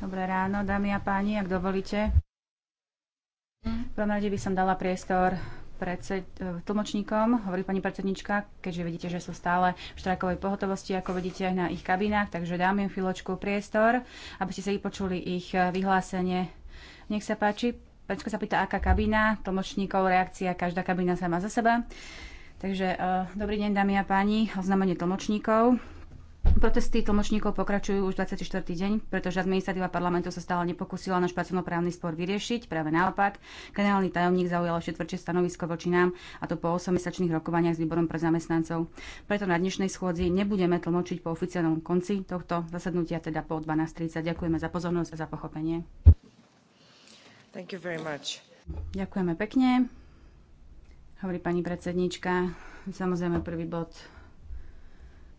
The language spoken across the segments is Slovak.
Dobré ráno, dámy a páni, ak dovolíte. V prvom rade by som dala priestor predsed, e, tlmočníkom, hovorí pani predsednička, keďže vidíte, že sú stále v štrajkovej pohotovosti, ako vidíte na ich kabinách, takže dám im chvíľočku priestor, aby ste si počuli ich e, vyhlásenie. Nech sa páči, Pačko sa pýta, aká kabína, tlmočníkov, reakcia, každá kabína sa má za seba. Takže e, dobrý deň, dámy a páni, oznámenie tlmočníkov. Protesty tlmočníkov pokračujú už 24. deň, pretože administratíva parlamentu sa stále nepokusila náš pracovnoprávny spor vyriešiť. Práve naopak, generálny tajomník zaujal ešte tvrdšie stanovisko voči nám, a to po 8-mesačných rokovaniach s výborom pre zamestnancov. Preto na dnešnej schôdzi nebudeme tlmočiť po oficiálnom konci tohto zasadnutia, teda po 12.30. Ďakujeme za pozornosť a za pochopenie. Thank you very much. Ďakujeme pekne. Hovorí pani predsednička. Samozrejme prvý bod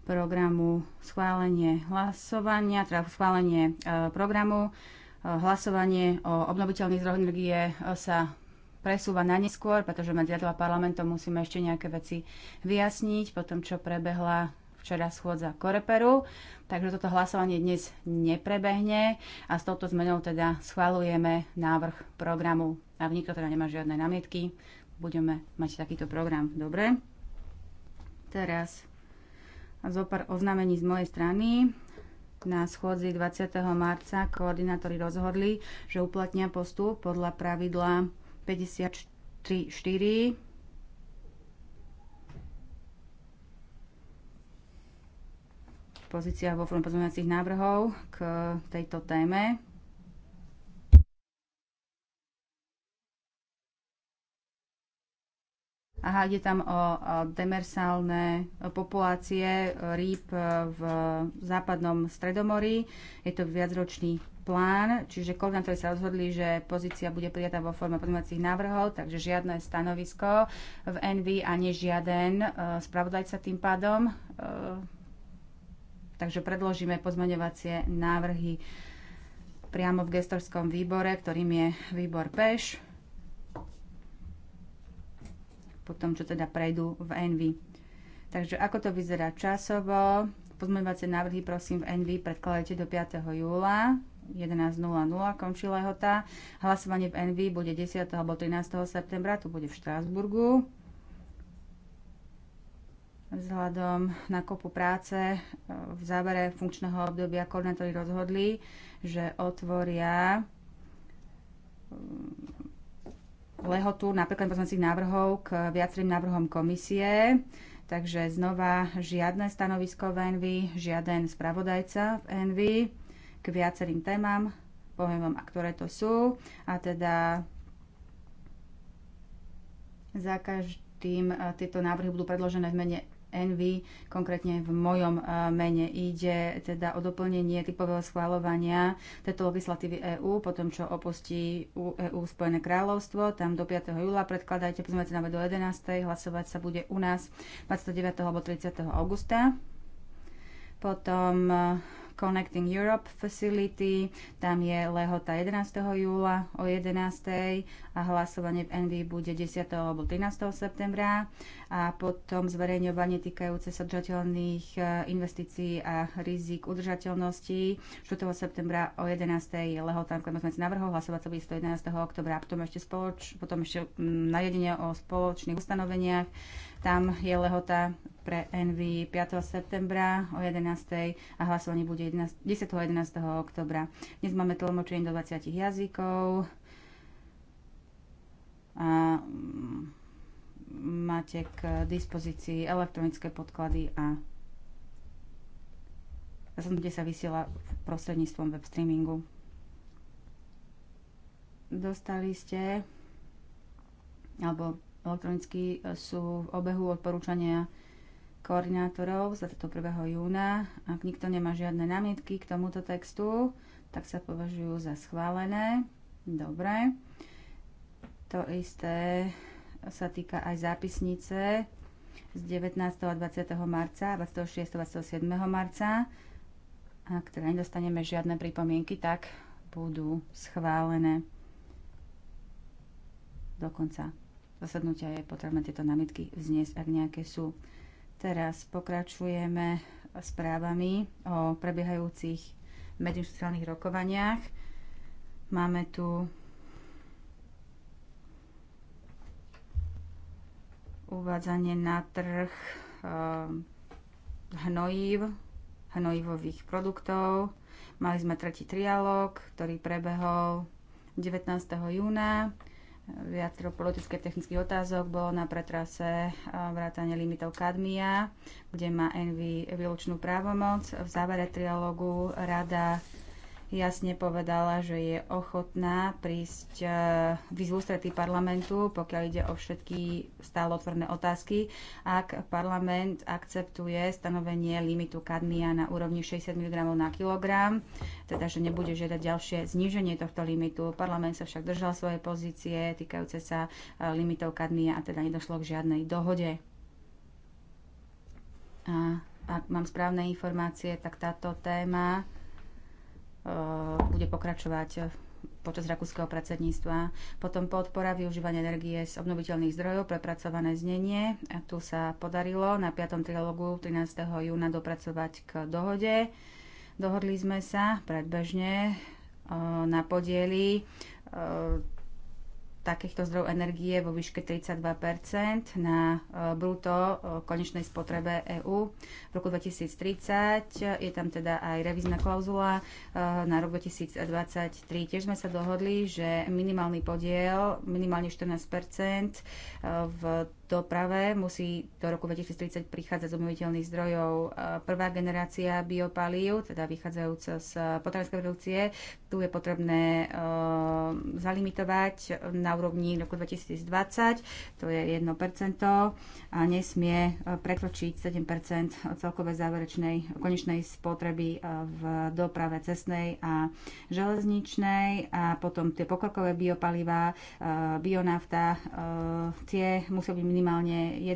programu schválenie hlasovania, teda schválenie e, programu. E, hlasovanie o obnoviteľných zdrojoch energie e, sa presúva na neskôr, pretože medzi radou a parlamentom musíme ešte nejaké veci vyjasniť po tom, čo prebehla včera schôdza Koreperu. Takže toto hlasovanie dnes neprebehne a s touto zmenou teda schvalujeme návrh programu. A nikto teda nemá žiadne namietky, budeme mať takýto program. Dobre. Teraz zo pár oznámení z mojej strany. Na schôdzi 20. marca koordinátori rozhodli, že uplatnia postup podľa pravidla 53.4 pozícia vo forme pozmeňovacích návrhov k tejto téme. Aha, ide tam o demersálne populácie e, rýb e, v západnom Stredomorí. Je to viacročný plán, čiže koordinátori sa rozhodli, že pozícia bude prijatá vo forme podmienacích návrhov, takže žiadne stanovisko v NV ani žiaden e, spravodajca tým pádom. Takže predložíme pozmeňovacie návrhy priamo v gestorskom výbore, ktorým je výbor PEŠ po tom, čo teda prejdú v Envy. Takže ako to vyzerá časovo? Pozmeňovacie návrhy prosím v Envy predkladajte do 5. júla 11.00 končí lehota. Hlasovanie v Envy bude 10. alebo 13. septembra, to bude v Štrásburgu. Vzhľadom na kopu práce e, v závere funkčného obdobia koordinátori rozhodli, že otvoria lehotu napríklad pozmeňovacích návrhov k viacerým návrhom komisie. Takže znova žiadne stanovisko v Envy, žiaden spravodajca v Envy k viacerým témam. Poviem vám, ktoré to sú. A teda za každým eh, tieto návrhy budú predložené v mene Envy. Konkrétne v mojom eh, mene ide teda o doplnenie typového schváľovania tejto legislatívy EÚ, potom čo opustí EÚ Spojené kráľovstvo. Tam do 5. júla predkladajte pozmeňovací na do 11. Hlasovať sa bude u nás 29. alebo 30. augusta. Potom eh, Connecting Europe Facility. Tam je lehota 11. júla o 11. a hlasovanie v NV bude 10. alebo 13. septembra a potom zverejňovanie týkajúce sa udržateľných e, investícií a rizik udržateľnosti 4. septembra o 11. je lehota si navrhov, hlasovať sa bude 11. oktobra a potom ešte, spoloč, potom ešte mm, nariadenie o spoločných ustanoveniach. Tam je lehota pre NV 5. septembra o 11. a hlasovanie bude 11, 10. a 11. oktobra. Dnes máme tlmočenie do 20 jazykov. A mm, máte k dispozícii elektronické podklady a zasadnutie sa vysiela prostredníctvom web streamingu. Dostali ste alebo elektronicky sú v obehu odporúčania koordinátorov z 1. júna. Ak nikto nemá žiadne námietky k tomuto textu, tak sa považujú za schválené. Dobre. To isté sa týka aj zápisnice z 19. a 20. marca, 26. a 27. marca. Ak teda nedostaneme žiadne pripomienky, tak budú schválené. Dokonca zasadnutia je potrebné tieto námietky vzniesť, ak nejaké sú. Teraz pokračujeme správami o prebiehajúcich medzinsociálnych rokovaniach. Máme tu uvádzanie na trh eh, hnojív, hnojivových produktov. Mali sme tretí trialóg, ktorý prebehol 19. júna viacero politických technických otázok bolo na pretrase eh, vrátane limitov kadmia, kde má Envy výlučnú právomoc. V závere trialógu rada jasne povedala, že je ochotná prísť e, v ústretí parlamentu, pokiaľ ide o všetky stále otvorené otázky, ak parlament akceptuje stanovenie limitu kadmia na úrovni 60 mg na kilogram, teda že nebude žiadať ďalšie zníženie tohto limitu. Parlament sa však držal svoje pozície týkajúce sa e, limitov kadmia a teda nedošlo k žiadnej dohode. A ak mám správne informácie, tak táto téma Eh, bude pokračovať počas rakúskeho predsedníctva. Potom podpora využívania energie z obnoviteľných zdrojov, prepracované znenie. A tu sa podarilo na 5. trilógu 13. júna dopracovať k dohode. Dohodli sme sa predbežne eh, na podieli eh, takýchto zdrojov energie vo výške 32 na e, bruto e, konečnej spotrebe EÚ. V roku 2030 je tam teda aj revízna klauzula e, na rok 2023. Tiež sme sa dohodli, že minimálny podiel, minimálne 14 v doprave musí do roku 2030 prichádzať z obnoviteľných zdrojov e, prvá generácia biopalív, teda vychádzajúca z potravinskej produkcie. Tu je potrebné e, zalimitovať na úrovni roku 2020, to je 1% a nesmie e, prekročiť 7% celkovej záverečnej konečnej spotreby v doprave cestnej a železničnej a potom tie pokrokové biopalivá, bionafta, tie musia byť minimálne minimálne 1%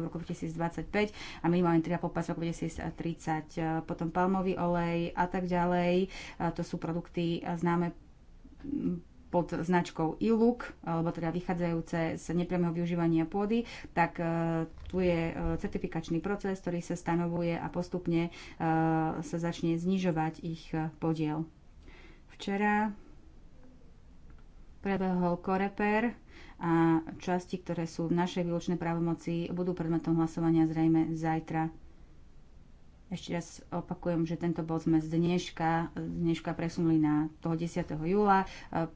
v roku 2025 a minimálne 3,5% v roku 2030. Potom palmový olej a tak ďalej. To sú produkty známe pod značkou ILUK, alebo teda vychádzajúce z nepriamého využívania pôdy, tak e, tu je e, certifikačný proces, ktorý sa stanovuje a postupne e, sa začne znižovať ich podiel. Včera prebehol Koreper, a časti, ktoré sú v našej výločnej právomoci, budú predmetom hlasovania zrejme zajtra. Ešte raz opakujem, že tento bod sme z dneška, z dneška presunuli na toho 10. júla, e,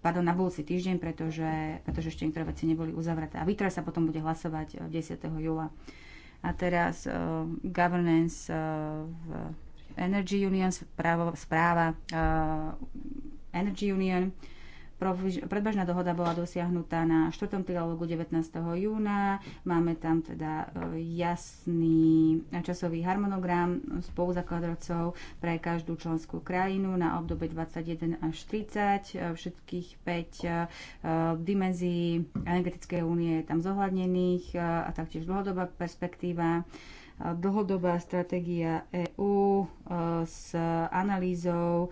pardon, na budúci týždeň, pretože, pretože ešte niektoré veci neboli uzavreté. A vytra sa potom bude hlasovať 10. E, júla. A teraz uh, governance uh, v Energy Union, správa, správa uh, Energy Union. Uh, Predbežná dohoda bola dosiahnutá na 4. trialógu 19. júna. Máme tam teda e, jasný časový harmonogram spoluzakladovcov pre každú členskú krajinu na obdobie 21 až 30. E, všetkých 5 e, dimenzí energetickej únie je tam zohľadnených a taktiež dlhodobá perspektíva dlhodobá stratégia EÚ s analýzou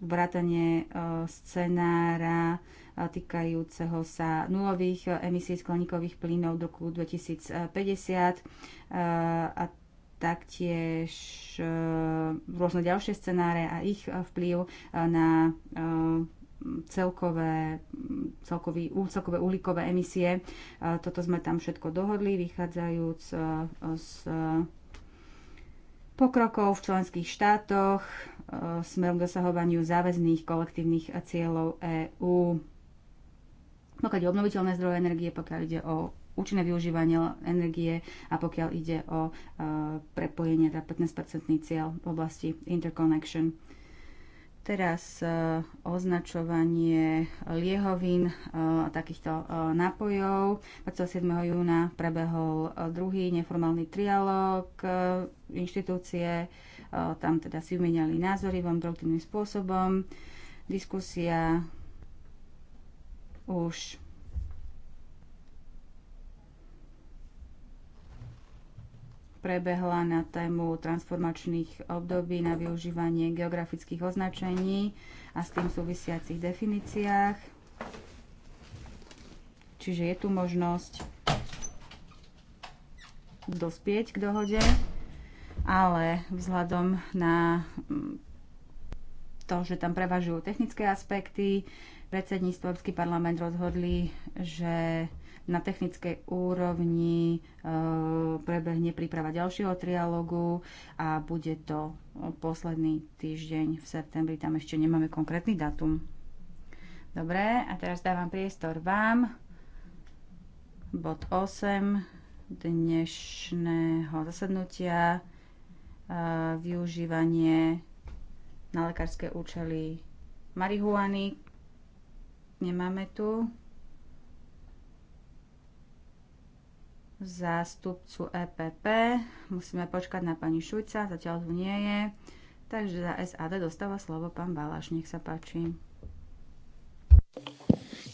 vrátanie e, scenára e, týkajúceho sa nulových e, emisí skleníkových plynov do roku 2050 a taktiež rôzne ďalšie scenáre a ich vplyv na celkové, celkový, celkové uhlíkové emisie. Toto sme tam všetko dohodli, vychádzajúc z pokrokov v členských štátoch smerom k dosahovaniu záväzných kolektívnych cieľov EÚ. Pokiaľ ide obnoviteľné zdroje energie, pokiaľ ide o účinné využívanie energie a pokiaľ ide o e, prepojenie, teda 15-percentný cieľ v oblasti interconnection. Teraz e, označovanie liehovín e, a takýchto nápojov. 27. júna prebehol druhý neformálny trialóg inštitúcie tam teda si vymenali názory von produktívnym spôsobom. Diskusia už prebehla na tému transformačných období na využívanie geografických označení a s tým súvisiacich definíciách. Čiže je tu možnosť dospieť k dohode ale vzhľadom na mm, to, že tam prevažujú technické aspekty, predsedníctvo Európsky parlament rozhodli, že na technickej úrovni e, prebehne príprava ďalšieho trialógu a bude to posledný týždeň v septembri. Tam ešte nemáme konkrétny datum. Dobre, a teraz dávam priestor vám. Bod 8 dnešného zasadnutia využívanie na lekárske účely marihuany. Nemáme tu zástupcu EPP. Musíme počkať na pani Šujca, zatiaľ tu nie je. Takže za SAD dostáva slovo pán Baláš, nech sa páči.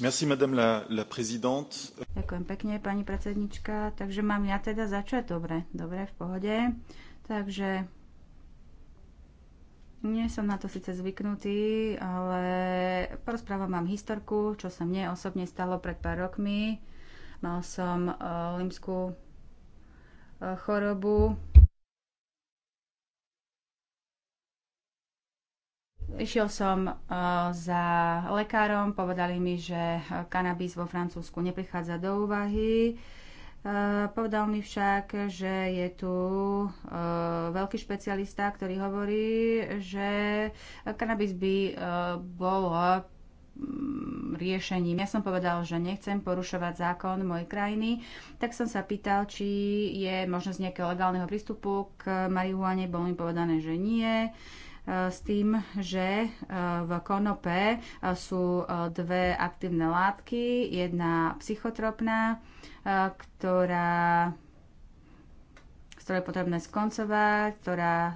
Merci, madame la, la présidente. Ďakujem pekne, pani predsednička. Takže mám ja teda začať? Dobre, dobre, v pohode. Takže nie som na to síce zvyknutý, ale porozprávam vám historku, čo sa mne osobne stalo pred pár rokmi. Mal som uh, limskú uh, chorobu. Išiel som uh, za lekárom, povedali mi, že kanabis vo Francúzsku neprichádza do úvahy. Uh, Eh, povedal mi však, že je tu eh, veľký špecialista, ktorý hovorí, že kanabis by eh, bolo mm, riešením. Ja som povedal, že nechcem porušovať zákon mojej krajiny, tak som sa pýtal, či je možnosť nejakého legálneho prístupu k marihuane. Bolo mi povedané, že nie s tým, že e, v konope e, sú e, dve aktívne látky, jedna psychotropná, ktorá ktorej je potrebné skoncovať, ktorá e,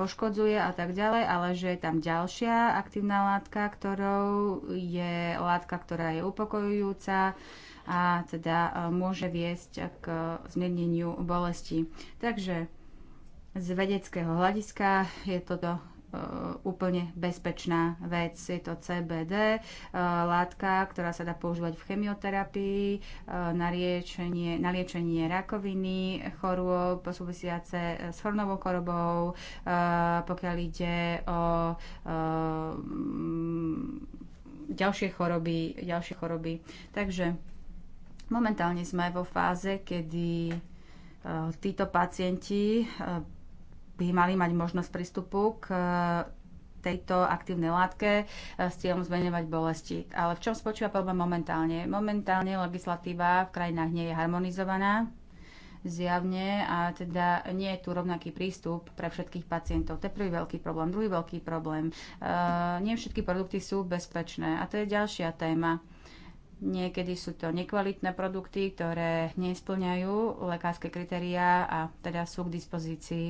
poškodzuje a tak ďalej, ale že je tam ďalšia aktívna látka, ktorou je látka, ktorá je upokojujúca a teda e, môže viesť k zmierneniu bolesti. Takže z vedeckého hľadiska je toto E, úplne bezpečná vec. Je to CBD, e, látka, ktorá sa dá používať v chemioterapii, e, na liečenie, na liečenie rakoviny, chorôb súvisiace s hornovou chorobou, pokiaľ ide o ďalšie choroby, ďalšie choroby. Takže momentálne sme vo fáze, kedy títo pacienti by mali mať možnosť prístupu k e, tejto aktívnej látke e, s cieľom zmenovať bolesti. Ale v čom spočíva problém momentálne? Momentálne legislatíva v krajinách nie je harmonizovaná zjavne a teda nie je tu rovnaký prístup pre všetkých pacientov. To je prvý veľký problém. Druhý veľký problém. E, nie všetky produkty sú bezpečné a to je ďalšia téma. Niekedy sú to nekvalitné produkty, ktoré nesplňajú lekárske kritériá a teda sú k dispozícii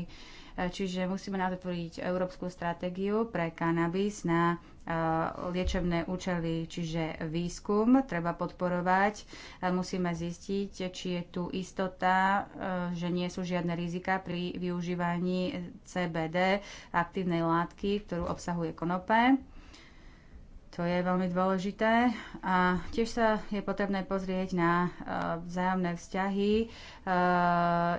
E, čiže musíme na európsku stratégiu pre kanabis na e, liečebné účely, čiže výskum treba podporovať. E, musíme zistiť, či je tu istota, že nie sú žiadne rizika pri využívaní CBD, aktívnej látky, ktorú obsahuje konope. To je veľmi dôležité. A tiež sa je potrebné pozrieť na e, vzájomné vzťahy, e,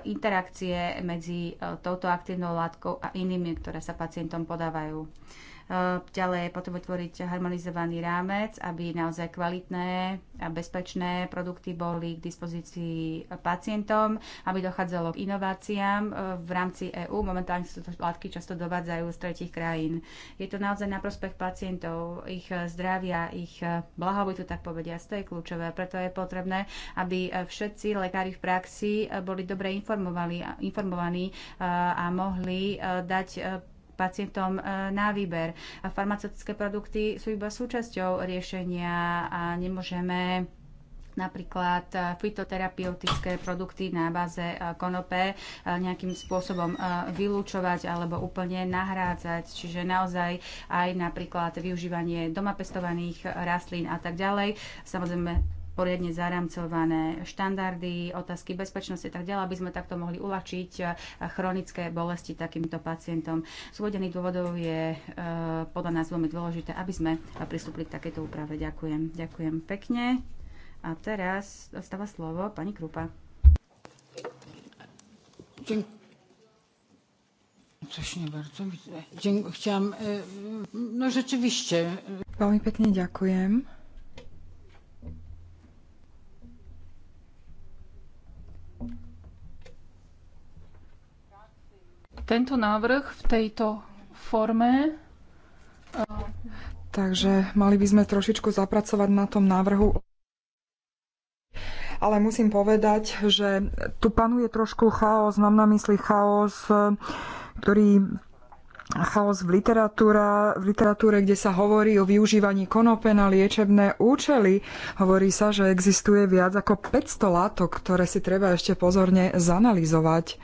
interakcie medzi e, touto aktívnou látkou a inými, ktoré sa pacientom podávajú ďalej potom vytvoriť harmonizovaný rámec, aby naozaj kvalitné a bezpečné produkty boli k dispozícii pacientom, aby dochádzalo k inováciám e, v rámci EÚ. Momentálne sú to látky často dovádzajú z tretich krajín. Je to naozaj na prospech pacientov, ich zdravia, ich blahobytu, tak povedia, to je kľúčové. Preto je potrebné, aby všetci lekári v praxi boli dobre informovaní e, a mohli e, dať pacientom e, na výber. A farmaceutické produkty sú iba súčasťou riešenia a nemôžeme napríklad e, fitoterapeutické produkty na báze e, konope nejakým spôsobom vylúčovať alebo úplne nahrádzať. Čiže naozaj aj napríklad využívanie doma pestovaných rastlín a tak ďalej. Samozrejme poriadne zaramcované štandardy, otázky bezpečnosti a tak ďalej, aby sme takto mohli uľahčiť eh, chronické bolesti takýmto pacientom. Z uvedených dôvodov je eh, podľa nás veľmi dôležité, aby sme pristúpili k takejto úprave. Ďakujem. Ďakujem pekne. A teraz dostáva slovo pani Krupa. Coś bardzo Chciałam, eh, no rzeczywiście. Veľmi pekne ďakujem. tento návrh v tejto forme. Takže mali by sme trošičku zapracovať na tom návrhu. Ale musím povedať, že tu panuje trošku chaos, mám na mysli chaos, ktorý chaos v, literatúra, v literatúre, kde sa hovorí o využívaní konope na liečebné účely. Hovorí sa, že existuje viac ako 500 látok, ktoré si treba ešte pozorne zanalizovať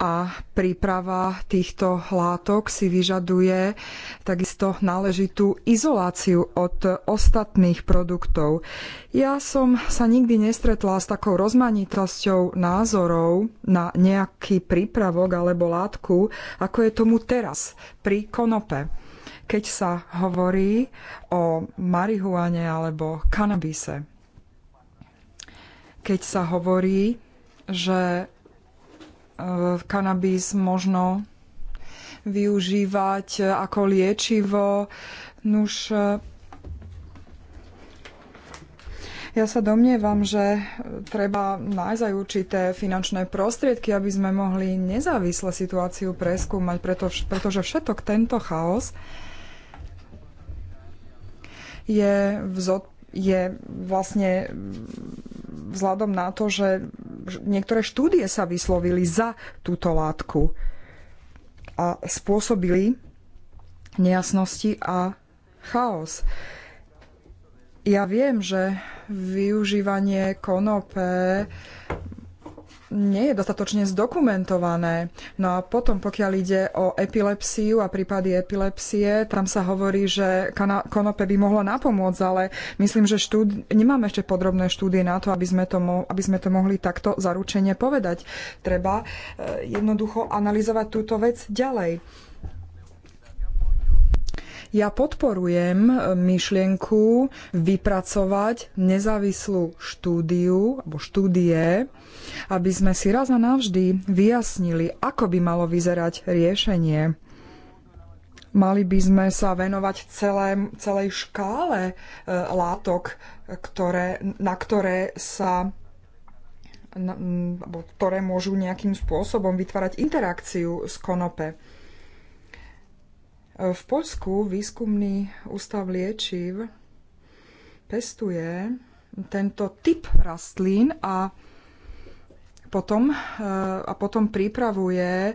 a príprava týchto látok si vyžaduje takisto náležitú izoláciu od ostatných produktov. Ja som sa nikdy nestretla s takou rozmanitosťou názorov na nejaký prípravok alebo látku, ako je tomu teraz pri konope keď sa hovorí o marihuane alebo kanabise. Keď sa hovorí, že E, kanabis možno využívať e, ako liečivo. Nuž, e, ja sa domnievam, že treba nájsť aj určité finančné prostriedky, aby sme mohli nezávisle situáciu preskúmať, preto, pretože všetok tento chaos je v zodpovednosti je vlastne vzhľadom na to, že niektoré štúdie sa vyslovili za túto látku a spôsobili nejasnosti a chaos. Ja viem, že využívanie konope nie je dostatočne zdokumentované. No a potom, pokiaľ ide o epilepsiu a prípady epilepsie, tam sa hovorí, že konope by mohla napomôcť, ale myslím, že štúd- nemáme ešte podrobné štúdie na to, aby sme to, mo- aby sme to mohli takto zaručenie povedať. Treba eh, jednoducho analyzovať túto vec ďalej. Ja podporujem e, myšlienku vypracovať nezávislú štúdiu alebo štúdie, aby sme si raz a navždy vyjasnili, ako by malo vyzerať riešenie. Mali by sme sa venovať celé, celej škále e, látok, ktoré, na ktoré sa na, ktoré môžu nejakým spôsobom vytvárať interakciu s konope. V Polsku výskumný ústav liečiv pestuje tento typ rastlín a potom, e, a potom pripravuje e,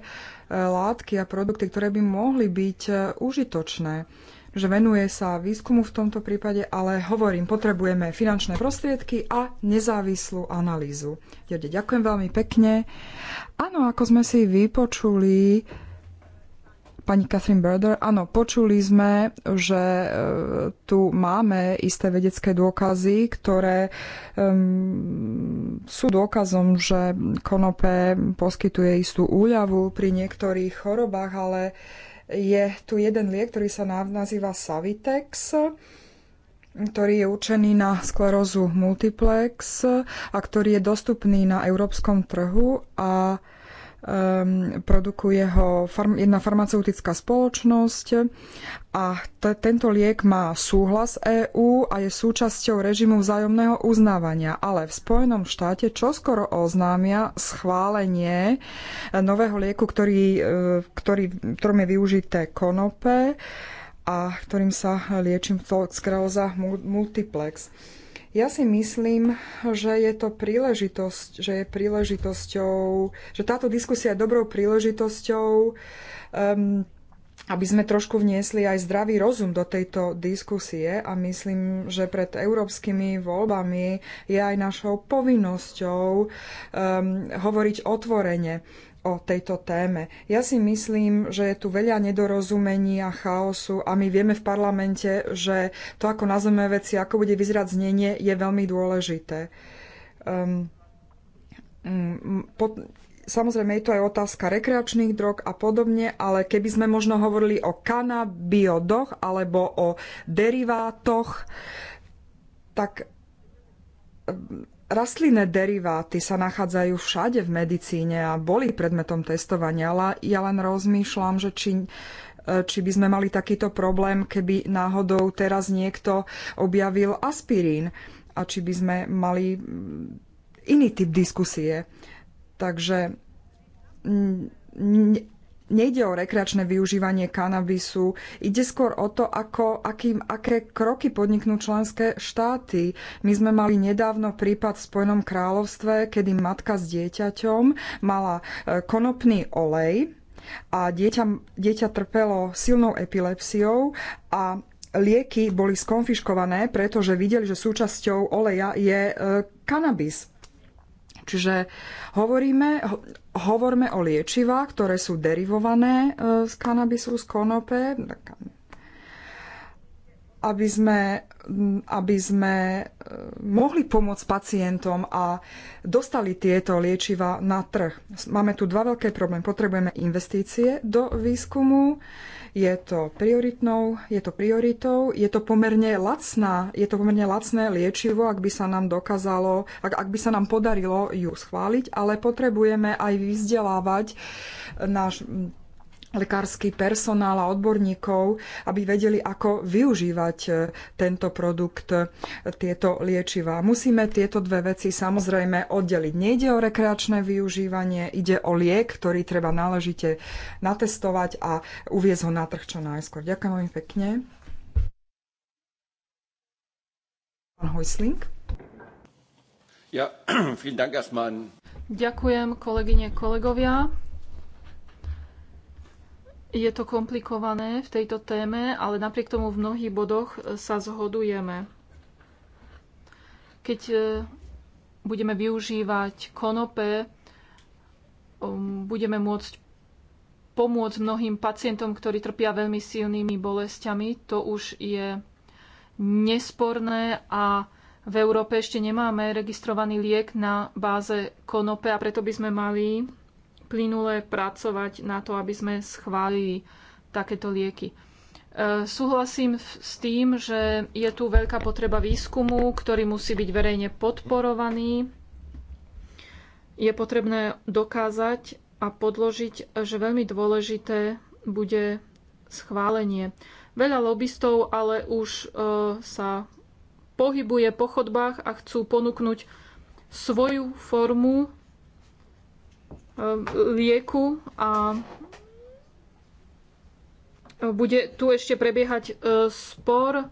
látky a produkty, ktoré by mohli byť e, užitočné. Že venuje sa výskumu v tomto prípade, ale hovorím, potrebujeme finančné prostriedky a nezávislú analýzu. Jode, ďakujem veľmi pekne. Áno, ako sme si vypočuli, pani Catherine Berder, áno, počuli sme, že e, tu máme isté vedecké dôkazy, ktoré um, sú dôkazom, že konope poskytuje istú úľavu pri niektorých chorobách, ale je tu jeden liek, ktorý sa nazýva Savitex ktorý je určený na sklerózu multiplex a ktorý je dostupný na európskom trhu a um, produkuje ho farm, jedna farmaceutická spoločnosť a tento liek má súhlas EÚ a je súčasťou režimu vzájomného uznávania. Ale v Spojenom štáte čoskoro oznámia schválenie eh, nového lieku, ktorý, eh, ktorý, ktorom je využité konope a ktorým sa liečím skleróza multiplex. Ja si myslím, že je to príležitosť, že je príležitosťou, že táto diskusia je dobrou príležitosťou, um, aby sme trošku vniesli aj zdravý rozum do tejto diskusie a myslím, že pred európskymi voľbami je aj našou povinnosťou um, hovoriť otvorene o tejto téme. Ja si myslím, že je tu veľa nedorozumení a chaosu a my vieme v parlamente, že to, ako nazveme veci, ako bude vyzerať znenie, je veľmi dôležité. Um, mm, po, samozrejme je to aj otázka rekreačných drog a podobne, ale keby sme možno hovorili o kanabiodoch alebo o derivátoch, tak Rastlinné deriváty sa nachádzajú všade v medicíne a boli predmetom testovania, ale ja len rozmýšľam, že či, e, či by sme mali takýto problém, keby náhodou teraz niekto objavil aspirín a či by sme mali mm, iný typ diskusie. Takže mm, nejde o rekreačné využívanie kanabisu, ide skôr o to, ako, aký, aké kroky podniknú členské štáty. My sme mali nedávno prípad v Spojenom kráľovstve, kedy matka s dieťaťom mala e, konopný olej a dieťa, dieťa trpelo silnou epilepsiou a lieky boli skonfiškované, pretože videli, že súčasťou oleja je e, kanabis. Čiže hovoríme, hovorme o liečivách, ktoré sú derivované e, z kanabisu, z konope, aby sme, aby sme e, mohli pomôcť pacientom a dostali tieto liečiva na trh. Máme tu dva veľké problémy. Potrebujeme investície do výskumu je to prioritnou, je to prioritou, je to pomerne lacná, je to pomerne lacné liečivo, ak by sa nám dokázalo, ak, ak by sa nám podarilo ju schváliť, ale potrebujeme aj vyzdelávať náš lekársky personál a odborníkov, aby vedeli, ako využívať e, tento produkt, e, tieto liečivá. Musíme tieto dve veci samozrejme oddeliť. Nejde o rekreačné využívanie, ide o liek, ktorý treba náležite natestovať a uviezť ho na trh čo najskôr. Ďakujem veľmi pekne. Pán Hojsling. Ja, Ďakujem kolegyne, kolegovia. Je to komplikované v tejto téme, ale napriek tomu v mnohých bodoch sa zhodujeme. Keď e, budeme využívať konope, budeme môcť pomôcť mnohým pacientom, ktorí trpia veľmi silnými bolestiami. To už je nesporné a v Európe ešte nemáme registrovaný liek na báze konope a preto by sme mali plynule pracovať na to, aby sme schválili takéto lieky. E, súhlasím s tým, že je tu veľká potreba výskumu, ktorý musí byť verejne podporovaný. Je potrebné dokázať a podložiť, že veľmi dôležité bude schválenie. Veľa lobbystov ale už e, sa pohybuje po chodbách a chcú ponúknuť svoju formu lieku a bude tu ešte prebiehať e, spor e,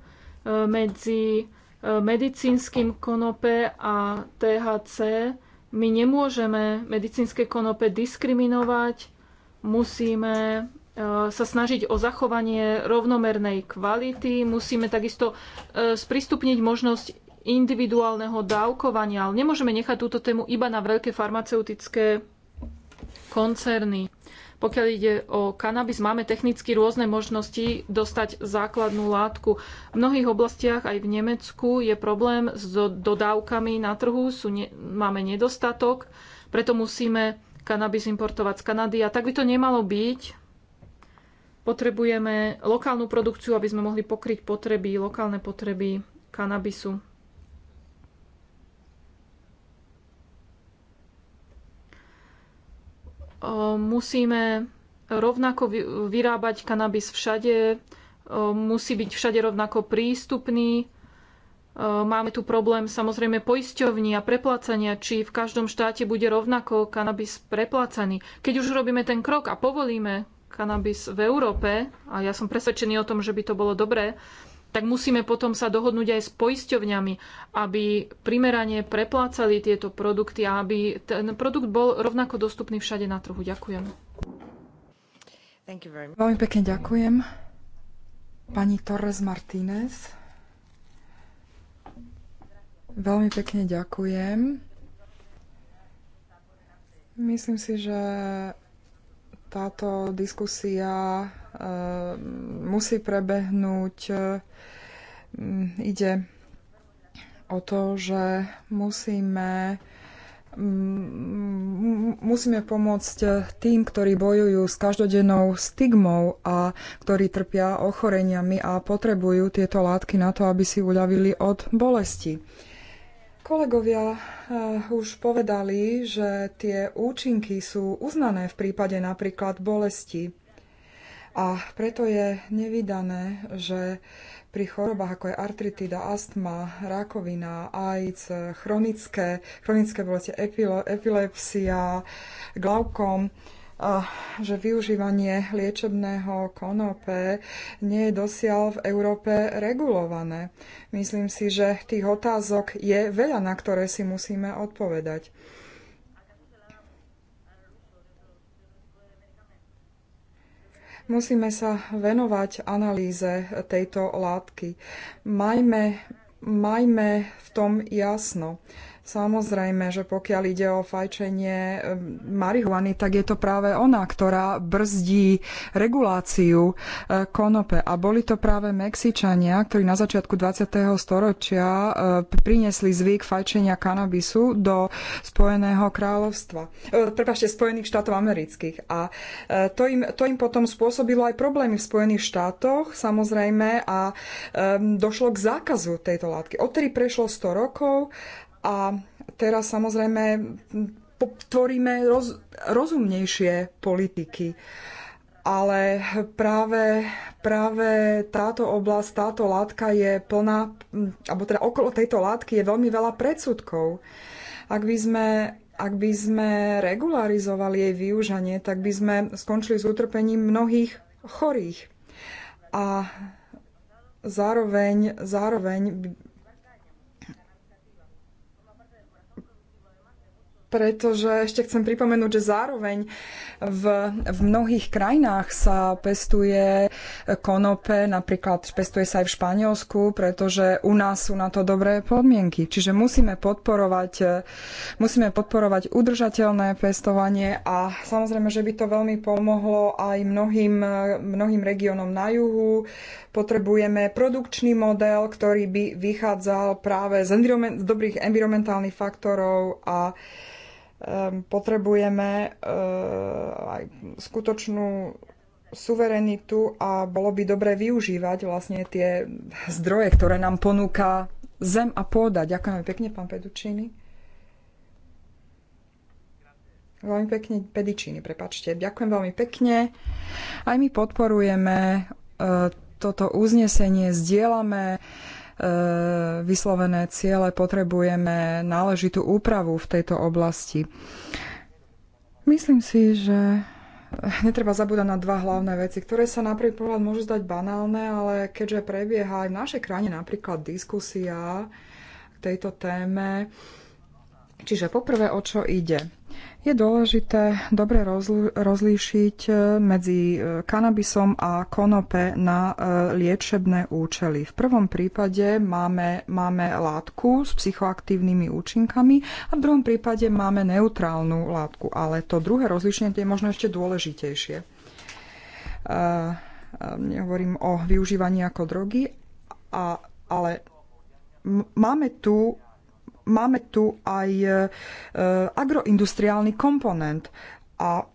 medzi e, medicínskym konope a THC. My nemôžeme medicínske konope diskriminovať, musíme sa snažiť o zachovanie rovnomernej kvality, musíme takisto sprístupniť možnosť individuálneho dávkovania, ale nemôžeme nechať túto tému iba na veľké farmaceutické koncerny. Pokiaľ ide o kanabis, máme technicky rôzne možnosti dostať základnú látku. V mnohých oblastiach, aj v Nemecku, je problém s dodávkami na trhu, sú ne, máme nedostatok, preto musíme kanabis importovať z Kanady a tak by to nemalo byť. Potrebujeme lokálnu produkciu, aby sme mohli pokryť potreby, lokálne potreby kanabisu. musíme rovnako vyrábať kanabis všade, musí byť všade rovnako prístupný. Máme tu problém samozrejme poisťovní a preplácania, či v každom štáte bude rovnako kanabis preplácaný. Keď už robíme ten krok a povolíme kanabis v Európe, a ja som presvedčený o tom, že by to bolo dobré, tak musíme potom sa dohodnúť aj s poisťovňami, aby primerane preplácali tieto produkty a aby ten produkt bol rovnako dostupný všade na trhu. Ďakujem. Veľmi pekne ďakujem. Pani Torres Martínez. Veľmi pekne ďakujem. Myslím si, že táto diskusia Ehm, musí prebehnúť. Ehm, ide o to, že musíme ehm, musíme pomôcť tým, ktorí bojujú s každodennou stigmou a ktorí trpia ochoreniami a potrebujú tieto látky na to, aby si uľavili od bolesti. Kolegovia eh, už povedali, že tie účinky sú uznané v prípade napríklad bolesti. A preto je nevydané, že pri chorobách ako je artritida, astma, rakovina, AIDS, chronické, chronické bolesti, epilepsia, glaukom, že využívanie liečebného konope nie je dosiaľ v Európe regulované. Myslím si, že tých otázok je veľa, na ktoré si musíme odpovedať. Musíme sa venovať analýze tejto látky. Majme, majme v tom jasno. Samozrejme, že pokiaľ ide o fajčenie ehm, marihuany, tak je to práve ona, ktorá brzdí reguláciu eh, konope. A boli to práve Mexičania, ktorí na začiatku 20. storočia eh, priniesli zvyk fajčenia kanabisu do Spojeného kráľovstva, eh, Prepašte, Spojených štátov amerických. A to im, to im potom spôsobilo aj problémy v Spojených štátoch, samozrejme, a ehm, došlo k zákazu tejto látky. Odtedy prešlo 100 rokov a teraz samozrejme tvoríme roz, rozumnejšie politiky. Ale práve, práve táto oblasť, táto látka je plná, alebo teda okolo tejto látky je veľmi veľa predsudkov. Ak by sme, ak by sme regularizovali jej využanie, tak by sme skončili s utrpením mnohých chorých. A zároveň, zároveň pretože ešte chcem pripomenúť, že zároveň v, v mnohých krajinách sa pestuje konope, napríklad pestuje sa aj v Španielsku, pretože u nás sú na to dobré podmienky. Čiže musíme podporovať, musíme podporovať udržateľné pestovanie a samozrejme, že by to veľmi pomohlo aj mnohým, mnohým regiónom na juhu. Potrebujeme produkčný model, ktorý by vychádzal práve z, environment, z dobrých environmentálnych faktorov a potrebujeme eh, aj skutočnú suverenitu a bolo by dobre využívať vlastne tie zdroje, ktoré nám ponúka zem a pôda. Ďakujeme pekne, pán Pedučíny. Veľmi pekne, Pedičíny, prepačte. Ďakujem veľmi pekne. Aj my podporujeme eh, toto uznesenie, zdieľame E, vyslovené ciele, potrebujeme náležitú úpravu v tejto oblasti. Myslím si, že netreba zabúdať na dva hlavné veci, ktoré sa na prvý pohľad môžu zdať banálne, ale keďže prebieha aj v našej krajine napríklad diskusia k tejto téme, čiže poprvé o čo ide. Je dôležité dobre rozlíšiť e, medzi e, kanabisom a konope na e, liečebné účely. V prvom prípade máme, máme látku s psychoaktívnymi účinkami a v druhom prípade máme neutrálnu látku, ale to druhé rozlíšenie je možno ešte dôležitejšie. Nehovorím o využívaní ako drogy, a, ale máme tu máme tu aj e, e, agroindustriálny komponent a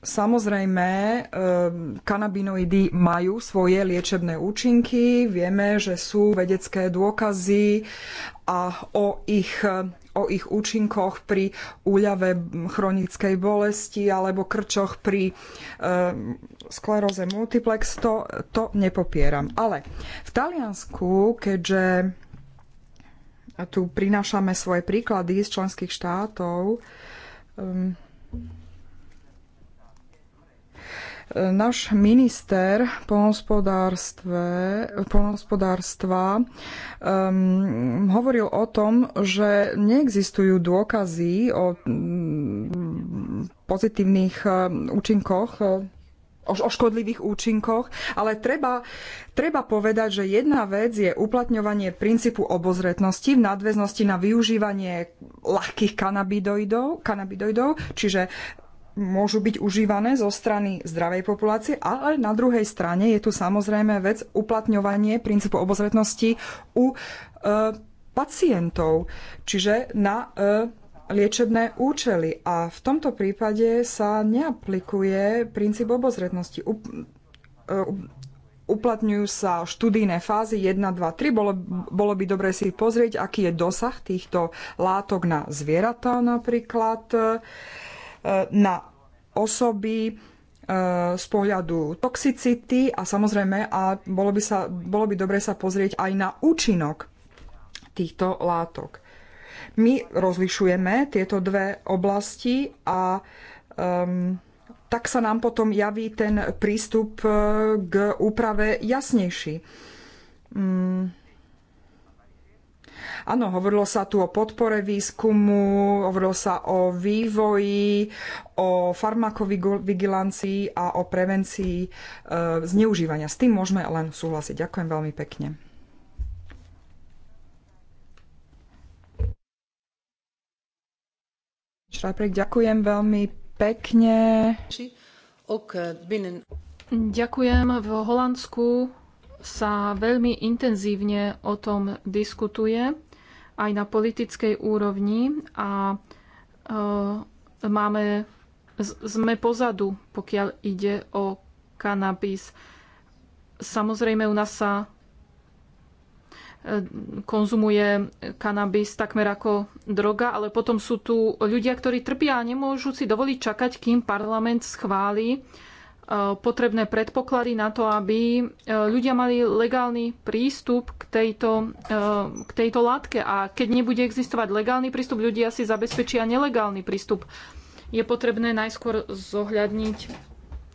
Samozrejme, e, kanabinoidy majú svoje liečebné účinky, vieme, že sú vedecké dôkazy a o ich, o ich účinkoch pri úľave chronickej bolesti alebo krčoch pri skleróze multiplex, to, to nepopieram. Ale v Taliansku, keďže tu prinášame svoje príklady z členských štátov. Ehm, náš minister polnospodárstva um, ehm, hovoril o tom, že neexistujú dôkazy o um, pozitívnych um, účinkoch o škodlivých účinkoch, ale treba, treba povedať, že jedna vec je uplatňovanie princípu obozretnosti v nadväznosti na využívanie ľahkých kanabidoidov, kanabidoidov čiže môžu byť užívané zo strany zdravej populácie, ale na druhej strane je tu samozrejme vec uplatňovanie princípu obozretnosti u e, pacientov, čiže na e, liečebné účely. A v tomto prípade sa neaplikuje princíp obozretnosti. E, uplatňujú sa študijné fázy 1, 2, 3. Bolo, bolo by dobre si pozrieť, aký je dosah týchto látok na zvieratá napríklad, e, na osoby e, z pohľadu toxicity a samozrejme a bolo by, sa, bolo by dobre sa pozrieť aj na účinok týchto látok. My rozlišujeme tieto dve oblasti a um, tak sa nám potom javí ten prístup uh, k úprave jasnejší. Um, Áno, hovorilo sa tu o podpore výskumu, hovorilo sa o vývoji, o farmakovigilancii a o prevencii e, zneužívania. S tým môžeme len súhlasiť. Ďakujem veľmi pekne. ďakujem veľmi pekne. Ďakujem. V Holandsku sa veľmi intenzívne o tom diskutuje aj na politickej úrovni a e, máme, sme pozadu, pokiaľ ide o kanabis. Samozrejme, u nás sa konzumuje kanabis takmer ako droga, ale potom sú tu ľudia, ktorí trpia a nemôžu si dovoliť čakať, kým parlament schváli e, potrebné predpoklady na to, aby e, ľudia mali legálny prístup k tejto, e, k tejto látke. A keď nebude existovať legálny prístup, ľudia si zabezpečia nelegálny prístup. Je potrebné najskôr zohľadniť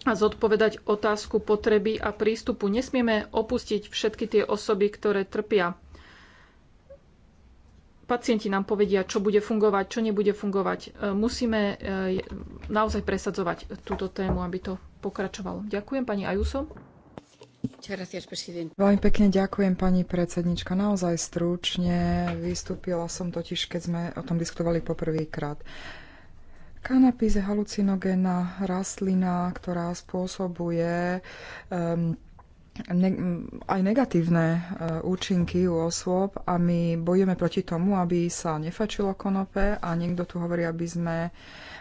a zodpovedať otázku potreby a prístupu. Nesmieme opustiť všetky tie osoby, ktoré trpia. Pacienti nám povedia, čo bude fungovať, čo nebude fungovať. E, musíme e, naozaj presadzovať túto tému, aby to pokračovalo. Ďakujem pani Ajuso. Veľmi pekne ďakujem, pani predsednička. Naozaj stručne vystúpila som totiž, keď sme o tom diskutovali poprvýkrát. Kanapis je halucinogénna rastlina, ktorá spôsobuje um, ne, aj negatívne uh, účinky u osôb a my bojujeme proti tomu, aby sa nefačilo konope a niekto tu hovorí, aby sme,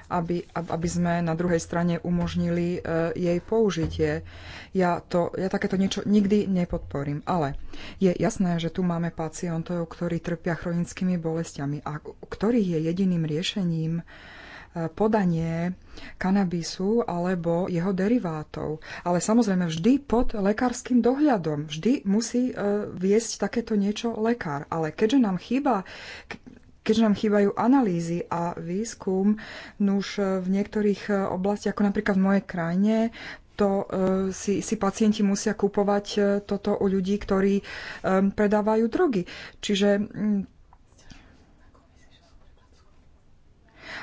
aby, aby sme na druhej strane umožnili uh, jej použitie. Ja, to, ja takéto niečo nikdy nepodporím. Ale je jasné, že tu máme pacientov, ktorí trpia chronickými bolestiami a ktorých je jediným riešením podanie kanabisu alebo jeho derivátov. Ale samozrejme vždy pod lekárskym dohľadom. Vždy musí e, viesť takéto niečo lekár. Ale keďže nám chýba keďže nám chýbajú analýzy a výskum, nuž e, v niektorých e, oblastiach, ako napríklad v mojej krajine, to si, si pacienti musia kupovať toto u ľudí, ktorí predávajú drogy. Čiže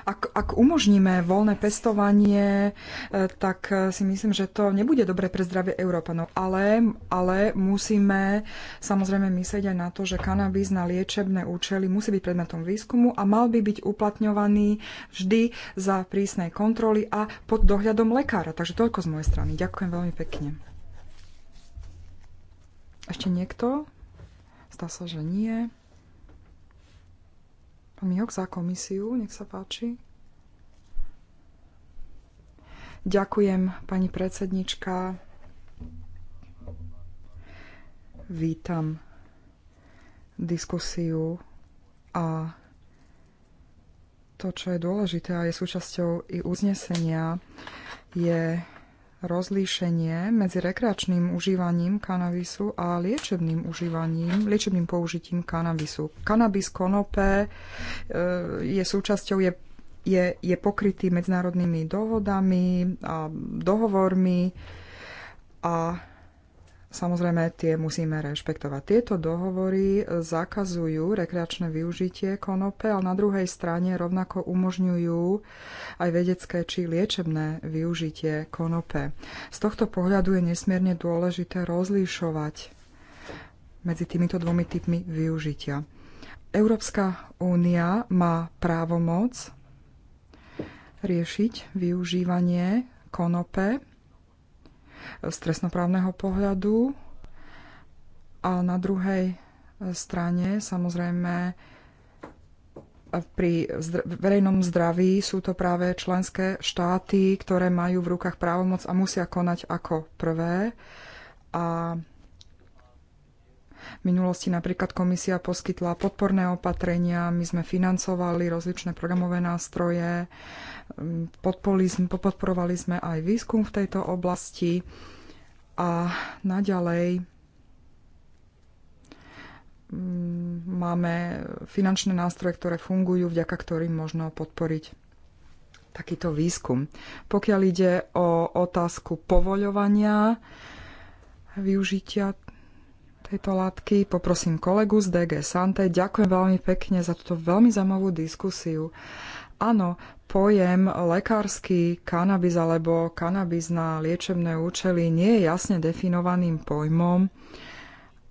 ak, ak umožníme voľné pestovanie, e, tak e, si myslím, že to nebude dobre pre zdravie Európanov. Ale, ale musíme samozrejme myslieť aj na to, že kanabis na liečebné účely musí byť predmetom výskumu a mal by byť uplatňovaný vždy za prísnej kontroly a pod dohľadom lekára. Takže toľko z mojej strany. Ďakujem veľmi pekne. Ešte niekto? Zdá sa, že nie. Pán Mihok za komisiu, nech sa páči. Ďakujem, pani predsednička. Vítam diskusiu a to, čo je dôležité a je súčasťou i uznesenia, je rozlíšenie medzi rekreačným užívaním kanabisu a liečebným užívaním, liečebným použitím kanabisu. Kanabis konope e, je súčasťou, je, je, je pokrytý medzinárodnými dohodami a dohovormi a Samozrejme, tie musíme rešpektovať. Tieto dohovory zakazujú rekreačné využitie konope, ale na druhej strane rovnako umožňujú aj vedecké či liečebné využitie konope. Z tohto pohľadu je nesmierne dôležité rozlíšovať medzi týmito dvomi typmi využitia. Európska únia má právomoc riešiť využívanie konope z trestnoprávneho pohľadu. A na druhej strane samozrejme pri verejnom zdraví sú to práve členské štáty, ktoré majú v rukách právomoc a musia konať ako prvé. A v minulosti napríklad komisia poskytla podporné opatrenia, my sme financovali rozličné programové nástroje, podporovali sme aj výskum v tejto oblasti a naďalej máme finančné nástroje, ktoré fungujú, vďaka ktorým možno podporiť takýto výskum. Pokiaľ ide o otázku povoľovania využitia tejto látky. Poprosím kolegu z DG Sante. Ďakujem veľmi pekne za túto veľmi zaujímavú diskusiu. Áno, pojem lekársky kanabis alebo kanabis na liečebné účely nie je jasne definovaným pojmom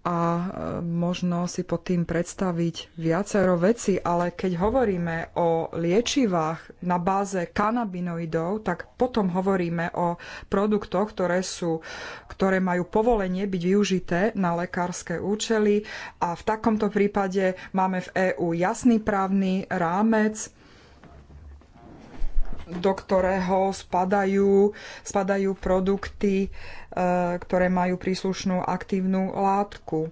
a e, možno si pod tým predstaviť viacero veci, ale keď hovoríme o liečivách na báze kanabinoidov, tak potom hovoríme o produktoch, ktoré, sú, ktoré majú povolenie byť využité na lekárske účely a v takomto prípade máme v EÚ jasný právny rámec, do ktorého spadajú, spadajú produkty, e, ktoré majú príslušnú aktívnu látku. E,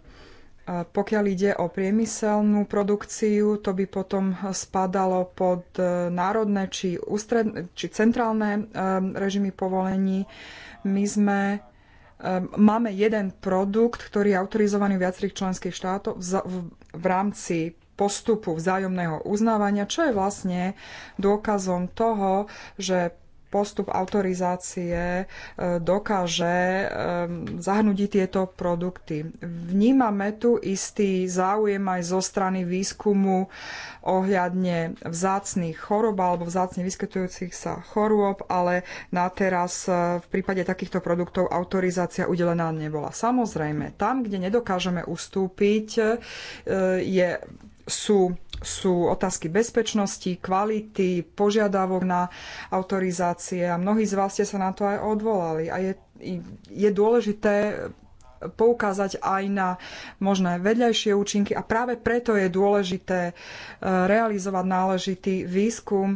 pokiaľ ide o priemyselnú produkciu, to by potom spadalo pod e, národné či, ústred, či centrálne režimy povolení. My sme máme jeden produkt, ktorý je autorizovaný v viacerých členských štátoch v, v, v rámci postupu vzájomného uznávania, čo je vlastne dôkazom toho, že postup autorizácie e, dokáže e, zahnúť tieto produkty. Vnímame tu istý záujem aj zo strany výskumu ohľadne vzácných chorob alebo vzácne vyskytujúcich sa chorôb, ale na teraz e, v prípade takýchto produktov autorizácia udelená nebola. Samozrejme, tam, kde nedokážeme ustúpiť, je sú, sú otázky bezpečnosti, kvality, požiadavok na autorizácie a mnohí z vás ste sa na to aj odvolali. A je, je dôležité poukázať aj na možné vedľajšie účinky a práve preto je dôležité eh, realizovať náležitý výskum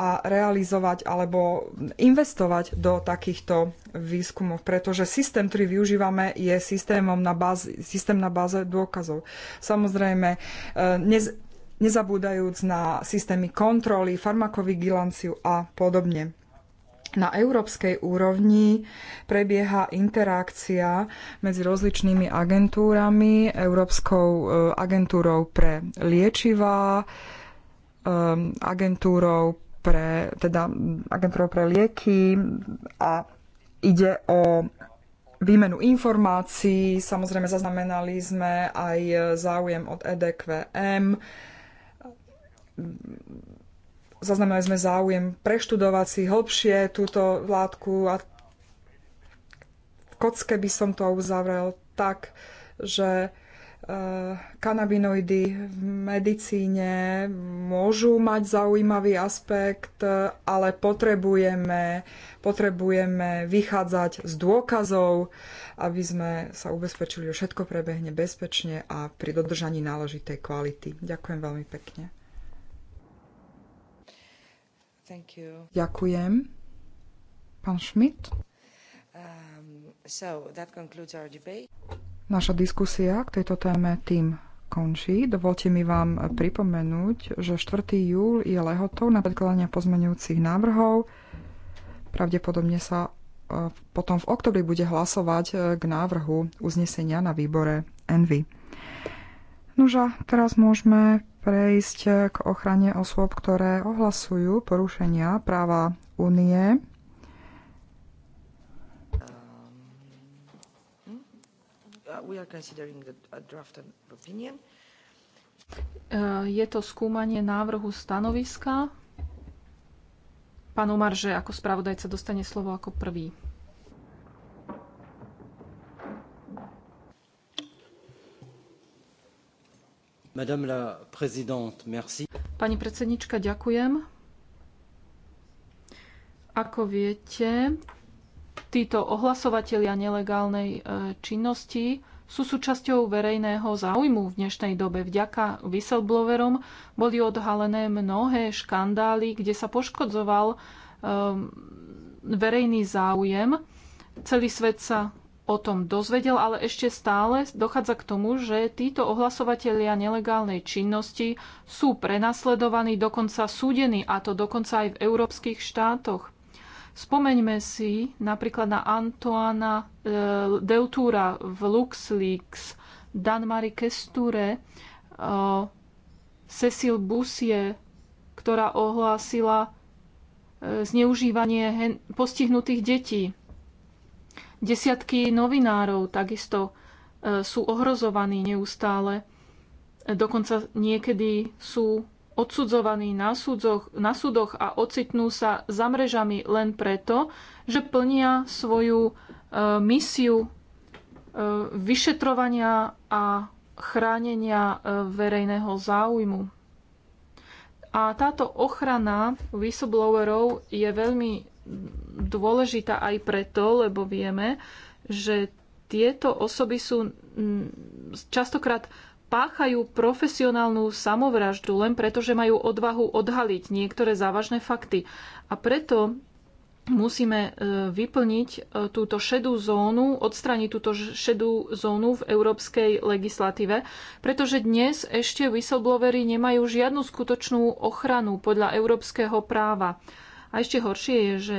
a realizovať alebo investovať do takýchto výskumov, pretože systém, ktorý využívame, je systémom na báze, systém na báze dôkazov. Samozrejme, e, nez, nezabúdajúc na systémy kontroly, farmakovigilanciu a podobne. Na európskej úrovni prebieha interakcia medzi rozličnými agentúrami, Európskou e, agentúrou pre liečivá, e, agentúrou pre, teda agentúrou pre lieky a ide o výmenu informácií. Samozrejme zaznamenali sme aj záujem od EDQM. Zaznamenali sme záujem preštudovať si hlbšie túto látku a v kocke by som to uzavrel tak, že Eh, kanabinoidy v medicíne môžu mať zaujímavý aspekt, ale potrebujeme, potrebujeme vychádzať z dôkazov, aby sme sa ubezpečili, že všetko prebehne bezpečne a pri dodržaní náležitej kvality. Ďakujem veľmi pekne. Ďakujem. Pán Schmidt? Um, so Naša diskusia k tejto téme tým končí. Dovolte mi vám pripomenúť, že 4. júl je lehotou na predkladanie pozmenujúcich návrhov. Pravdepodobne sa e, potom v oktobri bude hlasovať e, k návrhu uznesenia na výbore Envy. Nuža, teraz môžeme prejsť k ochrane osôb, ktoré ohlasujú porušenia práva únie Eh, je to skúmanie návrhu stanoviska. Pán že ako spravodajca dostane slovo ako prvý. Madame la présidente, merci. Pani predsednička, ďakujem. Ako viete, títo ohlasovatelia nelegálnej eh, činnosti sú súčasťou verejného záujmu v dnešnej dobe. Vďaka whistleblowerom boli odhalené mnohé škandály, kde sa poškodzoval um, verejný záujem. Celý svet sa o tom dozvedel, ale ešte stále dochádza k tomu, že títo ohlasovatelia nelegálnej činnosti sú prenasledovaní, dokonca súdení, a to dokonca aj v európskych štátoch. Spomeňme si napríklad na Antoana e, Deutura v LuxLeaks, Dan-Marie Kesture, e, Cecil Busie, ktorá ohlásila e, zneužívanie hen, postihnutých detí. Desiatky novinárov takisto e, sú ohrozovaní neustále. E, dokonca niekedy sú odsudzovaní na, súdzoch, na súdoch a ocitnú sa za mrežami len preto, že plnia svoju e, misiu e, vyšetrovania a chránenia e, verejného záujmu. A táto ochrana whistleblowerov je veľmi dôležitá aj preto, lebo vieme, že tieto osoby sú častokrát páchajú profesionálnu samovraždu len preto, že majú odvahu odhaliť niektoré závažné fakty. A preto musíme e, vyplniť e, túto šedú zónu, odstrániť túto šedú zónu v európskej legislatíve, pretože dnes ešte whistleblowery nemajú žiadnu skutočnú ochranu podľa európskeho práva. A ešte horšie je, že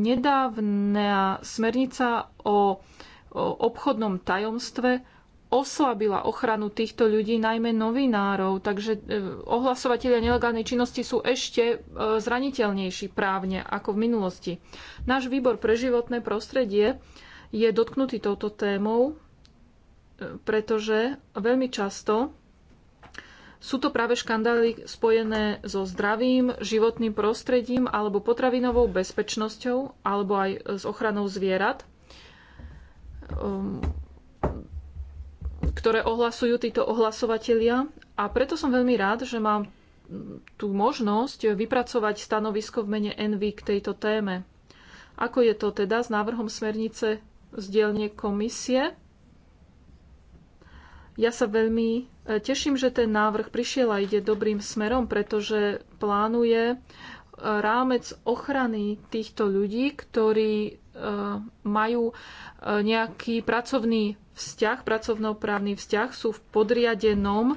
nedávna smernica o, o obchodnom tajomstve oslabila ochranu týchto ľudí, najmä novinárov. Takže e, ohlasovatelia nelegálnej činnosti sú ešte e, zraniteľnejší právne ako v minulosti. Náš výbor pre životné prostredie je dotknutý touto témou, e, pretože veľmi často sú to práve škandály spojené so zdravým, životným prostredím alebo potravinovou bezpečnosťou alebo aj s ochranou zvierat ehm, ktoré ohlasujú títo ohlasovatelia. A preto som veľmi rád, že mám tú možnosť vypracovať stanovisko v mene Envy k tejto téme. Ako je to teda s návrhom smernice z dielne komisie? Ja sa veľmi e, teším, že ten návrh prišiel a ide dobrým smerom, pretože plánuje e, rámec ochrany týchto ľudí, ktorí E, majú e, nejaký pracovný vzťah, pracovnoprávny vzťah, sú v podriadenom e,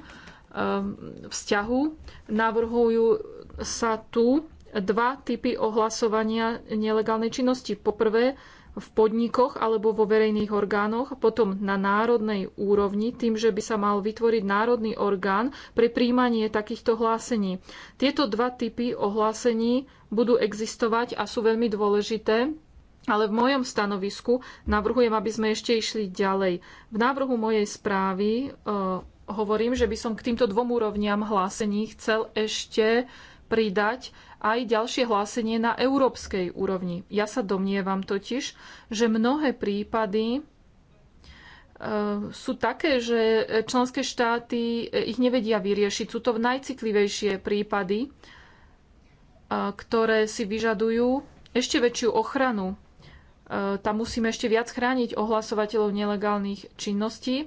vzťahu. Navrhujú sa tu dva typy ohlasovania nelegálnej činnosti. Poprvé v podnikoch alebo vo verejných orgánoch, potom na národnej úrovni, tým, že by sa mal vytvoriť národný orgán pre príjmanie takýchto hlásení. Tieto dva typy ohlásení budú existovať a sú veľmi dôležité ale v mojom stanovisku navrhujem, aby sme ešte išli ďalej. V návrhu mojej správy e, hovorím, že by som k týmto dvom úrovniam hlásení chcel ešte pridať aj ďalšie hlásenie na európskej úrovni. Ja sa domnievam totiž, že mnohé prípady e, sú také, že členské štáty e, ich nevedia vyriešiť. Sú to najcitlivejšie prípady, e, ktoré si vyžadujú ešte väčšiu ochranu E, tam musíme ešte viac chrániť ohlasovateľov nelegálnych činností.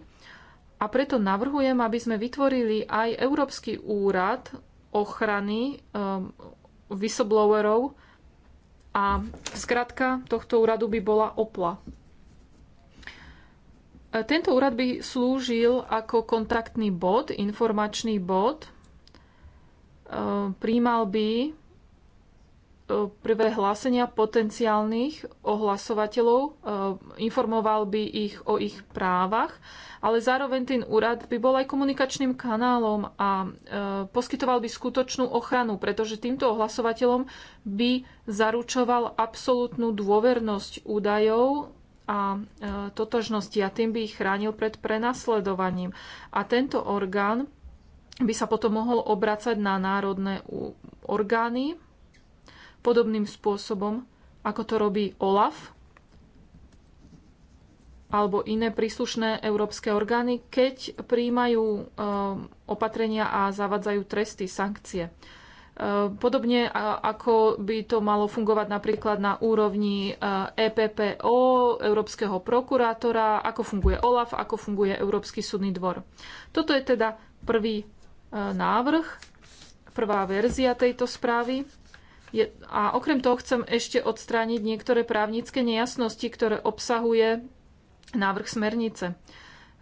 A preto navrhujem, aby sme vytvorili aj Európsky úrad ochrany whistleblowerov a zkrátka tohto úradu by bola OPLA. E, tento úrad by slúžil ako kontaktný bod, informačný bod. E, Príjmal by E, prvé hlásenia potenciálnych ohlasovateľov, e, informoval by ich o ich právach, ale zároveň ten úrad by bol aj komunikačným kanálom a e, poskytoval by skutočnú ochranu, pretože týmto ohlasovateľom by zaručoval absolútnu dôvernosť údajov a totožnosti a tým by ich chránil pred prenasledovaním. A tento orgán by sa potom mohol obracať na národné orgány podobným spôsobom, ako to robí OLAF alebo iné príslušné európske orgány, keď príjmajú eh, opatrenia a zavadzajú tresty, sankcie. Eh, podobne ako by to malo fungovať napríklad na úrovni EPPO, eh, e Európskeho prokurátora, ako funguje OLAF, ako funguje Európsky súdny dvor. Toto je teda prvý návrh, prvá verzia tejto správy. Je, a okrem toho chcem ešte odstrániť niektoré právnické nejasnosti, ktoré obsahuje návrh smernice.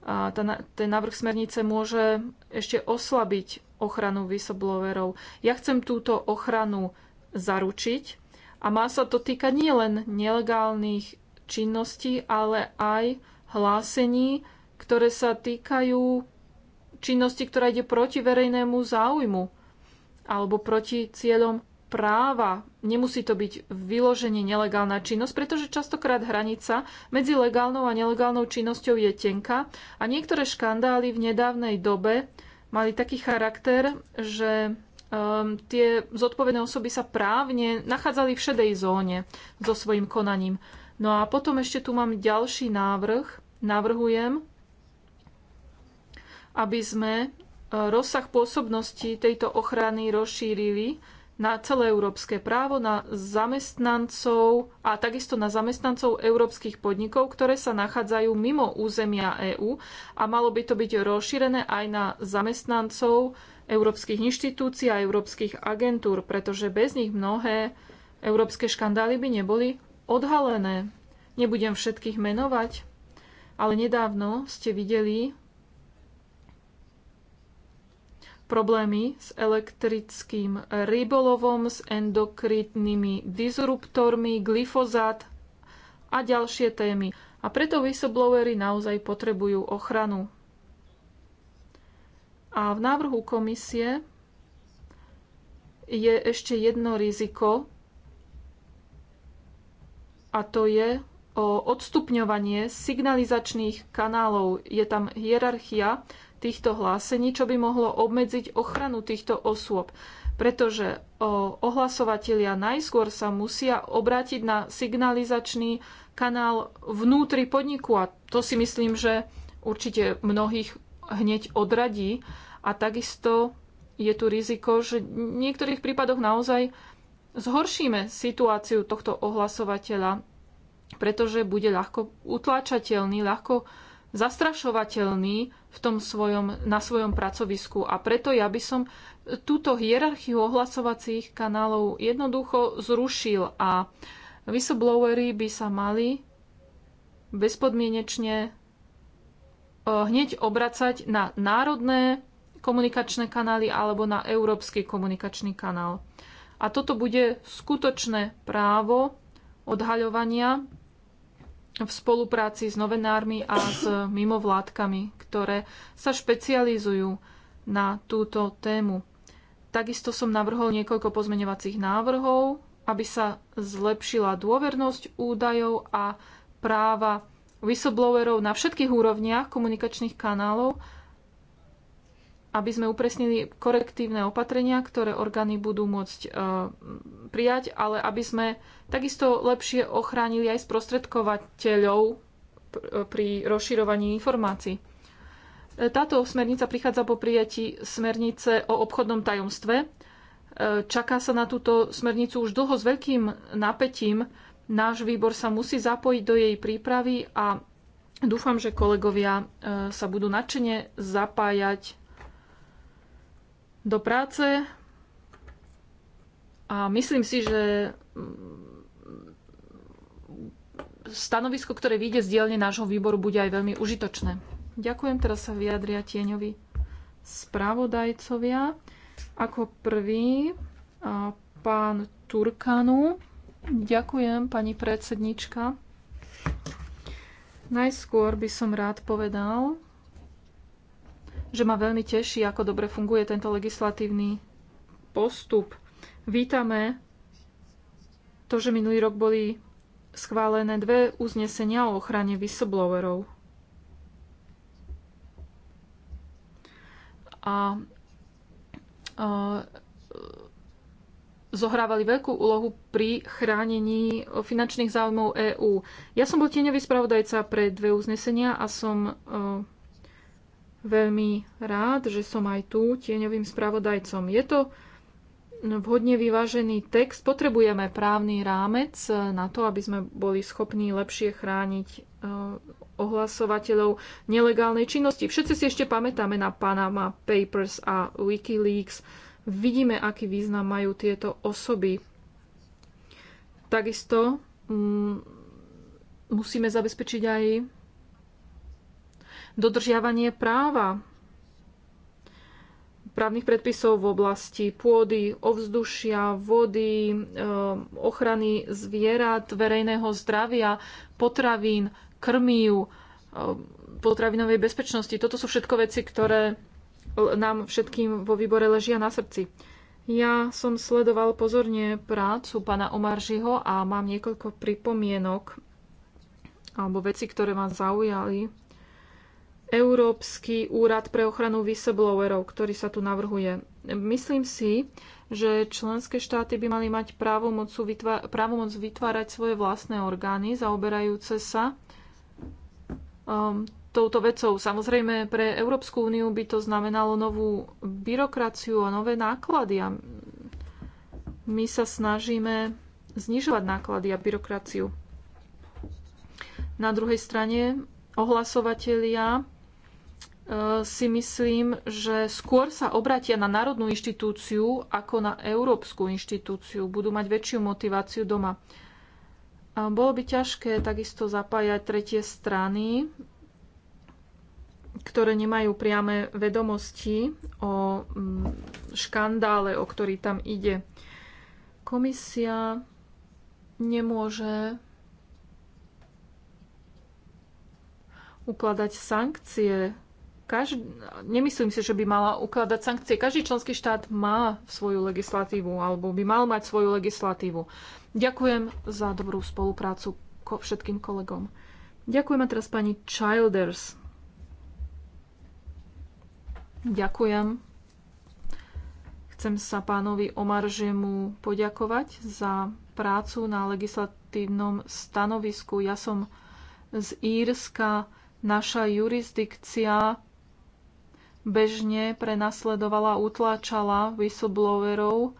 A tá, ten návrh smernice môže ešte oslabiť ochranu whistleblowerov. Ja chcem túto ochranu zaručiť a má sa to týkať nielen nelegálnych činností, ale aj hlásení, ktoré sa týkajú činnosti, ktorá ide proti verejnému záujmu alebo proti cieľom práva. Nemusí to byť vyloženie nelegálna činnosť, pretože častokrát hranica medzi legálnou a nelegálnou činnosťou je tenká a niektoré škandály v nedávnej dobe mali taký charakter, že um, tie zodpovedné osoby sa právne nachádzali v šedej zóne so svojim konaním. No a potom ešte tu mám ďalší návrh. Navrhujem, aby sme e, rozsah pôsobnosti tejto ochrany rozšírili na celé európske právo, na zamestnancov a takisto na zamestnancov európskych podnikov, ktoré sa nachádzajú mimo územia EÚ a malo by to byť rozšírené aj na zamestnancov európskych inštitúcií a európskych agentúr, pretože bez nich mnohé európske škandály by neboli odhalené. Nebudem všetkých menovať, ale nedávno ste videli problémy s elektrickým rybolovom, s endokritnými disruptormi, glyfozát a ďalšie témy. A preto whistleblowery naozaj potrebujú ochranu. A v návrhu komisie je ešte jedno riziko, a to je o odstupňovanie signalizačných kanálov. Je tam hierarchia týchto hlásení, čo by mohlo obmedziť ochranu týchto osôb. Pretože ohlasovatelia najskôr sa musia obrátiť na signalizačný kanál vnútri podniku a to si myslím, že určite mnohých hneď odradí a takisto je tu riziko, že v niektorých prípadoch naozaj zhoršíme situáciu tohto ohlasovateľa, pretože bude ľahko utláčateľný, ľahko zastrašovateľný v tom svojom, na svojom pracovisku. A preto ja by som túto hierarchiu ohlasovacích kanálov jednoducho zrušil a whistleblowery by sa mali bezpodmienečne eh, hneď obracať na národné komunikačné kanály alebo na európsky komunikačný kanál. A toto bude skutočné právo odhaľovania v spolupráci s novinármi a s mimovládkami, ktoré sa špecializujú na túto tému. Takisto som navrhol niekoľko pozmeňovacích návrhov, aby sa zlepšila dôvernosť údajov a práva whistleblowerov na všetkých úrovniach komunikačných kanálov aby sme upresnili korektívne opatrenia, ktoré orgány budú môcť e, prijať, ale aby sme takisto lepšie ochránili aj sprostredkovateľov e, pri rozširovaní informácií. E, táto smernica prichádza po prijatí smernice o obchodnom tajomstve. E, čaká sa na túto smernicu už dlho s veľkým napätím. Náš výbor sa musí zapojiť do jej prípravy a dúfam, že kolegovia sa budú nadšene zapájať do práce a myslím si, že mm, stanovisko, ktoré vyjde z dielne nášho výboru, bude aj veľmi užitočné. Ďakujem, teraz sa vyjadria tieňovi spravodajcovia. Ako prvý pán Turkanu. Ďakujem, pani predsednička. Najskôr by som rád povedal, že ma veľmi teší, ako dobre funguje tento legislatívny postup. Vítame to, že minulý rok boli schválené dve uznesenia o ochrane whistleblowerov. A, a zohrávali veľkú úlohu pri chránení finančných záujmov EÚ. Ja som bol tieňový spravodajca pre dve uznesenia a som e, veľmi rád, že som aj tu tieňovým spravodajcom. Je to vhodne vyvážený text. Potrebujeme právny rámec na to, aby sme boli schopní lepšie chrániť e, ohlasovateľov nelegálnej činnosti. Všetci si ešte pamätáme na Panama Papers a Wikileaks. Vidíme, aký význam majú tieto osoby. Takisto mm, musíme zabezpečiť aj dodržiavanie práva, právnych predpisov v oblasti pôdy, ovzdušia, vody, eh, ochrany zvierat, verejného zdravia, potravín, krmiu, eh, potravinovej bezpečnosti. Toto sú všetko veci, ktoré nám všetkým vo výbore ležia na srdci. Ja som sledoval pozorne prácu pána Omaržiho a mám niekoľko pripomienok alebo veci, ktoré ma zaujali Európsky úrad pre ochranu whistleblowerov, ktorý sa tu navrhuje. Myslím si, že členské štáty by mali mať právomoc, vytvá- vytvárať svoje vlastné orgány, zaoberajúce sa um, touto vecou. Samozrejme, pre Európsku úniu by to znamenalo novú byrokraciu a nové náklady. A my sa snažíme znižovať náklady a byrokraciu. Na druhej strane ohlasovatelia Eh, si myslím, že skôr sa obratia na národnú inštitúciu ako na európsku inštitúciu. Budú mať väčšiu motiváciu doma. bolo by ťažké takisto zapájať tretie strany, ktoré nemajú priame vedomosti o mm, škandále, o ktorý tam ide. Komisia nemôže ukladať sankcie Každ- nemyslím si, že by mala ukladať sankcie. Každý členský štát má svoju legislatívu alebo by mal mať svoju legislatívu. Ďakujem za dobrú spoluprácu ko- všetkým kolegom. Ďakujem a teraz pani Childers. Ďakujem. Chcem sa pánovi Omaržemu poďakovať za prácu na legislatívnom stanovisku. Ja som z Írska. Naša jurisdikcia bežne prenasledovala, utláčala whistleblowerov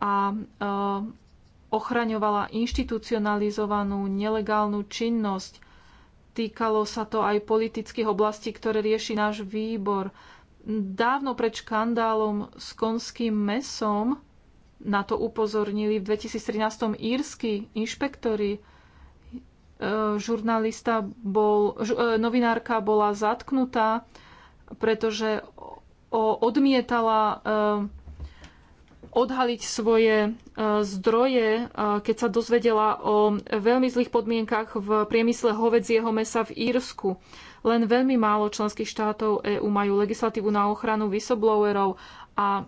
a e, ochraňovala inštitucionalizovanú nelegálnu činnosť. Týkalo sa to aj politických oblastí, ktoré rieši náš výbor. Dávno pred škandálom s konským mesom na to upozornili v 2013 írsky inšpektori e, žurnalista bol, e, novinárka bola zatknutá pretože odmietala eh, odhaliť svoje eh, zdroje, eh, keď sa dozvedela o veľmi zlých podmienkach v priemysle hovedzieho mesa v Írsku. Len veľmi málo členských štátov EÚ majú legislatívu na ochranu whistleblowerov a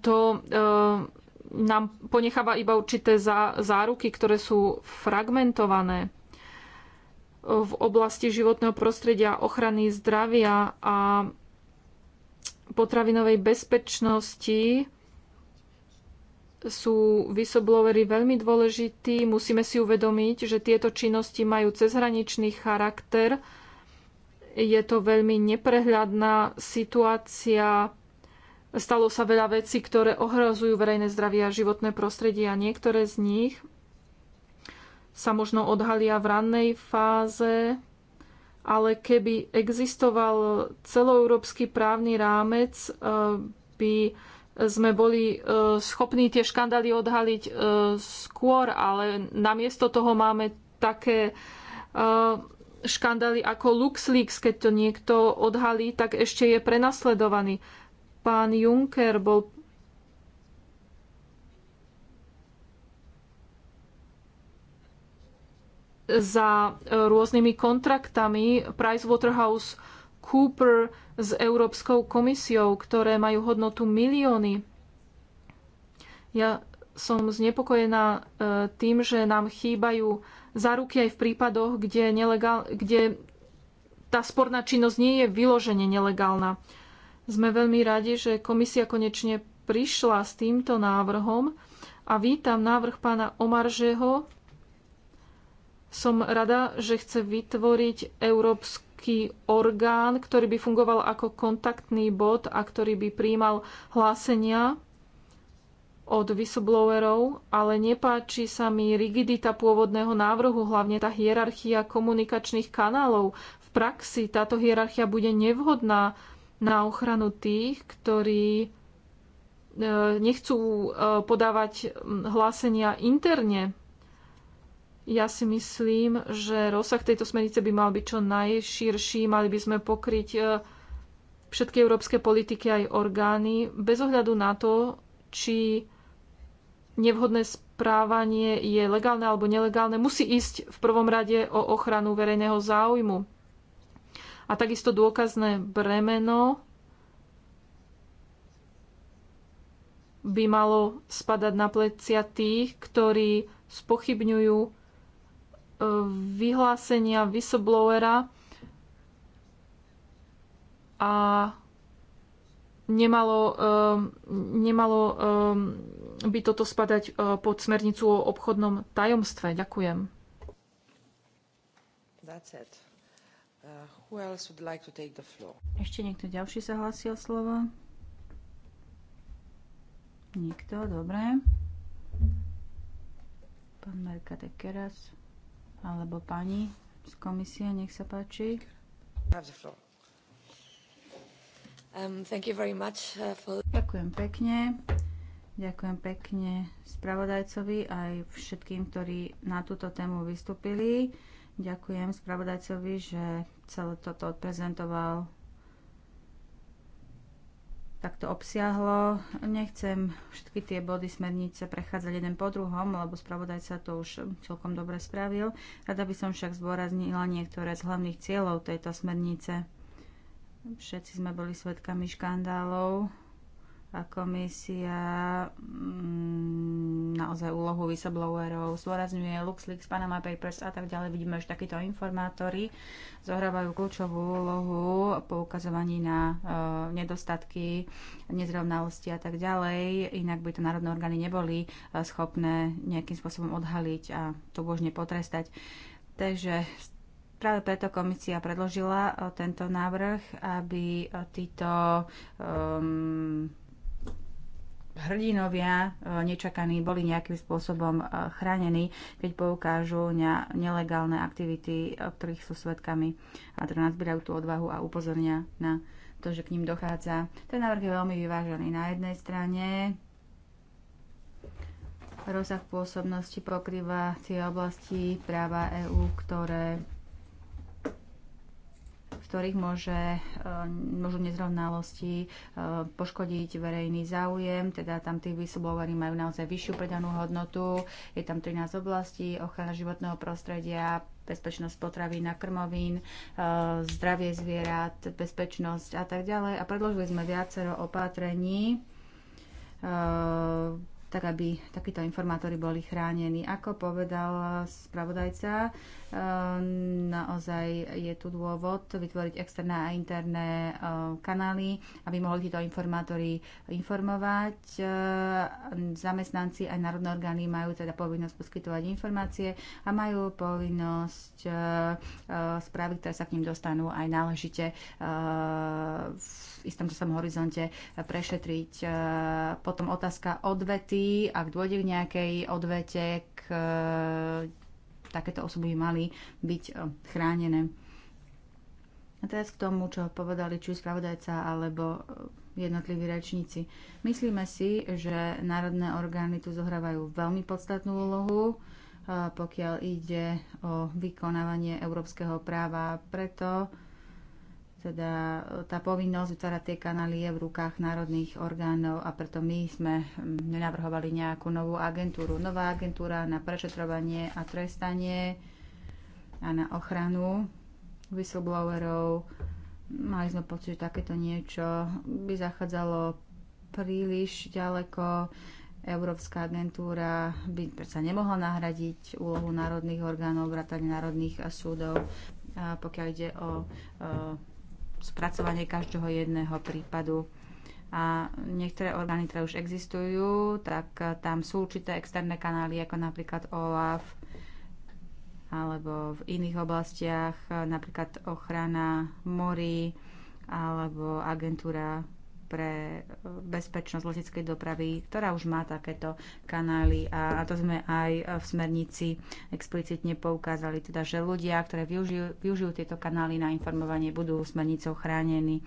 to nám ponecháva iba určité záruky, ktoré sú fragmentované v oblasti životného prostredia, ochrany zdravia a potravinovej bezpečnosti sú whistleblowery veľmi dôležití. Musíme si uvedomiť, že tieto činnosti majú cezhraničný charakter. Je to veľmi neprehľadná situácia. Stalo sa veľa vecí, ktoré ohrozujú verejné zdravie a životné prostredie a niektoré z nich sa možno odhalia v rannej fáze, ale keby existoval celoeurópsky právny rámec, e, by sme boli e, schopní tie škandály odhaliť e, skôr, ale namiesto toho máme také škandály ako LuxLeaks, keď to niekto odhalí, tak ešte je prenasledovaný. Pán Juncker bol za e, rôznymi kontraktami Pricewaterhouse Cooper s Európskou komisiou, ktoré majú hodnotu milióny. Ja som znepokojená e, tým, že nám chýbajú záruky aj v prípadoch, kde, nelegál, kde tá sporná činnosť nie je vyložene nelegálna. Sme veľmi radi, že komisia konečne prišla s týmto návrhom a vítam návrh pána Omaržeho, som rada, že chce vytvoriť európsky orgán, ktorý by fungoval ako kontaktný bod a ktorý by príjmal hlásenia od whistleblowerov, ale nepáči sa mi rigidita pôvodného návrhu, hlavne tá hierarchia komunikačných kanálov. V praxi táto hierarchia bude nevhodná na ochranu tých, ktorí eh, nechcú eh, podávať hm, hlásenia interne. Ja si myslím, že rozsah tejto smernice by mal byť čo najširší, mali by sme pokryť e, všetky európske politiky aj orgány, bez ohľadu na to, či nevhodné správanie je legálne alebo nelegálne, musí ísť v prvom rade o ochranu verejného záujmu. A takisto dôkazné bremeno by malo spadať na plecia tých, ktorí spochybňujú vyhlásenia whistleblowera a nemalo, um, nemalo um, by toto spadať uh, pod smernicu o obchodnom tajomstve. Ďakujem. Uh, like Ešte niekto ďalší sa hlási o slovo? Nikto, dobre. Pán Merka teraz alebo pani z komisie, nech sa páči. Um, uh, Ďakujem pekne. Ďakujem pekne spravodajcovi aj všetkým, ktorí na túto tému vystúpili. Ďakujem spravodajcovi, že celé toto odprezentoval takto obsiahlo. Nechcem všetky tie body smernice prechádzať jeden po druhom, lebo spravodajca to už celkom dobre spravil. Rada by som však zdôraznila niektoré z hlavných cieľov tejto smernice. Všetci sme boli svedkami škandálov a komisia mm, naozaj úlohu whistleblowerov zdôrazňuje LuxLeaks, Panama Papers a tak ďalej. Vidíme, že takíto informátori zohrávajú kľúčovú úlohu po ukazovaní na eh, nedostatky, nezrovnalosti a tak ďalej. Inak by to národné orgány neboli eh, schopné nejakým spôsobom odhaliť a to božne potrestať. Takže Práve preto komisia predložila eh, tento návrh, aby títo um, hrdinovia e, nečakaní boli nejakým spôsobom e, chránení, keď poukážu na nelegálne aktivity, e, ktorých sú svetkami a teda nazbierajú tú odvahu a upozornia na to, že k ním dochádza. Ten návrh je veľmi vyvážený. Na jednej strane rozsah pôsobnosti pokrýva tie oblasti práva EÚ, ktoré ktorých môže, e, môžu nezrovnalosti e, poškodiť verejný záujem, teda tam tí whistleblowery majú naozaj vyššiu predanú hodnotu, je tam 13 oblastí, ochrana životného prostredia, bezpečnosť potravín na krmovín, e, zdravie zvierat, bezpečnosť a tak ďalej. A predložili sme viacero opatrení, tak aby takíto informátori boli chránení. Ako povedal spravodajca, eh, naozaj je tu dôvod vytvoriť externé a interné eh, kanály, aby mohli títo informátori informovať. Eh, zamestnanci aj národné orgány majú teda povinnosť poskytovať informácie a majú povinnosť správy, ktoré sa k ním dostanú aj náležite v istom časom horizonte prešetriť. Potom otázka odvety aby, ak dôjde k nejakej odvete, k, e, takéto osoby by mali byť e, chránené. A teraz k tomu, čo povedali či spravodajca alebo e, jednotliví rečníci. Myslíme si, že národné orgány tu zohrávajú veľmi podstatnú úlohu, pokiaľ ide o vykonávanie európskeho práva. Preto teda e, tá povinnosť vytvárať tie kanály je v rukách národných orgánov a preto my sme nenavrhovali nejakú novú agentúru. Nová agentúra na prešetrovanie a trestanie a na ochranu whistleblowerov. Mali sme pocit, že takéto niečo by zachádzalo príliš ďaleko. Európska agentúra by predsa nemohla nahradiť úlohu národných orgánov, vrátane národných súdov, a pokiaľ ide o, o e, spracovanie každého jedného prípadu. A niektoré orgány, ktoré už existujú, tak tam sú určité externé kanály, ako napríklad OLAF, alebo v iných oblastiach, napríklad ochrana morí, alebo agentúra pre bezpečnosť leteckej dopravy, ktorá už má takéto kanály a, a to sme aj v smernici explicitne poukázali, teda, že ľudia, ktoré využijú, využijú tieto kanály na informovanie, budú smernicou chránení.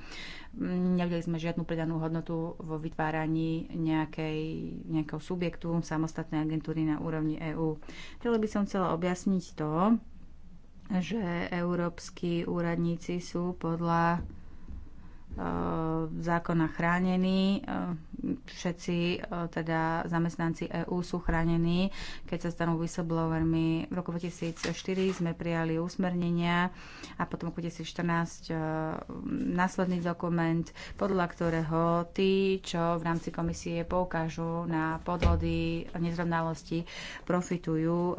Nevideli sme žiadnu pridanú hodnotu vo vytváraní nejakej, nejakého subjektu samostatnej agentúry na úrovni EÚ. Teda by som chcela objasniť to, že európsky úradníci sú podľa E, zákona chránení. E, všetci e, teda zamestnanci EÚ sú chránení, keď sa stanú whistleblowermi. V roku 2004 sme prijali úsmernenia a potom v roku 2014 následný dokument, podľa ktorého tí, čo v rámci komisie poukážu na podvody nezrovnalosti, profitujú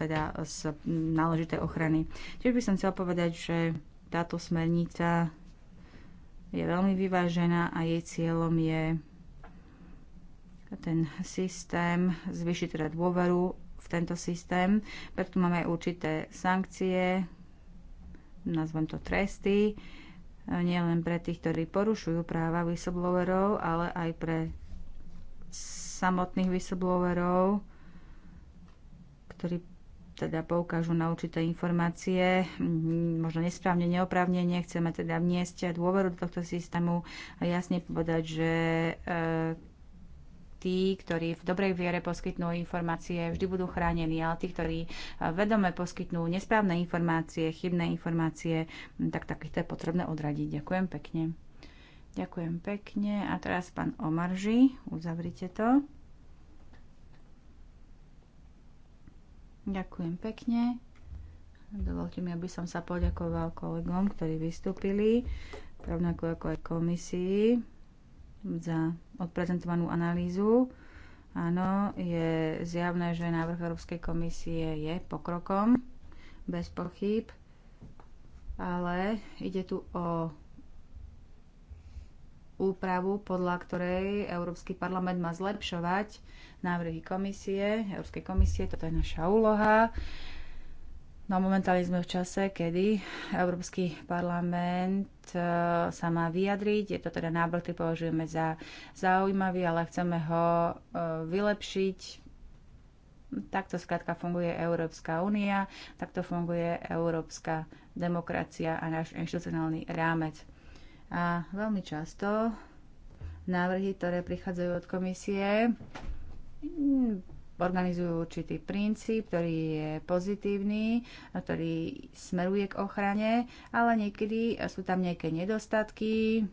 teda z náležitej ochrany. Tiež by som chcela povedať, že táto smernica je veľmi vyvážená a jej cieľom je ten systém, zvyšiť teda dôveru v tento systém. Preto máme aj určité sankcie, nazvem to tresty, nielen pre tých, ktorí porušujú práva whistleblowerov, ale aj pre samotných whistleblowerov, ktorí teda poukážu na určité informácie, mm, možno nesprávne, neoprávnenie. Chceme teda vniesť dôveru do tohto systému a jasne povedať, že e, tí, ktorí v dobrej viere poskytnú informácie, vždy budú chránení, ale tí, ktorí e, vedome poskytnú nesprávne informácie, chybné informácie, tak takýchto je potrebné odradiť. Ďakujem pekne. Ďakujem pekne. A teraz pán Omarži, uzavrite to. Ďakujem pekne. Dovolte mi, aby som sa poďakoval kolegom, ktorí vystúpili, rovnako ako aj komisii, za odprezentovanú analýzu. Áno, je zjavné, že návrh Európskej komisie je pokrokom, bez pochyb, ale ide tu o úpravu, podľa ktorej Európsky parlament má zlepšovať návrhy komisie, Európskej komisie, toto je naša úloha. No momentálne sme v čase, kedy Európsky parlament e, sa má vyjadriť. Je to teda návrh, ktorý považujeme za zaujímavý, ale chceme ho e, vylepšiť. Takto skrátka funguje Európska únia, takto funguje európska demokracia a náš inštitucionálny rámec. A veľmi často návrhy, ktoré prichádzajú od komisie, mm, organizujú určitý princíp, ktorý je pozitívny, ktorý smeruje k ochrane, ale niekedy sú tam nejaké nedostatky,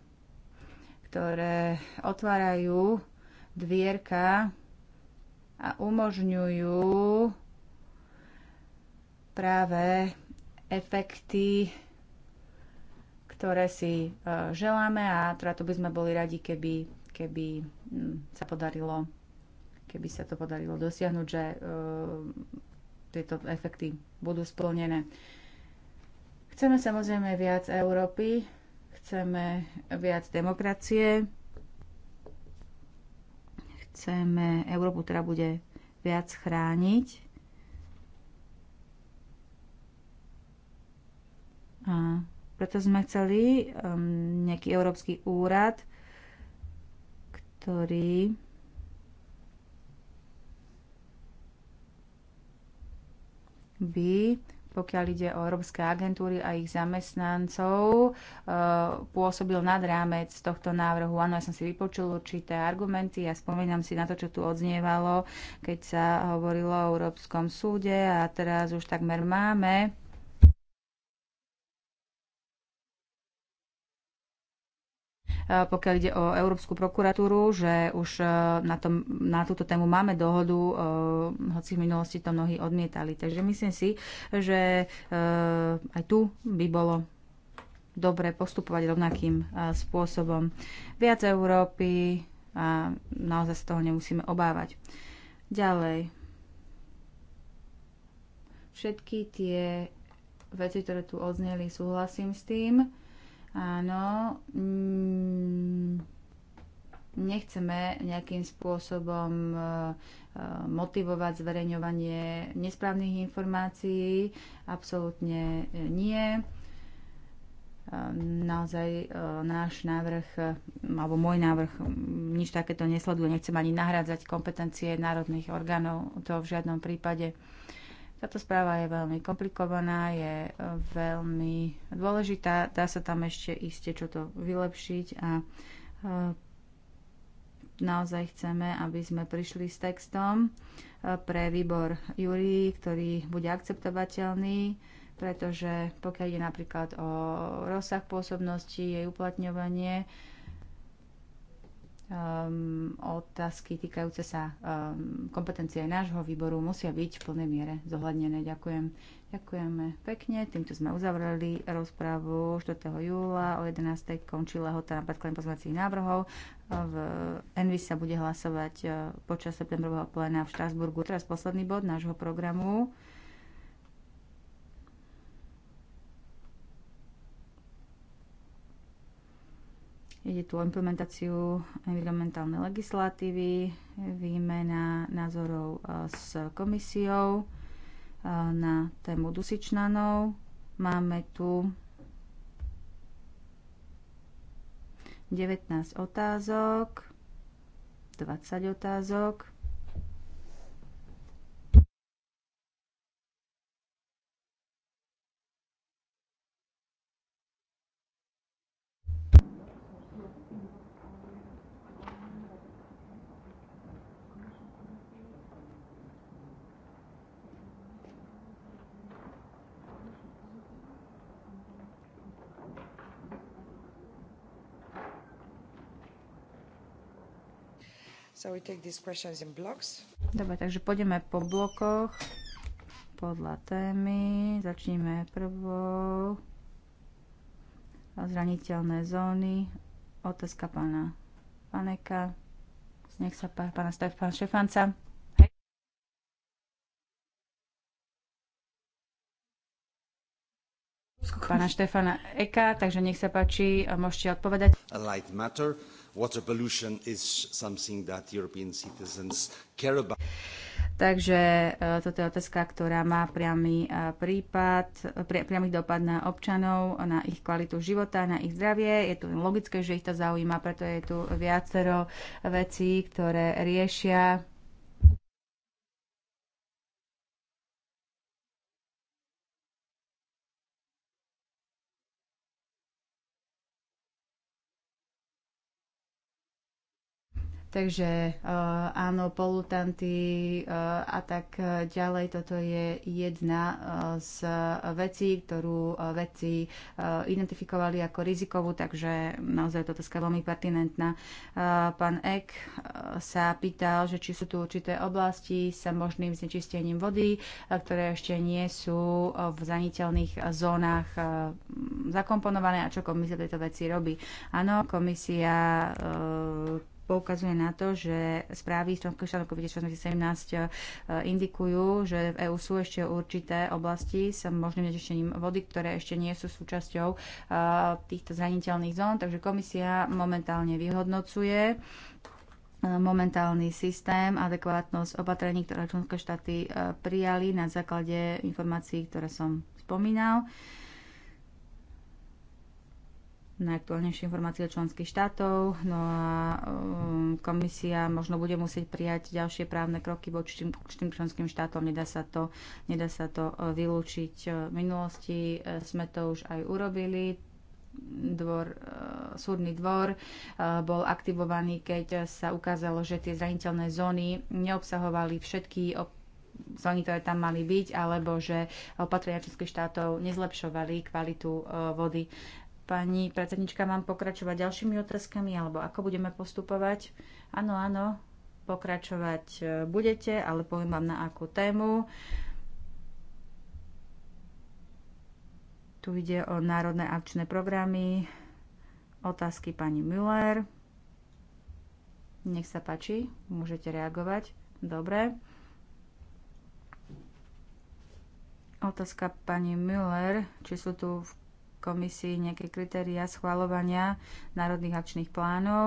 ktoré otvárajú dvierka a umožňujú práve efekty ktoré si e, želáme a teda to by sme boli radi, keby, keby sa podarilo keby sa to podarilo dosiahnuť, že e, tieto efekty budú splnené. Chceme samozrejme viac Európy, chceme viac demokracie, chceme Európu, ktorá bude viac chrániť. A preto sme chceli um, nejaký európsky úrad, ktorý by, pokiaľ ide o európske agentúry a ich zamestnancov, uh, pôsobil nad rámec tohto návrhu. Áno, ja som si vypočul určité argumenty a ja spomínam si na to, čo tu odznievalo, keď sa hovorilo o Európskom súde a teraz už takmer máme Eh, pokiaľ ide o Európsku prokuratúru, že už eh, na, tom, na túto tému máme dohodu, eh, hoci v minulosti to mnohí odmietali. Takže myslím si, že aj tu by bolo dobre postupovať rovnakým spôsobom. Viac Európy a naozaj sa toho nemusíme obávať. Ďalej. Všetky tie veci, ktoré tu odzneli, súhlasím s tým. Áno, mm, nechceme nejakým spôsobom e, e, motivovať zverejňovanie nesprávnych informácií, absolútne e, nie. Naozaj náš návrh, alebo môj návrh, nič takéto nesleduje. Nechcem ani nahrádzať kompetencie národných orgánov, to v žiadnom prípade. Táto správa je veľmi komplikovaná, je eh, veľmi dôležitá, dá sa tam ešte iste čo to vylepšiť a eh, naozaj chceme, aby sme prišli s textom eh, pre výbor Júri, ktorý bude akceptovateľný, pretože pokiaľ ide napríklad o rozsah pôsobnosti, jej uplatňovanie, um, otázky týkajúce sa um, kompetencie nášho výboru musia byť v plnej miere zohľadnené. Ďakujem. Ďakujeme pekne. Týmto sme uzavreli rozprávu 4. júla o 11. končila lehota na predkladným pozvacích návrhov. V Envis sa bude hlasovať e, počas septembrového pléna v Štrasburgu. Teraz posledný bod nášho programu. Ide tu o implementáciu environmentálnej legislatívy, výmena názorov e, s komisiou e, na tému dusičnanov. Máme tu 19 otázok, 20 otázok. So we take these questions in blocks. Dobre, takže pôjdeme po blokoch podľa témy. Začneme prvou. Zraniteľné zóny. Otázka pána Paneka. Nech sa pá, pána Stefana Šefanca. Pána Štefana Eka, takže nech sa páči, môžete odpovedať. A light matter water pollution is something that European citizens care about. Takže e, toto je otázka, ktorá má priamy e, prípad, pri, priamy dopad na občanov, na ich kvalitu života, na ich zdravie. Je to logické, že ich to zaujíma, preto je tu viacero vecí, ktoré riešia Takže eh, áno, polutanty eh, a tak eh, ďalej, toto je jedna z vecí, ktorú vedci identifikovali ako rizikovú, takže naozaj toto je veľmi pertinentná. Pán Ek sa pýtal, že či sú tu určité oblasti s možným znečistením vody, ktoré ešte nie sú v zaniteľných zónach zakomponované a čo komisia tejto veci robí. Áno, komisia poukazuje na to, že správy z členského štátov covid 2017 e, indikujú, že v EÚ sú ešte určité oblasti s možným nečištením vody, ktoré ešte nie sú súčasťou e, týchto zraniteľných zón, takže komisia momentálne vyhodnocuje e, momentálny systém, adekvátnosť opatrení, ktoré členské štáty prijali na základe informácií, ktoré som spomínal. Uh, najaktuálnejšie informácie členských štátov. No a um, komisia možno bude musieť prijať ďalšie právne kroky voči tým, tým členským štátom. Nedá sa to, nedá sa to uh, vylúčiť. Uh, v minulosti uh, sme to už aj urobili. Dvor, súdny dvor bol aktivovaný, keď sa ukázalo, že tie zraniteľné zóny neobsahovali všetky op- zóny, ktoré tam mali byť, alebo že opatrenia českých štátov nezlepšovali kvalitu vody. Pani predsednička, mám pokračovať ďalšími otázkami, alebo ako budeme postupovať? Áno, áno, pokračovať e, budete, ale poviem vám na akú tému. Tu ide o národné akčné programy. Otázky pani Müller. Nech sa páči, môžete reagovať. Dobre. Otázka pani Müller, či sú tu v komisii nejaké kritériá schvalovania národných akčných plánov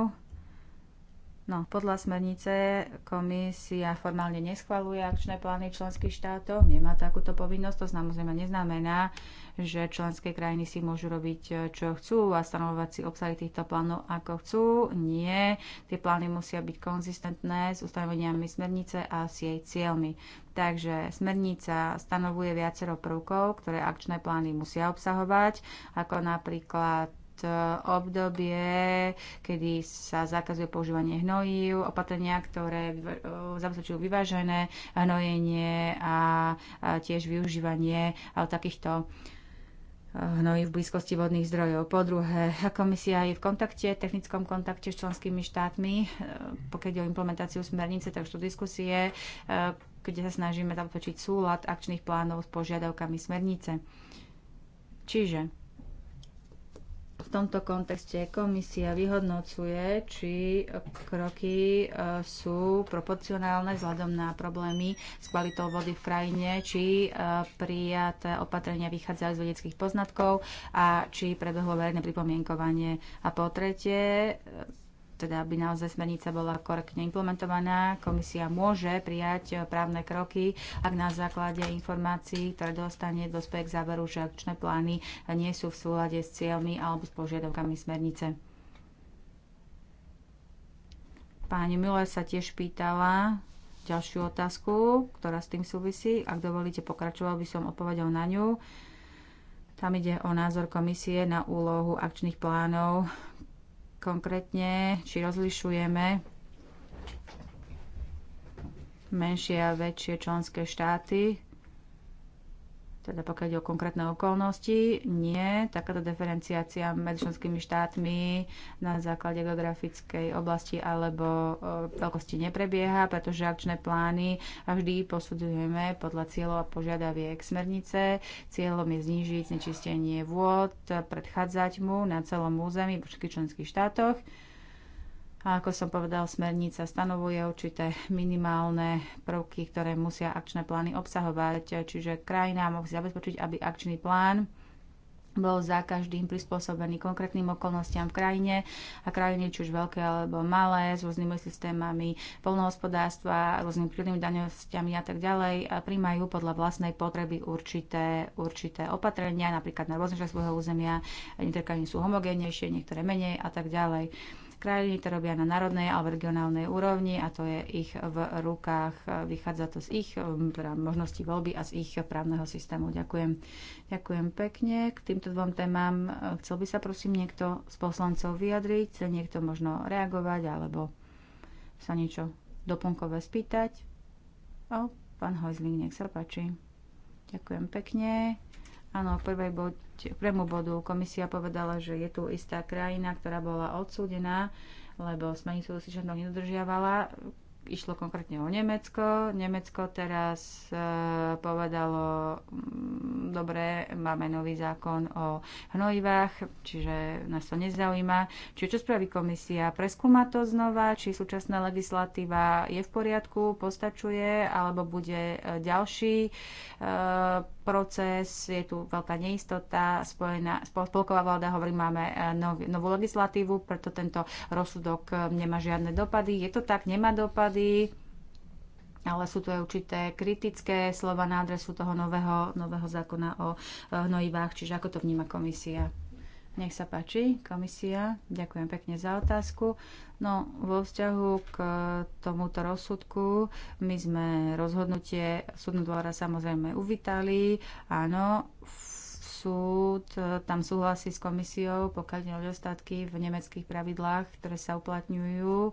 No, podľa smernice komisia formálne neschvaluje akčné plány členských štátov, nemá takúto povinnosť, to samozrejme neznamená, že členské krajiny si môžu robiť, eh, čo chcú a stanovovať si obsahy týchto plánov, ako chcú. Nie, tie plány musia byť konzistentné s ustanoveniami smernice a s jej cieľmi. Takže smernica stanovuje viacero prvkov, ktoré akčné plány musia obsahovať, ako napríklad E, obdobie, kedy sa zakazuje používanie hnojív, opatrenia, ktoré e, zabezpečujú vyvážené hnojenie a tiež využívanie e, takýchto hnojí v blízkosti vodných zdrojov. Po druhé, komisia je v kontakte, technickom kontakte s členskými štátmi, pokiaľ ide o implementáciu smernice, tak sú diskusie, kde sa snažíme zabezpečiť súlad akčných plánov s požiadavkami smernice. Čiže tomto kontexte komisia vyhodnocuje, či kroky e, sú proporcionálne vzhľadom na problémy s kvalitou vody v krajine, či e, prijaté opatrenia vychádzajú z vedeckých poznatkov a či prebehlo verejné pripomienkovanie. A po tretie, teda aby naozaj smernica bola korektne implementovaná. Komisia môže prijať eh, právne kroky, ak na základe informácií, ktoré dostane, dospeje k záveru, že akčné plány nie sú v súlade s cieľmi alebo s požiadavkami smernice. Pani Miller sa tiež pýtala ďalšiu otázku, ktorá s tým súvisí. Ak dovolíte, pokračoval by som odpovedal na ňu. Tam ide o názor komisie na úlohu akčných plánov Konkrétne, či rozlišujeme menšie a väčšie členské štáty, teda pokiaľ ide o konkrétne okolnosti, nie. Takáto diferenciácia medzi členskými štátmi na základe geografickej oblasti alebo e, veľkosti neprebieha, pretože akčné plány vždy posudzujeme podľa cieľov a požiadaviek smernice. Cieľom je znížiť znečistenie vôd, predchádzať mu na celom území v všetkých členských štátoch a ako som povedal, smernica stanovuje určité minimálne prvky, ktoré musia akčné plány obsahovať, čiže krajina musí zabezpečiť, aby akčný plán bol za každým prispôsobený konkrétnym okolnostiam v krajine a krajiny, či už veľké alebo malé, s rôznymi systémami polnohospodárstva, rôznymi prírodnými daňostiami a tak ďalej, a príjmajú podľa vlastnej potreby určité, určité opatrenia, napríklad na rôzne svojho územia, niektoré krajiny sú homogénnejšie, niektoré menej a tak ďalej krajiny to robia na národnej alebo regionálnej úrovni a to je ich v rukách. Vychádza to z ich um, teda možností voľby a z ich právneho systému. Ďakujem. Ďakujem pekne. K týmto dvom témam uh, chcel by sa prosím niekto z poslancov vyjadriť, chce niekto možno reagovať alebo sa niečo doplnkové spýtať. O, pán Hojzling, nech sa páči. Ďakujem pekne. Áno, prvý bod k bodu komisia povedala, že je tu istá krajina, ktorá bola odsúdená, lebo smernicu si nedodržiavala išlo konkrétne o Nemecko. Nemecko teraz e, povedalo, m, mm, dobre, máme nový zákon o hnojivách, čiže nás to nezaujíma. Čiže čo spraví komisia? Preskúma to znova, či súčasná legislatíva je v poriadku, postačuje, alebo bude e, ďalší e, proces, je tu veľká neistota, spojená, spolková vláda hovorí, máme e, nov, novú legislatívu, preto tento rozsudok e, nemá žiadne dopady. Je to tak, nemá dopady, dohody, ale sú tu aj určité kritické slova na adresu toho nového, nového zákona o e, hnojivách, čiže ako to vníma komisia. Nech sa páči, komisia. Ďakujem pekne za otázku. No, vo vzťahu k tomuto rozsudku, my sme rozhodnutie súdnu dvora samozrejme uvítali. Áno, v súd e, tam súhlasí s komisiou, pokiaľ ide o nedostatky v nemeckých pravidlách, ktoré sa uplatňujú,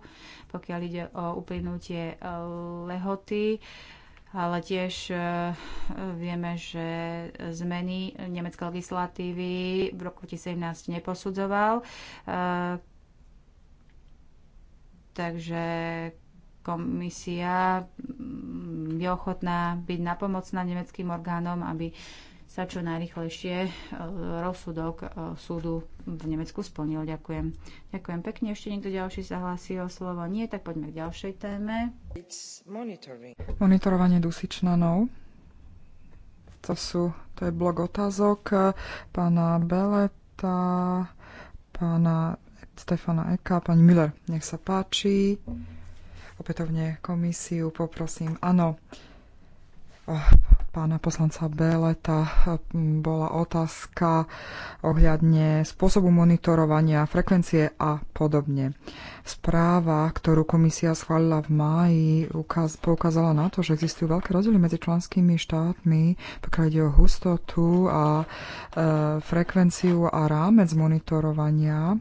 pokiaľ ide o uplynutie e, lehoty. Ale tiež e, vieme, že zmeny nemeckej legislatívy v roku 2017 neposudzoval. Takže komisia je ochotná byť napomocná nemeckým orgánom, aby sa čo najrychlejšie e, rozsudok e, súdu v Nemecku splnil. Ďakujem. Ďakujem pekne. Ešte niekto ďalší sa hlási o slovo? Nie, tak poďme k ďalšej téme. Monitorovanie dusičnanov. To, sú, to je blok otázok e, pána Beleta, pána Stefana Eka, pani Miller, nech sa páči. Opätovne komisiu poprosím. Áno, oh, pána poslanca Beleta bola otázka ohľadne spôsobu monitorovania, frekvencie a podobne. Správa, ktorú komisia schválila v máji, ukaz, poukázala na to, že existujú veľké rozdiely medzi členskými štátmi, pokiaľ ide o hustotu a e, frekvenciu a rámec monitorovania,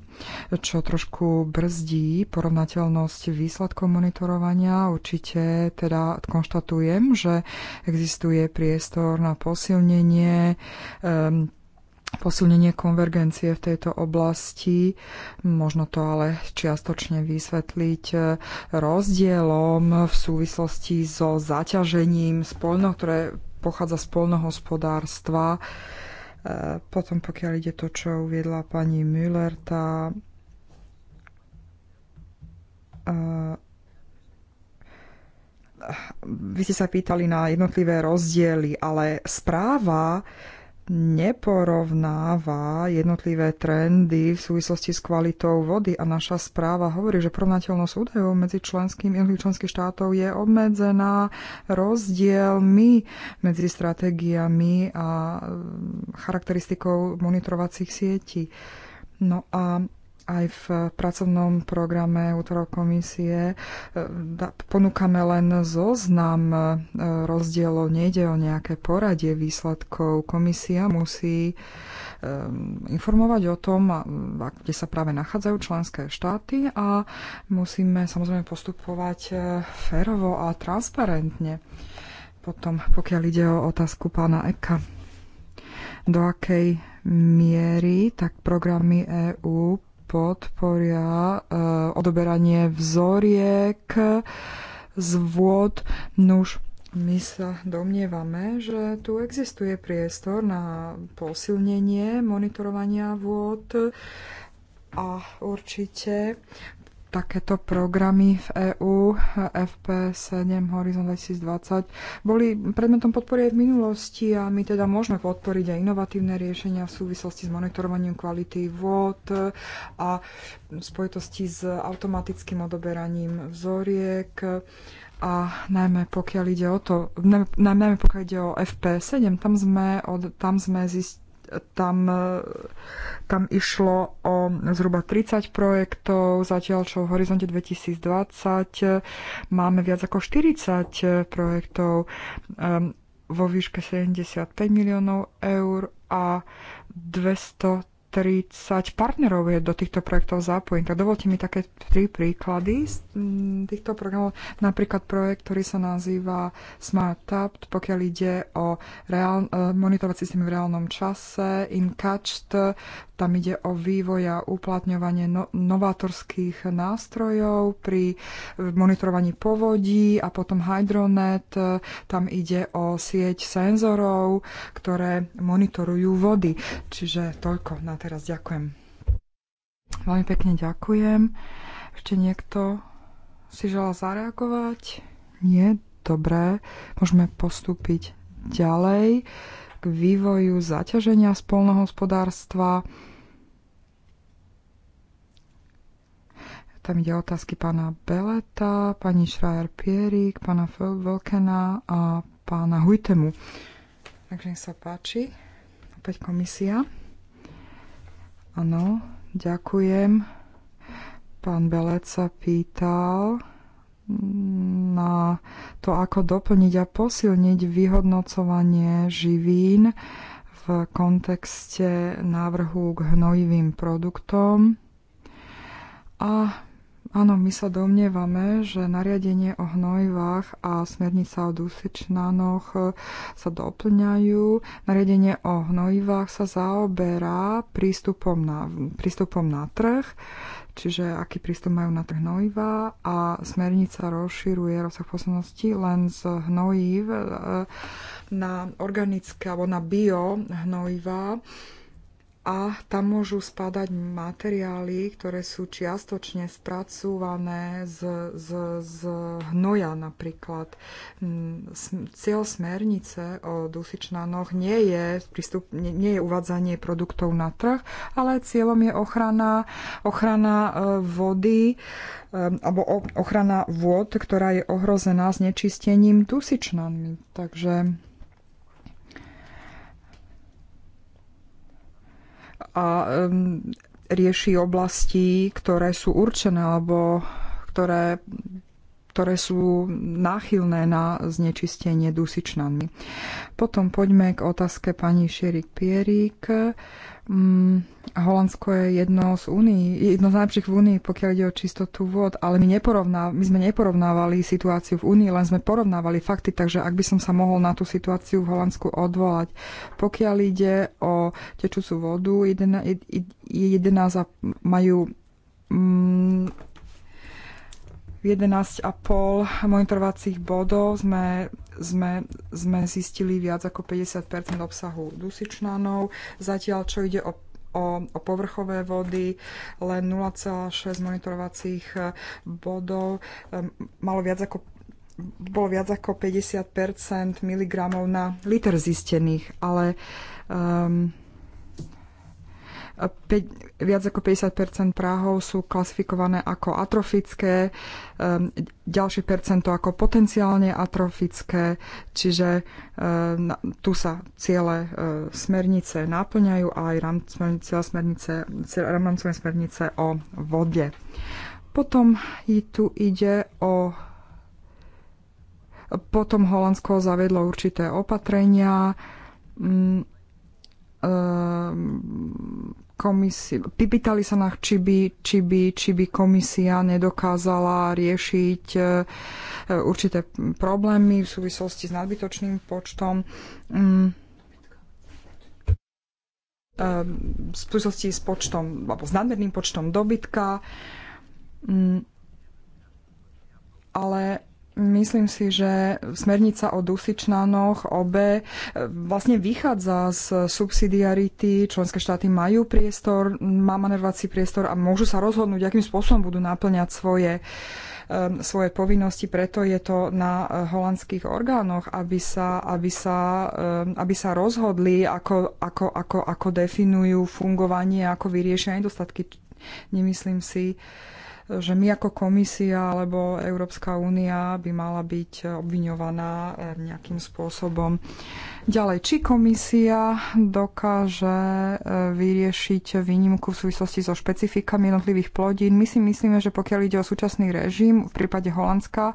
čo trošku brzdí porovnateľnosť výsledkov monitorovania. Určite teda konštatujem, že existuje priestor na posilnenie e, posilnenie konvergencie v tejto oblasti. Možno to ale čiastočne vysvetliť e, rozdielom v súvislosti so zaťažením spolno, ktoré pochádza z polnohospodárstva. E, potom pokiaľ ide to, čo uviedla pani Müller, tá e, vy ste sa pýtali na jednotlivé rozdiely, ale správa neporovnáva jednotlivé trendy v súvislosti s kvalitou vody a naša správa hovorí, že porovnateľnosť údajov medzi členskými členských štátov je obmedzená rozdielmi medzi stratégiami a charakteristikou monitorovacích sietí. No a aj v pracovnom programe útorov komisie e, ponúkame len zoznam e, rozdielov, nejde o nejaké poradie výsledkov. Komisia musí e, informovať o tom, kde sa práve nachádzajú členské štáty a musíme samozrejme postupovať férovo a transparentne. Potom, pokiaľ ide o otázku pána Eka, do akej miery tak programy EÚ podporia e, odoberanie vzoriek z vôd. Nuž, my sa domnievame, že tu existuje priestor na posilnenie monitorovania vôd a určite takéto programy v EÚ, FP7, Horizon 2020, boli predmetom podpory aj v minulosti a my teda môžeme podporiť aj inovatívne riešenia v súvislosti s monitorovaním kvality vôd a v spojitosti s automatickým odoberaním vzoriek a najmä pokiaľ ide o to, najmä, najmä pokiaľ ide o FP7, tam sme, od, tam sme zistili, tam, e, tam išlo o zhruba 30 projektov, zatiaľ čo v horizonte 2020 e, máme viac ako 40 e, projektov vo výške 75 miliónov eur a 230 30 partnerov je do týchto projektov zapojených. Tak dovolte mi také tri príklady z mm, týchto programov. Napríklad projekt, ktorý sa nazýva Smart Tap, pokiaľ ide o reál, e, monitorovací systém v reálnom čase, InCatched, tam ide o vývoj a uplatňovanie no, novátorských nástrojov pri e, monitorovaní povodí a potom Hydronet, e, tam ide o sieť senzorov, ktoré monitorujú vody. Čiže toľko na ten teraz. Ďakujem. Veľmi pekne ďakujem. Ešte niekto si žela zareagovať? Nie? Dobre. Môžeme postúpiť ďalej k vývoju zaťaženia spolnohospodárstva. Tam ide otázky pána Beleta, pani Schreier Pierik, pána Velkena a pána Hujtemu. Takže nech sa páči. Opäť komisia. Áno, ďakujem. Pán Belec sa pýtal na to, ako doplniť a posilniť vyhodnocovanie živín v kontexte návrhu k hnojivým produktom. A Áno, my sa domnievame, že nariadenie o hnojivách a smernica o dusičnanoch sa doplňajú. Nariadenie o hnojivách sa zaoberá prístupom na, prístupom na trh, čiže aký prístup majú na trh hnojiva a smernica rozširuje rozsah poslednosti, len z hnojiv eh, na organické alebo na bio hnojiva a tam môžu spadať materiály, ktoré sú čiastočne spracúvané z, z, z hnoja napríklad. Mm, cieľ smernice o dusičnanoch nie je, prístup, nie, nie je uvádzanie produktov na trh, ale cieľom je ochrana, ochrana e, vody e, alebo ochrana vôd, ktorá je ohrozená znečistením dusičnanmi. Takže a um, rieši oblasti, ktoré sú určené alebo ktoré, ktoré sú náchylné na znečistenie dusičnanmi. Potom poďme k otázke pani Šerik Pierik. Mm, Holandsko je jedno z únií, jedno z najlepších v únii, pokiaľ ide o čistotu vôd, ale my, neporovná, my sme neporovnávali situáciu v únii, len sme porovnávali fakty, takže ak by som sa mohol na tú situáciu v Holandsku odvolať. Pokiaľ ide o tečúcu vodu, jedna za, majú mm, 11,5 monitorovacích bodov sme, sme, sme zistili viac ako 50 obsahu dusičnanov, zatiaľ čo ide o o, o povrchové vody, len 0,6 monitorovacích eh, bodov. Malo viac ako bolo viac ako 50 miligramov na liter zistených, ale um, 5, viac ako 50 práhov sú klasifikované ako atrofické, um, ďalšie percento ako potenciálne atrofické, čiže um, tu sa ciele e, smernice náplňajú a aj rámcové smernice, rámcové smernice o vode. Potom tu ide o potom Holandsko zavedlo určité opatrenia, um, komisi- pýtali sa nás, či by, či, by, či by komisia nedokázala riešiť e, určité problémy v súvislosti s nadbytočným počtom mm, e, v súvislosti s počtom, alebo s nadmerným počtom dobytka, mm, ale Myslím si, že smernica o dusičnanoch obe e, vlastne vychádza z subsidiarity. Členské štáty majú priestor, má manevrovací priestor a môžu sa rozhodnúť, akým spôsobom budú naplňať svoje, svoje povinnosti. Preto je to na e, holandských orgánoch, aby sa, aby sa, aby sa rozhodli, ako, ako, ako, ako definujú fungovanie, ako vyriešia nedostatky. Nemyslím si, že my ako komisia alebo Európska únia by mala byť obviňovaná eh, nejakým spôsobom. Ďalej, či komisia dokáže e, vyriešiť výnimku v súvislosti so špecifikami jednotlivých plodín? My si myslíme, že pokiaľ ide o súčasný režim, v prípade Holandska, e,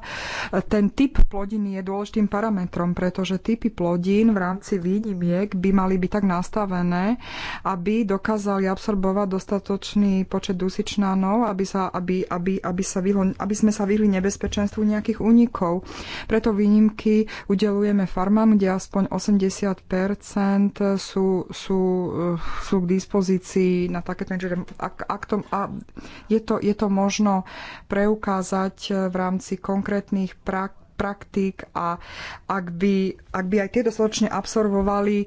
ten typ plodiny je dôležitým parametrom, pretože typy plodín v rámci výnimiek by mali byť tak nastavené, aby dokázali absorbovať dostatočný počet dusičnanov, aby, sa, aby, aby, aby, sa vyhlo, aby sme sa vyhli nebezpečenstvu nejakých únikov. Preto výnimky udelujeme farmám, kde aspoň 80 80 sú, sú, eh, sú k dispozícii na také ten, že Ak, ak to, a je, to, je to možno preukázať eh, v rámci konkrétnych prak, praktík a ak by, ak by aj tieto spoločne absorbovali e,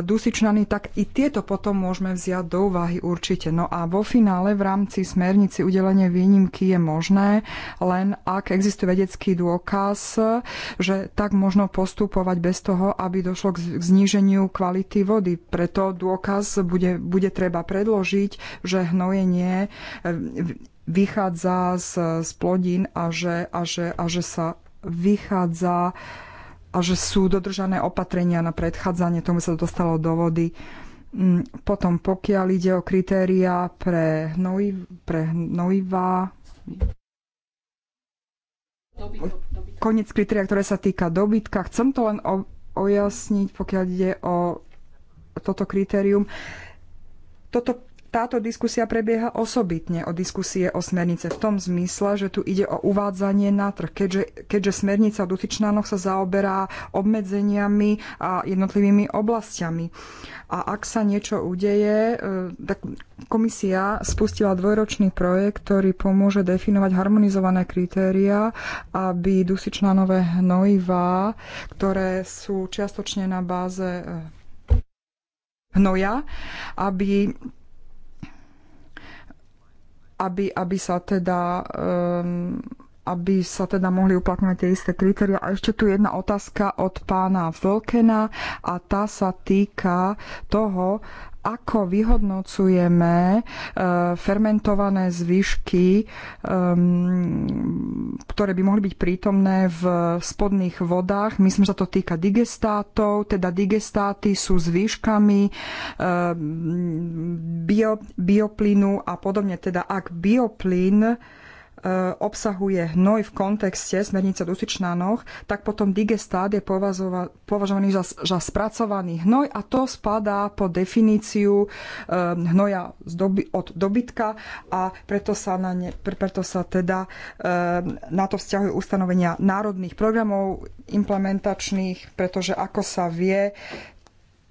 dusičnany, tak i tieto potom môžeme vziať do úvahy určite. No a vo finále v rámci smernici udelenie výnimky je možné, len ak existuje vedecký dôkaz, že tak možno postupovať bez toho, aby došlo k zníženiu kvality vody. Preto dôkaz bude, bude treba predložiť, že hnojenie e, vychádza z, z plodín a že, a, že, a že sa vychádza a že sú dodržané opatrenia na predchádzanie, tomu sa dostalo do vody. Mm, potom pokiaľ ide o kritéria pre, hnojiv, pre hnojivá, koniec kritéria, ktoré sa týka dobytka, chcem to len o, ojasniť, pokiaľ ide o toto kritérium. Toto táto diskusia prebieha osobitne od diskusie o smernice v tom zmysle, že tu ide o uvádzanie na trh, keďže, keďže smernica o dotyčnánoch sa zaoberá obmedzeniami a jednotlivými oblastiami. A ak sa niečo udeje, e, tak komisia spustila dvojročný projekt, ktorý pomôže definovať harmonizované kritéria, aby dusičnánové hnojivá, ktoré sú čiastočne na báze e, hnoja, aby aby, aby sa teda um, aby sa teda mohli uplatňovať tie isté kritéria. A ešte tu jedna otázka od pána Vlkena a tá sa týka toho, ako vyhodnocujeme e, fermentované zvyšky, e, ktoré by mohli byť prítomné v spodných vodách. Myslím, že sa to týka digestátov, teda digestáty sú zvyškami e, bio, bioplynu a podobne. Teda ak bioplyn E, obsahuje hnoj v kontexte smernice o dusičnanoch, tak potom digestát je považovaný za, za spracovaný hnoj a to spadá po definíciu e, hnoja doby, od dobytka a preto sa, na ne, preto sa teda e, na to vzťahujú ustanovenia národných programov implementačných, pretože ako sa vie,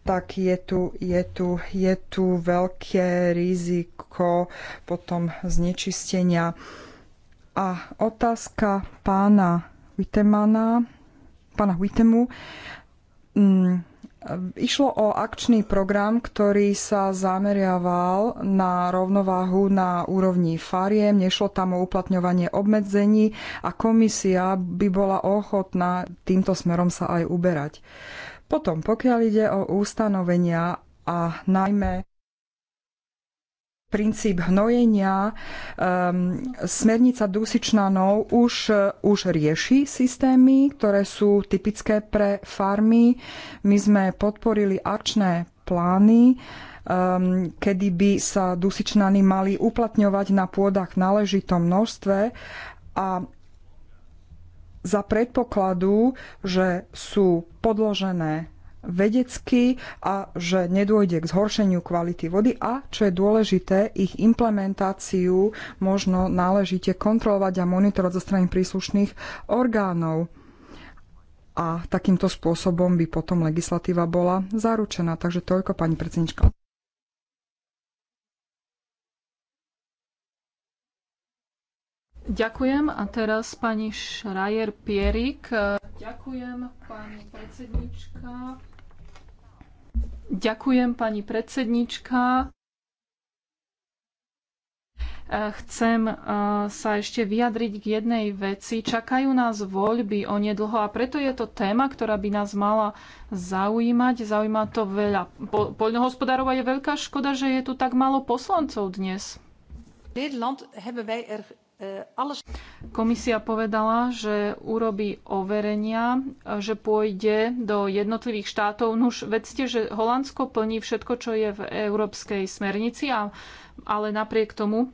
tak je tu, je tu, je tu veľké riziko potom znečistenia a otázka pána Wittemana, pána Wittemu, mm, Išlo o akčný program, ktorý sa zameriaval na rovnováhu na úrovni fariem, nešlo tam o uplatňovanie obmedzení a komisia by bola ochotná týmto smerom sa aj uberať. Potom, pokiaľ ide o ustanovenia a najmä princíp hnojenia, um, smernica dusičnanov už, uh, už rieši systémy, ktoré sú typické pre farmy. My sme podporili akčné plány, um, kedy by sa dusičnany mali uplatňovať na pôdach v náležitom množstve a za predpokladu, že sú podložené vedecky a že nedôjde k zhoršeniu kvality vody a, čo je dôležité, ich implementáciu možno náležite kontrolovať a monitorovať zo strany príslušných orgánov. A takýmto spôsobom by potom legislatíva bola zaručená. Takže toľko, pani predsednička. Ďakujem. A teraz pani Šrajer Pierik. Ďakujem, pani predsednička. Ďakujem, pani predsednička. Chcem e, sa ešte vyjadriť k jednej veci. Čakajú nás voľby onedlho a preto je to téma, ktorá by nás mala zaujímať. Zaujíma to veľa poľnohospodárov a je veľká škoda, že je tu tak málo poslancov dnes. Komisia povedala, že urobí overenia, že pôjde do jednotlivých štátov. Nuž, vedzte, že Holandsko plní všetko, čo je v európskej smernici, a, ale napriek tomu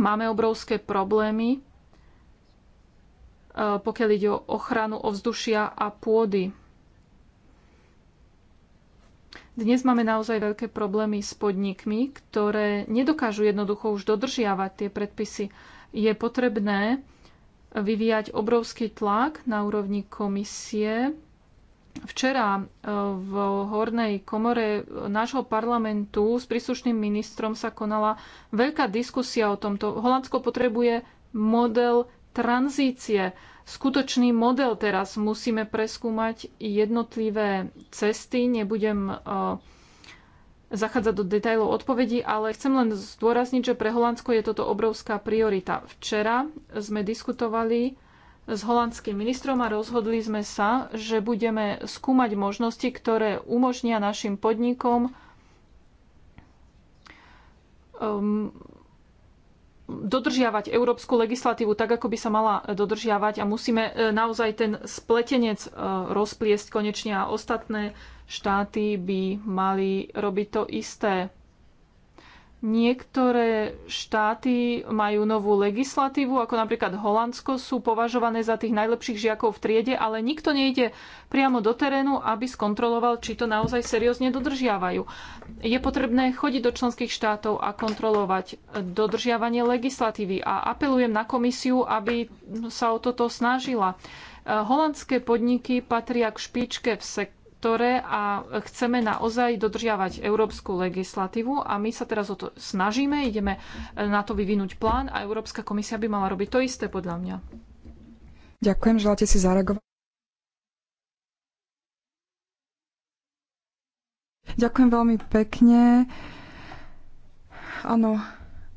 máme obrovské problémy, e, pokiaľ ide o ochranu ovzdušia a pôdy. Dnes máme naozaj veľké problémy s podnikmi, ktoré nedokážu jednoducho už dodržiavať tie predpisy je potrebné vyvíjať obrovský tlak na úrovni komisie. Včera e, v hornej komore nášho parlamentu s príslušným ministrom sa konala veľká diskusia o tomto. Holandsko potrebuje model tranzície. Skutočný model teraz musíme preskúmať jednotlivé cesty. Nebudem uh, zachádzať do detajlov odpovedí, ale chcem len zdôrazniť, že pre Holandsko je toto obrovská priorita. Včera sme diskutovali s holandským ministrom a rozhodli sme sa, že budeme skúmať možnosti, ktoré umožnia našim podnikom um, dodržiavať európsku legislatívu tak, ako by sa mala dodržiavať a musíme e, naozaj ten spletenec e, rozpliesť konečne a ostatné štáty by mali robiť to isté. Niektoré štáty majú novú legislatívu, ako napríklad Holandsko, sú považované za tých najlepších žiakov v triede, ale nikto nejde priamo do terénu, aby skontroloval, či to naozaj seriózne dodržiavajú. Je potrebné chodiť do členských štátov a kontrolovať dodržiavanie legislatívy a apelujem na komisiu, aby sa o toto snažila. Holandské podniky patria k špičke v sektoru ktoré a chceme naozaj dodržiavať európsku legislatívu a my sa teraz o to snažíme, ideme e, na to vyvinúť plán a Európska komisia by mala robiť to isté podľa mňa. Ďakujem, želáte si zareagovať? Ďakujem veľmi pekne. Áno,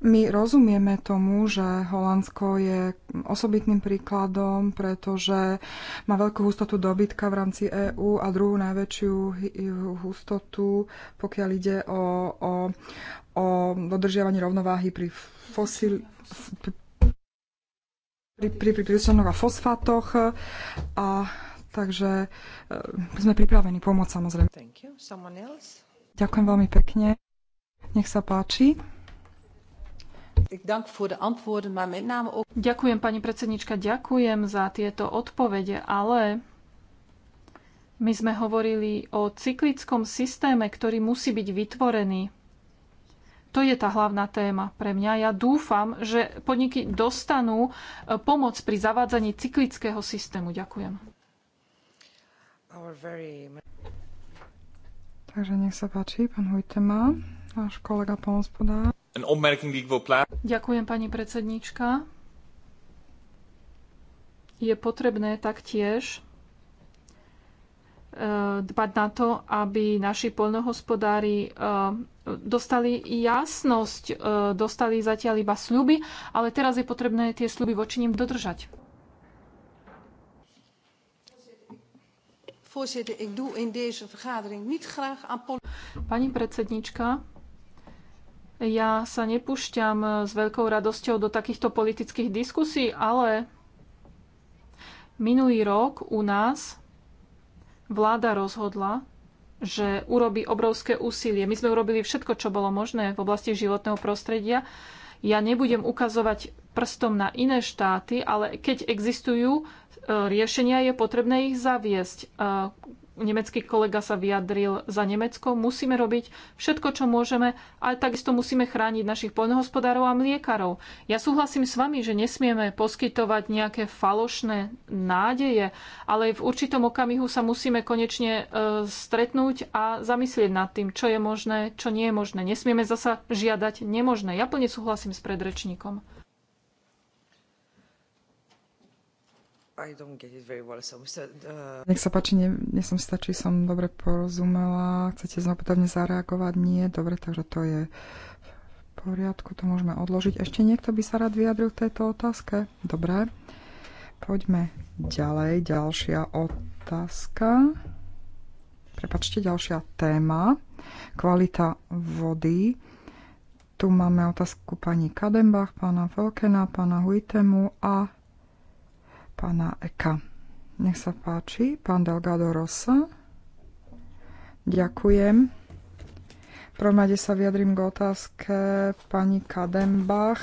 my rozumieme tomu, že Holandsko je osobitným príkladom, pretože má veľkú hustotu dobytka v rámci EÚ a druhú najväčšiu hustotu, pokiaľ ide o, o, o dodržiavanie rovnováhy pri fosil pri, pri, pri, pri a fosfátoch a takže e, sme pripravení pomôcť samozrejme. Ďakujem veľmi pekne. Nech sa páči. Ďakujem, pani predsednička, ďakujem za tieto odpovede, ale my sme hovorili o cyklickom systéme, ktorý musí byť vytvorený. To je tá hlavná téma pre mňa. Ja dúfam, že podniky dostanú e, pomoc pri zavádzaní cyklického systému. Ďakujem. Takže nech sa páči, pán Hojtema, náš kolega pomospodár. Een opmerking die ik wil plaatsen. Ďakujem, pani predsedníčka. Je potrebné taktiež e, dbať na to, aby naši poľnohospodári e, dostali jasnosť, e, dostali zatiaľ iba sľuby, ale teraz je potrebné tie sľuby voči nim dodržať. Pani predsednička, ja sa nepúšťam s veľkou radosťou do takýchto politických diskusí, ale minulý rok u nás vláda rozhodla, že urobí obrovské úsilie. My sme urobili všetko, čo bolo možné v oblasti životného prostredia. Ja nebudem ukazovať prstom na iné štáty, ale keď existujú e, riešenia, je potrebné ich zaviesť. E, nemecký kolega sa vyjadril za Nemecko. Musíme robiť všetko, čo môžeme, ale takisto musíme chrániť našich poľnohospodárov a mliekarov. Ja súhlasím s vami, že nesmieme poskytovať nejaké falošné nádeje, ale v určitom okamihu sa musíme konečne e, stretnúť a zamyslieť nad tým, čo je možné, čo nie je možné. Nesmieme zasa žiadať nemožné. Ja plne súhlasím s predrečníkom. I don't get it very well, so Mr. Uh... Nech sa páči, nie, nie som stačí, som dobre porozumela. Chcete znovu zareagovať? Nie, dobre, takže to je v poriadku, to môžeme odložiť. Ešte niekto by sa rád vyjadril v tejto otázke? Dobre, poďme ďalej. Ďalšia otázka. Prepačte, ďalšia téma. Kvalita vody. Tu máme otázku pani Kadembach, pána Volkena, pána Huitemu a pána Eka. Nech sa páči, pán Delgado Rosa. Ďakujem. Promade sa vyjadrím k otázke pani Kadembach.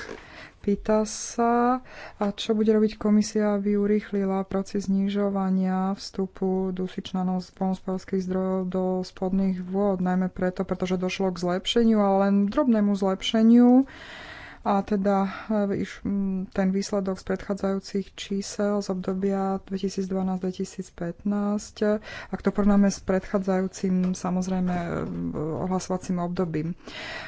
Pýta sa, a čo bude robiť komisia, aby urýchlila proces znižovania vstupu dusičnanov z polnospodárských zdrojov do spodných vôd, najmä preto, pretože došlo k zlepšeniu, ale len drobnému zlepšeniu. A teda e, ten výsledok z predchádzajúcich čísel z obdobia 2012-2015, e, ak to porovnáme s predchádzajúcim samozrejme ohlasovacím e, obdobím.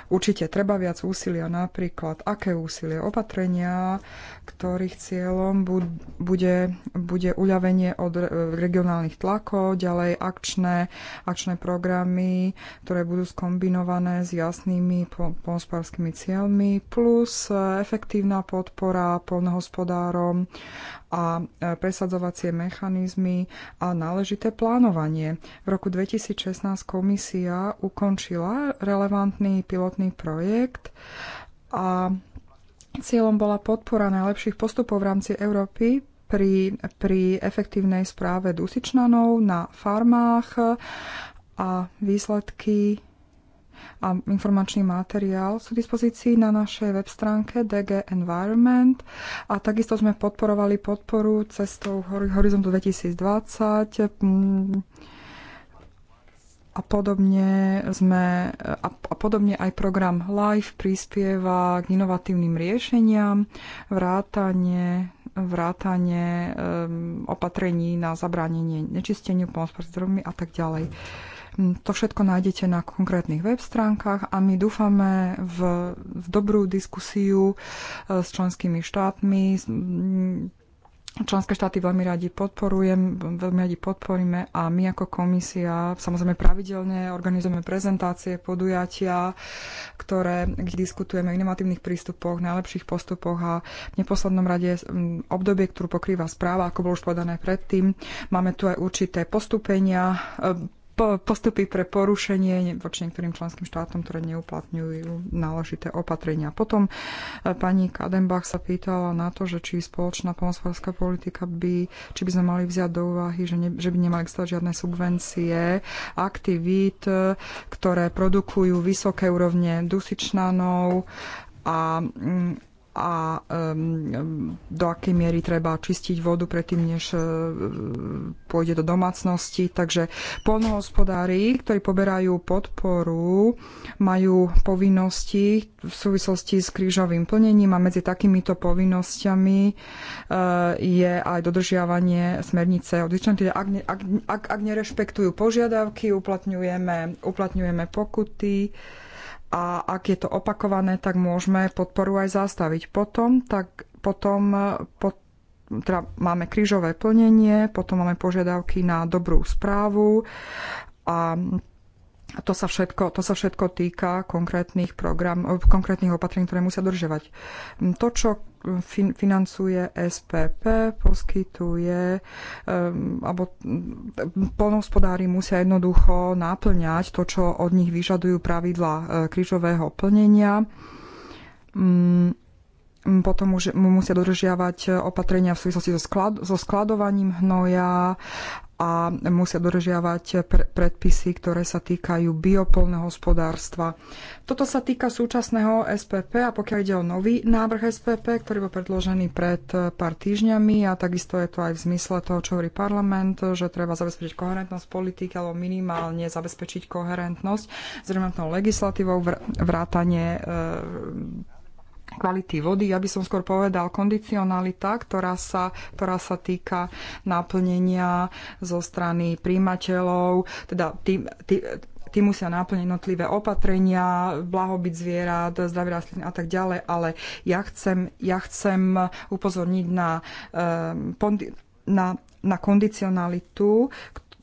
Určite treba viac úsilia, napríklad aké úsilie, opatrenia, ktorých cieľom bude, bude uľavenie od regionálnych tlakov, ďalej akčné, akčné programy, ktoré budú skombinované s jasnými pohospodárskymi cieľmi, plus plus e, efektívna podpora polnohospodárom a e, presadzovacie mechanizmy a náležité plánovanie. V roku 2016 komisia ukončila relevantný pilotný projekt a cieľom bola podpora najlepších postupov v rámci Európy pri, pri efektívnej správe dusičnanov na farmách a výsledky a informačný materiál sú k dispozícii na našej web stránke DG Environment a takisto sme podporovali podporu cestou Horizontu 2020 mm, a podobne, sme, a, podobne aj program LIFE prispieva k inovatívnym riešeniam, vrátanie, vrátanie um, ehm, opatrení na zabránenie nečisteniu, pomoc proti a tak ďalej. Mm, to všetko nájdete na konkrétnych web stránkach a my dúfame v, v dobrú diskusiu e, s členskými štátmi. Mm, členské štáty veľmi radi podporujem, veľmi radi podporíme a my ako komisia samozrejme pravidelne organizujeme prezentácie, podujatia, ktoré, kde diskutujeme o inovatívnych prístupoch, najlepších postupoch a v neposlednom rade mm, obdobie, ktorú pokrýva správa, ako bolo už povedané predtým. Máme tu aj určité postupenia, e, postupy pre porušenie voči niektorým členským štátom, ktoré neuplatňujú náležité opatrenia. Potom e, pani Kadenbach sa pýtala na to, že či spoločná pomospodárska politika by, či by sme mali vziať do úvahy, že, ne, že by nemali stať žiadne subvencie aktivít, e, ktoré produkujú vysoké úrovne dusičnanov a mm, a um, do akej miery treba čistiť vodu predtým, než uh, pôjde do domácnosti. Takže polnohospodári, ktorí poberajú podporu, majú povinnosti v súvislosti s krížovým plnením a medzi takýmito povinnosťami uh, je aj dodržiavanie smernice od ak, ne, ak, ak, ak nerešpektujú požiadavky, uplatňujeme, uplatňujeme pokuty. Uh, a ak je to opakované, tak môžeme podporu aj zastaviť. Potom, tak, potom po, teda máme krížové plnenie, potom máme požiadavky na dobrú správu a to sa všetko, to sa všetko týka konkrétnych, program, konkrétnych opatrení, ktoré musia dodržiavať. Mm, to, čo mm, fin, financuje SPP, poskytuje, um, alebo mm, polnohospodári musia jednoducho náplňať to, čo od nich vyžadujú pravidla e, krížového plnenia. Um, potom už musia dodržiavať e, opatrenia v súvislosti so, sklad, so skladovaním hnoja a musia dodržiavať predpisy, ktoré sa týkajú biopolného hospodárstva. Toto sa týka súčasného SPP a pokiaľ ide o nový návrh SPP, ktorý bol predložený pred eh, pár týždňami a takisto je to aj v zmysle toho, čo hovorí parlament, eh, že treba zabezpečiť koherentnosť politiky alebo minimálne zabezpečiť koherentnosť s relevantnou legislatívou, vrátanie e, kvality vody. Ja by som skôr povedal kondicionalita, ktorá sa, ktorá sa týka naplnenia zo strany príjimateľov, teda tým, tým, tým musia náplniť jednotlivé opatrenia, blahobyt zvierat, zdravie rastlín a tak ďalej, ale ja chcem, ja chcem upozorniť na, ehm, na, na kondicionalitu,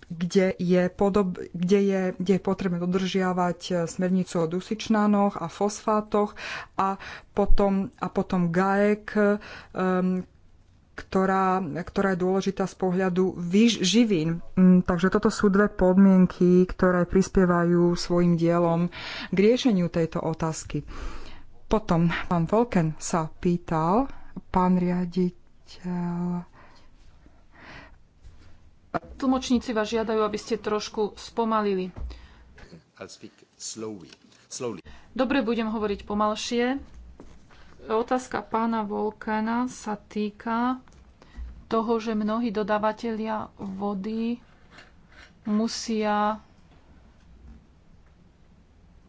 kde je, podob, kde je, kde je potrebné dodržiavať e, smernicu o dusičnánoch a fosfátoch a potom, a potom GAEK, um, ktorá, ktorá je dôležitá z pohľadu výž, živín. Mm, takže toto sú dve podmienky, ktoré prispievajú svojim dielom k riešeniu tejto otázky. Potom pán Volken sa pýtal, pán riaditeľ Tlmočníci vás žiadajú, aby ste trošku spomalili. Dobre, budem hovoriť pomalšie. Otázka pána Volkana sa týka toho, že mnohí dodávateľia vody musia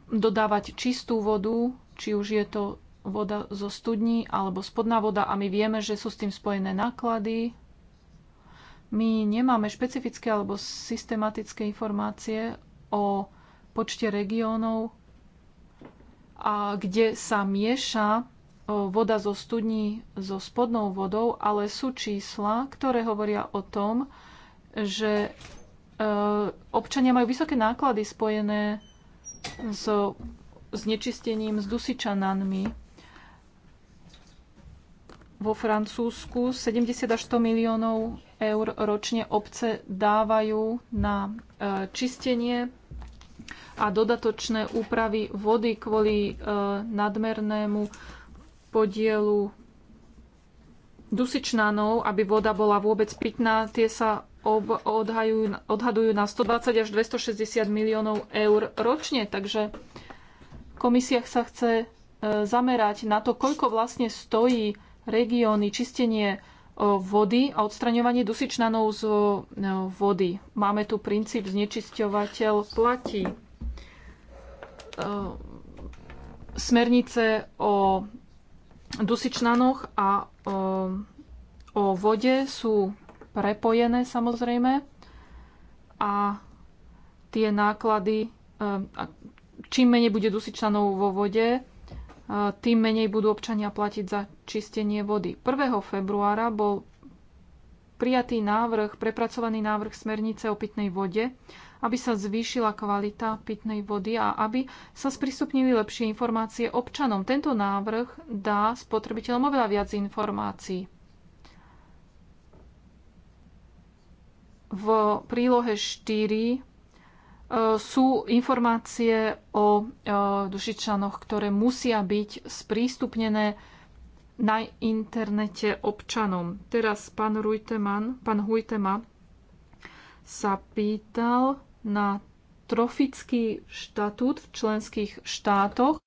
dodávať čistú vodu, či už je to voda zo studní alebo spodná voda a my vieme, že sú s tým spojené náklady, my nemáme špecifické alebo systematické informácie o počte regiónov, a kde sa mieša voda zo studní so spodnou vodou, ale sú čísla, ktoré hovoria o tom, že e, občania majú vysoké náklady spojené s znečistením, s dusičananmi vo Francúzsku 70 až 100 miliónov eur ročne obce dávajú na e, čistenie a dodatočné úpravy vody kvôli e, nadmernému podielu dusičnanov, aby voda bola vôbec pitná. Tie sa ob, odhajujú, odhadujú na 120 až 260 miliónov eur ročne. Takže komisia sa chce e, zamerať na to, koľko vlastne stojí regióny, čistenie e, vody a odstraňovanie dusičnanov z e, vody. Máme tu princíp znečisťovateľ platí. E, smernice o dusičnanoch a o, vode sú prepojené samozrejme a tie náklady, čím menej bude dusičnanov vo vode, tým menej budú občania platiť za čistenie vody. 1. februára bol prijatý návrh, prepracovaný návrh smernice o pitnej vode, aby sa zvýšila kvalita pitnej vody a aby sa sprístupnili lepšie informácie občanom. Tento návrh dá spotrebiteľom oveľa viac informácií. V prílohe 4 e, sú informácie o e, dušičanoch, ktoré musia byť sprístupnené na internete občanom. Teraz pán, Rujteman, pán Hujtema sa pýtal na trofický štatút v členských štátoch.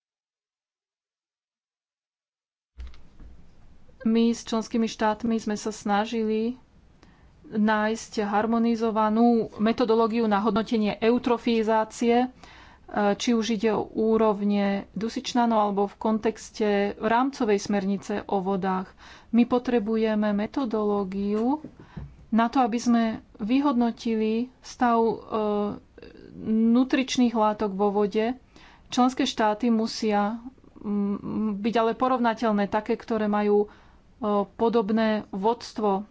My s členskými štátmi sme sa snažili nájsť harmonizovanú metodológiu na hodnotenie eutrofizácie či už ide o úrovne dusičnanov alebo v kontexte rámcovej smernice o vodách. My potrebujeme metodológiu na to, aby sme vyhodnotili stav e, nutričných látok vo vode. Členské štáty musia byť ale porovnateľné, také, ktoré majú e, podobné vodstvo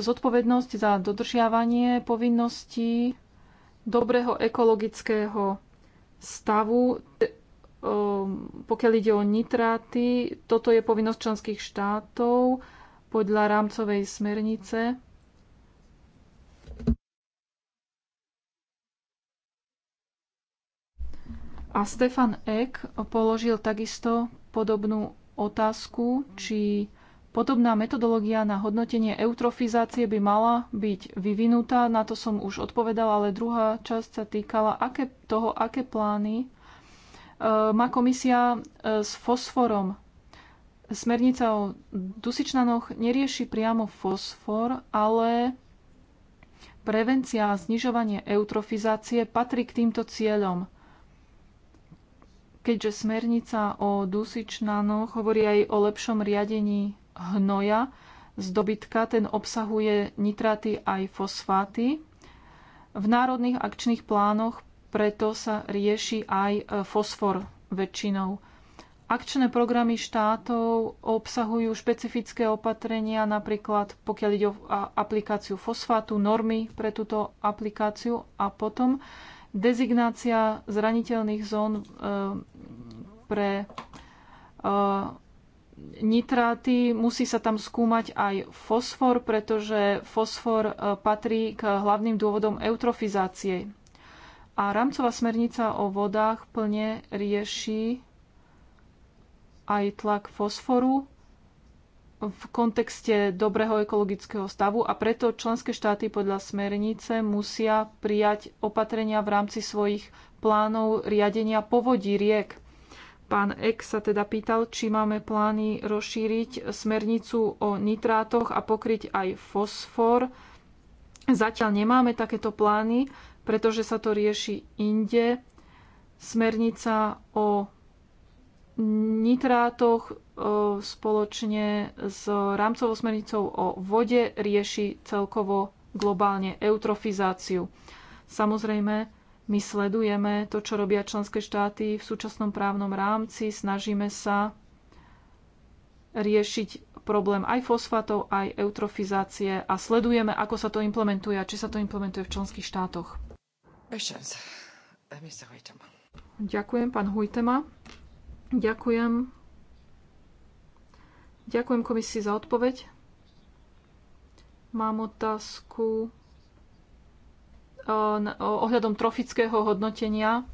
zodpovednosť za dodržiavanie povinností dobrého ekologického stavu. E, um, pokiaľ ide o nitráty, toto je povinnosť členských štátov podľa rámcovej smernice. A Stefan Eck položil takisto podobnú otázku, či Podobná metodológia na hodnotenie eutrofizácie by mala byť vyvinutá, na to som už odpovedala, ale druhá časť sa týkala aké, toho, aké plány e, má komisia e, s fosforom. Smernica o dusičnanoch nerieši priamo fosfor, ale prevencia a znižovanie eutrofizácie patrí k týmto cieľom keďže smernica o dusičnanoch hovorí aj o lepšom riadení hnoja z dobytka. Ten obsahuje nitraty aj fosfáty. V národných akčných plánoch preto sa rieši aj e, fosfor väčšinou. Akčné programy štátov obsahujú špecifické opatrenia, napríklad pokiaľ ide o aplikáciu fosfátu, normy pre túto aplikáciu a potom dezignácia zraniteľných zón e, pre e, nitráty, musí sa tam skúmať aj fosfor, pretože fosfor e, patrí k hlavným dôvodom eutrofizácie. A rámcová smernica o vodách plne rieši aj tlak fosforu v kontexte dobrého ekologického stavu a preto členské štáty podľa smernice musia prijať opatrenia v rámci svojich plánov riadenia povodí riek. Pán Ek sa teda pýtal, či máme plány rozšíriť smernicu o nitrátoch a pokryť aj fosfor. Zatiaľ nemáme takéto plány, pretože sa to rieši inde. Smernica o nitrátoch e, spoločne s rámcovou smernicou o vode rieši celkovo globálne eutrofizáciu. Samozrejme, my sledujeme to, čo robia členské štáty v súčasnom právnom rámci, snažíme sa riešiť problém aj fosfátov, aj eutrofizácie a sledujeme, ako sa to implementuje a či sa to implementuje v členských štátoch. Ďakujem, pán Hujtema. Ďakujem. Ďakujem komisii za odpoveď. Mám otázku ohľadom trofického hodnotenia.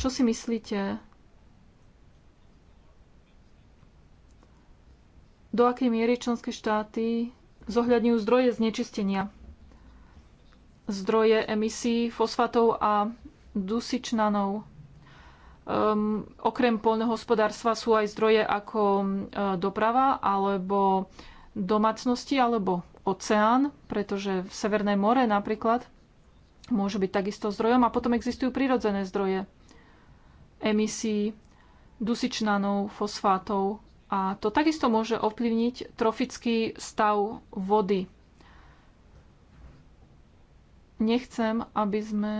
Čo si myslíte? Do akej miery členské štáty zohľadňujú zdroje znečistenia? Zdroje emisí fosfatov a dusičnanov. Um, okrem poľnohospodárstva sú aj zdroje ako e, doprava alebo domácnosti alebo oceán, pretože v Severné more napríklad môže byť takisto zdrojom a potom existujú prirodzené zdroje emisí dusičnanov, fosfátov a to takisto môže ovplyvniť trofický stav vody. Nechcem, aby sme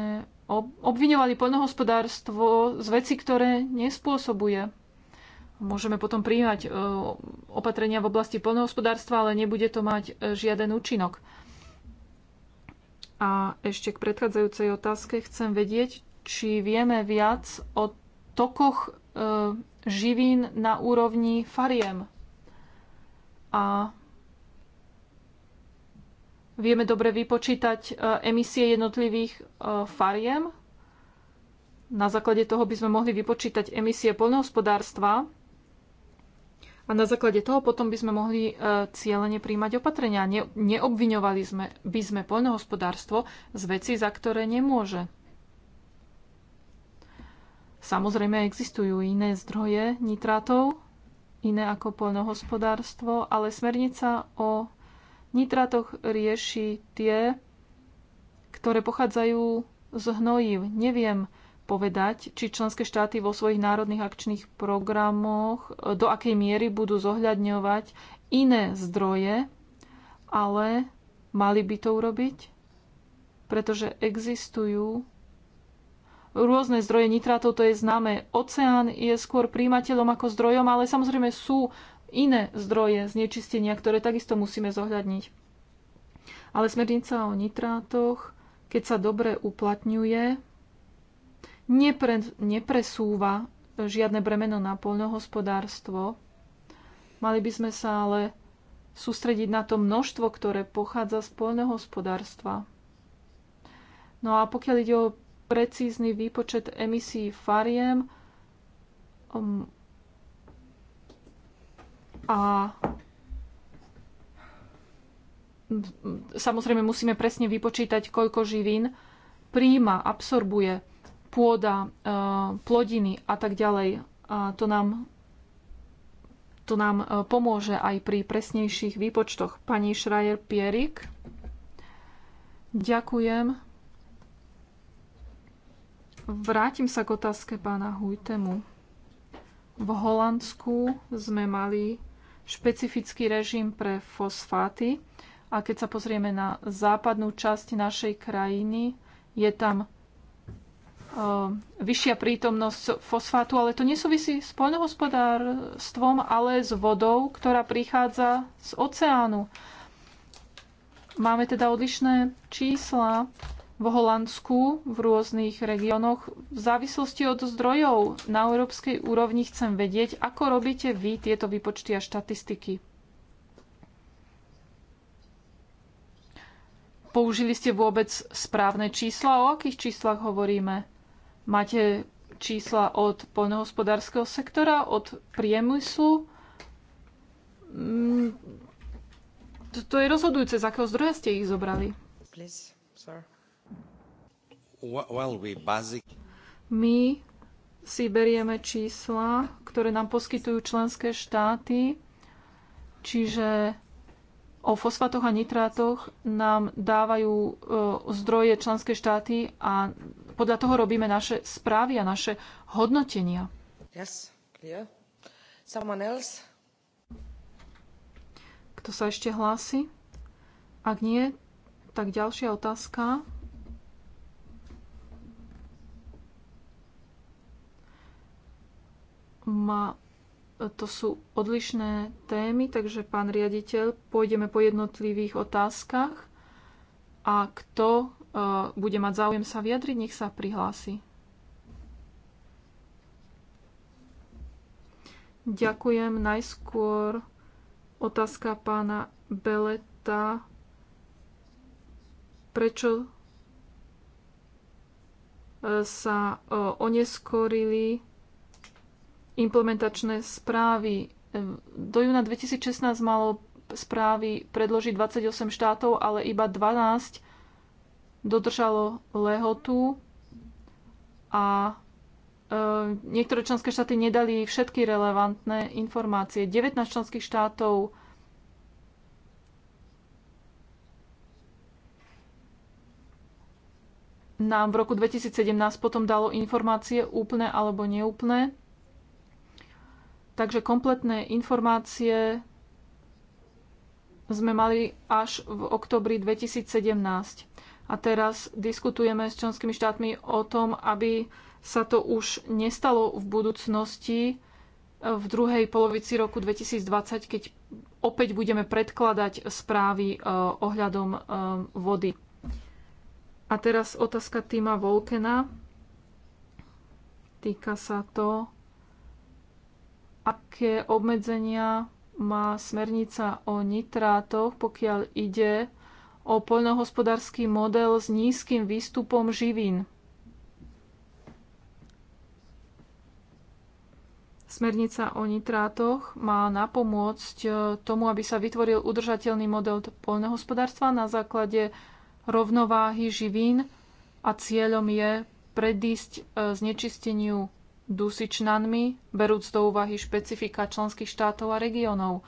obviňovali poľnohospodárstvo z veci, ktoré nespôsobuje. Môžeme potom príjmať e, opatrenia v oblasti poľnohospodárstva, ale nebude to mať e, žiaden účinok. A ešte k predchádzajúcej otázke chcem vedieť, či vieme viac o tokoch e, živín na úrovni fariem. A vieme dobre vypočítať emisie jednotlivých fariem. Na základe toho by sme mohli vypočítať emisie poľnohospodárstva a na základe toho potom by sme mohli e, cieľene príjmať opatrenia. Ne, neobviňovali sme, by sme poľnohospodárstvo z veci za ktoré nemôže. Samozrejme existujú iné zdroje nitrátov, iné ako poľnohospodárstvo, ale smernica o nitrátoch rieši tie, ktoré pochádzajú z hnojív. Neviem, povedať, či členské štáty vo svojich národných akčných programoch e, do akej miery budú zohľadňovať iné zdroje, ale mali by to urobiť, pretože existujú rôzne zdroje nitrátov, to je známe. Oceán je skôr príjimateľom ako zdrojom, ale samozrejme sú iné zdroje znečistenia, ktoré takisto musíme zohľadniť. Ale smernica o nitrátoch, keď sa dobre uplatňuje, nepre, nepresúva žiadne bremeno na poľnohospodárstvo. Mali by sme sa ale sústrediť na to množstvo, ktoré pochádza z poľnohospodárstva. No a pokiaľ ide o precízny výpočet emisí fariem um, a samozrejme musíme presne vypočítať, koľko živín príjma, absorbuje pôda, e, plodiny a tak ďalej. A to nám to nám e, pomôže aj pri presnejších výpočtoch. Pani Šrajer Pierik, ďakujem. Vrátim sa k otázke pána Hujtemu. V Holandsku sme mali špecifický režim pre fosfáty a keď sa pozrieme na západnú časť našej krajiny, je tam Ehm, vyššia prítomnosť fosfátu, ale to nesúvisí s poľnohospodárstvom, ale s vodou, ktorá prichádza z oceánu. Máme teda odlišné čísla v Holandsku, v rôznych regiónoch, v závislosti od zdrojov. Na európskej úrovni chcem vedieť, ako robíte vy tieto výpočty a štatistiky. Použili ste vôbec správne čísla? O akých číslach hovoríme? Máte čísla od poľnohospodárskeho sektora, od priemyslu. Mm, to je rozhodujúce, z akého zdroja ste ich zobrali. My si berieme čísla, ktoré nám poskytujú členské štáty, čiže o fosfatoch a nitrátoch nám dávajú e, zdroje členské štáty a podľa toho robíme naše správy a naše hodnotenia. Yes, clear. else? Kto sa ešte hlási? Ak nie, tak ďalšia otázka. Má, to sú odlišné témy, takže pán riaditeľ, pôjdeme po jednotlivých otázkach a kto Eh, bude mať záujem sa vyjadriť, nech sa prihlási. Ďakujem. Najskôr otázka pána Beleta. Prečo eh, sa eh, oneskorili implementačné správy? Do júna 2016 malo správy predložiť 28 štátov, ale iba 12 dodržalo lehotu a e, niektoré členské štáty nedali všetky relevantné informácie. 19 členských štátov nám v roku 2017 potom dalo informácie úplné alebo neúplné. Takže kompletné informácie sme mali až v oktobri 2017. A teraz diskutujeme s členskými štátmi o tom, aby sa to už nestalo v budúcnosti v druhej polovici roku 2020, keď opäť budeme predkladať správy e, ohľadom e, vody. A teraz otázka týma Volkena. Týka sa to, aké obmedzenia má smernica o nitrátoch, pokiaľ ide o poľnohospodársky model s nízkym výstupom živín. Smernica o nitrátoch má napomôcť e, tomu, aby sa vytvoril udržateľný model poľnohospodárstva na základe rovnováhy živín a cieľom je predísť e, znečisteniu dusičnanmi, berúc do úvahy špecifika členských štátov a regiónov.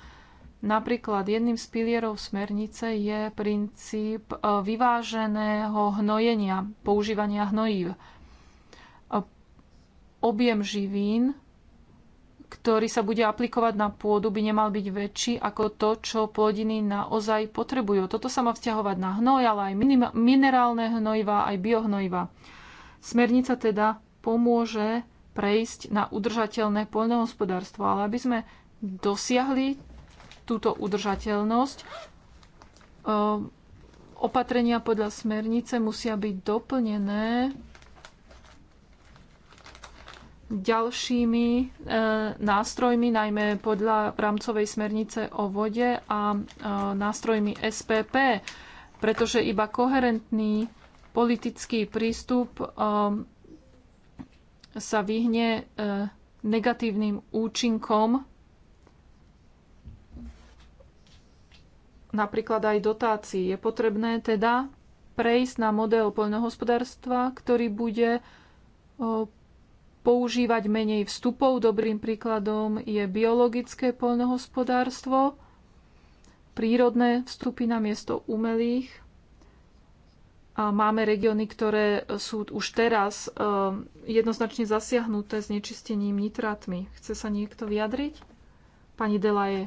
Napríklad jedným z pilierov smernice je princíp e, vyváženého hnojenia, používania hnojív. E, objem živín, ktorý sa bude aplikovať na pôdu, by nemal byť väčší ako to, čo plodiny naozaj potrebujú. Toto sa má vzťahovať na hnoj, ale aj minerálne hnojiva, aj biohnojiva. Smernica teda pomôže prejsť na udržateľné poľnohospodárstvo, ale aby sme dosiahli túto udržateľnosť. Ehm, opatrenia podľa smernice musia byť doplnené ďalšími e, nástrojmi, najmä podľa rámcovej smernice o vode a e, nástrojmi SPP, pretože iba koherentný politický prístup e, sa vyhne negatívnym účinkom napríklad aj dotácií. Je potrebné teda prejsť na model poľnohospodárstva, ktorý bude používať menej vstupov. Dobrým príkladom je biologické poľnohospodárstvo, prírodné vstupy na miesto umelých. A máme regióny, ktoré sú už teraz jednoznačne zasiahnuté s nečistením nitratmi. Chce sa niekto vyjadriť? Pani Delaje.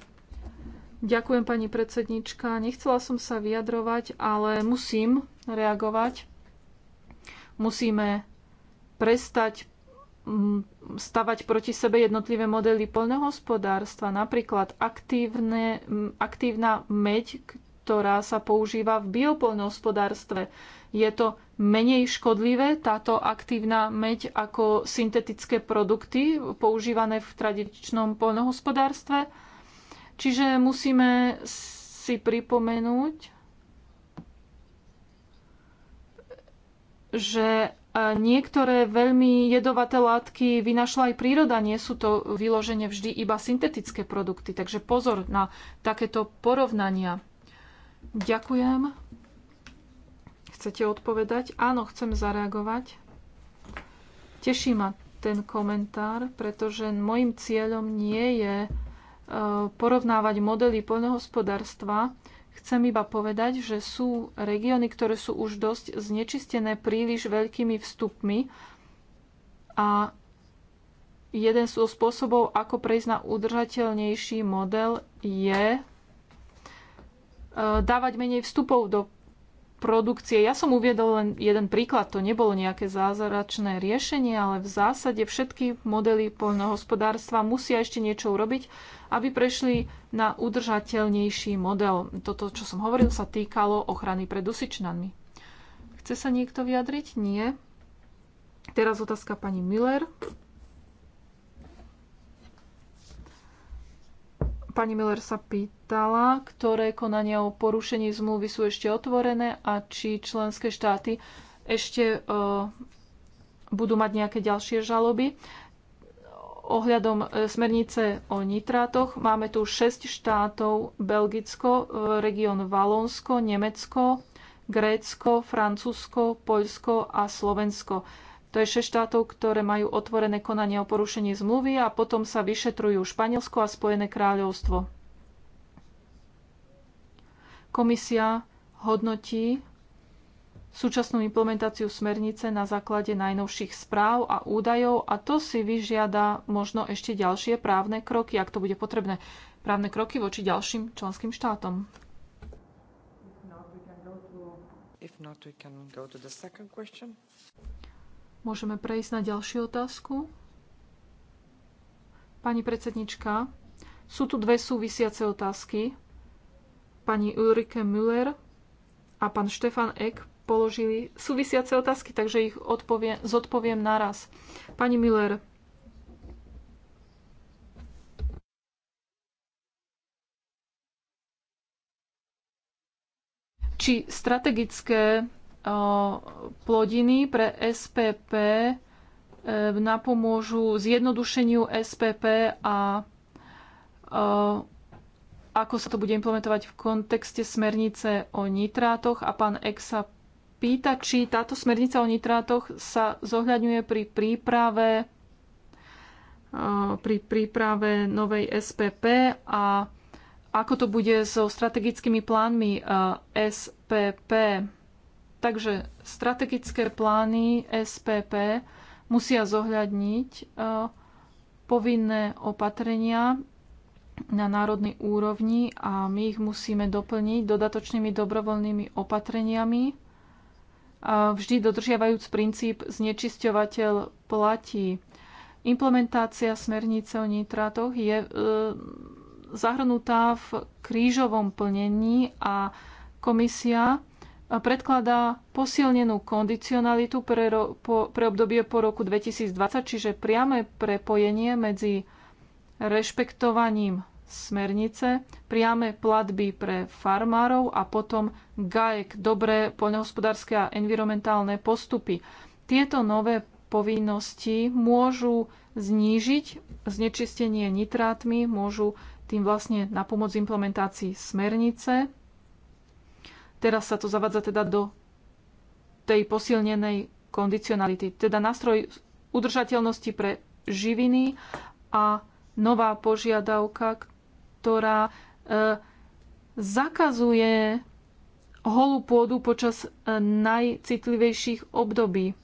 Ďakujem, pani predsednička. Nechcela som sa vyjadrovať, ale musím reagovať. Musíme prestať mm, stavať proti sebe jednotlivé modely poľnohospodárstva, napríklad aktívne, mm, aktívna meď, ktorá sa používa v biopoľnohospodárstve. Je to menej škodlivé táto aktívna meď ako syntetické produkty používané v tradičnom poľnohospodárstve? Čiže musíme si pripomenúť, že niektoré veľmi jedovaté látky vynašla aj príroda, nie sú to vyložene vždy iba syntetické produkty. Takže pozor na takéto porovnania. Ďakujem. Chcete odpovedať? Áno, chcem zareagovať. Teší ma ten komentár, pretože môjim cieľom nie je porovnávať modely poľnohospodárstva, chcem iba povedať, že sú regióny, ktoré sú už dosť znečistené príliš veľkými vstupmi a jeden z spôsobov, ako prejsť na udržateľnejší model, je eh, dávať menej vstupov do produkcie. Ja som uviedol len jeden príklad, to nebolo nejaké zázračné riešenie, ale v zásade všetky modely poľnohospodárstva musia ešte niečo urobiť, aby prešli na udržateľnejší model. Toto, čo som hovoril, sa týkalo ochrany pred dusičnanmi. Chce sa niekto vyjadriť? Nie. Teraz otázka pani Miller. Pani Miller sa pýtala, ktoré konania o porušení zmluvy sú ešte otvorené a či členské štáty ešte e, budú mať nejaké ďalšie žaloby. Ohľadom e, smernice o nitrátoch máme tu 6 štátov, Belgicko, e, región Valonsko, Nemecko, Grécko, Francúzsko, Poľsko a Slovensko. To je 6 štátov, ktoré majú otvorené konanie o porušení zmluvy a potom sa vyšetrujú Španielsko a Spojené kráľovstvo. Komisia hodnotí súčasnú implementáciu smernice na základe najnovších správ a údajov a to si vyžiada možno ešte ďalšie právne kroky, ak to bude potrebné, právne kroky voči ďalším členským štátom. If not, we can go to the second question. Môžeme prejsť na ďalšiu otázku. Pani predsednička, sú tu dve súvisiace otázky. Pani Ulrike Müller a pán Štefan Eck položili súvisiace otázky, takže ich odpovie, zodpoviem naraz. Pani Müller, či strategické plodiny pre SPP e, napomôžu zjednodušeniu SPP a ako sa to bude implementovať v kontexte smernice o nitrátoch a pán Exa pýta, či táto smernica o nitrátoch sa zohľadňuje pri príprave pri príprave novej SPP a ako to bude so strategickými plánmi e, SPP. Takže strategické plány SPP musia zohľadniť e, povinné opatrenia na národnej úrovni a my ich musíme doplniť dodatočnými dobrovoľnými opatreniami, vždy dodržiavajúc princíp znečisťovateľ platí. Implementácia smernice o nitrátoch je e, zahrnutá v krížovom plnení a komisia predkladá posilnenú kondicionalitu pre, ro, po, pre obdobie po roku 2020, čiže priame prepojenie medzi rešpektovaním smernice, priame platby pre farmárov a potom GAEK, dobré poľnohospodárske a environmentálne postupy. Tieto nové povinnosti môžu znížiť znečistenie nitrátmi, môžu tým vlastne na pomoc implementácii smernice Teraz sa to zavádza teda do tej posilnenej kondicionality, teda nástroj udržateľnosti pre živiny a nová požiadavka, ktorá e, zakazuje holú pôdu počas e, najcitlivejších období.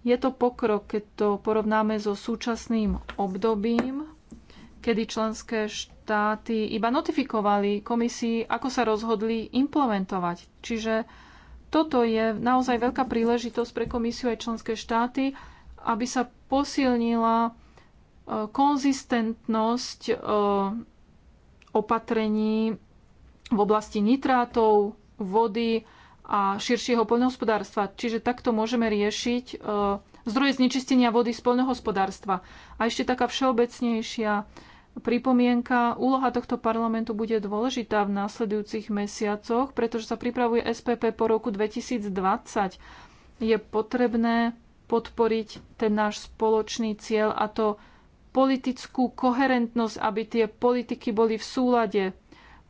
Je to pokrok, keď to porovnáme so súčasným obdobím kedy členské štáty iba notifikovali komisii, ako sa rozhodli implementovať. Čiže toto je naozaj veľká príležitosť pre komisiu aj členské štáty, aby sa posilnila e, konzistentnosť e, opatrení v oblasti nitrátov, vody a širšieho poľnohospodárstva. Čiže takto môžeme riešiť e, zdroje znečistenia vody z poľnohospodárstva. A ešte taká všeobecnejšia pripomienka. Úloha tohto parlamentu bude dôležitá v následujúcich mesiacoch, pretože sa pripravuje SPP po roku 2020. Je potrebné podporiť ten náš spoločný cieľ a to politickú koherentnosť, aby tie politiky boli v súlade.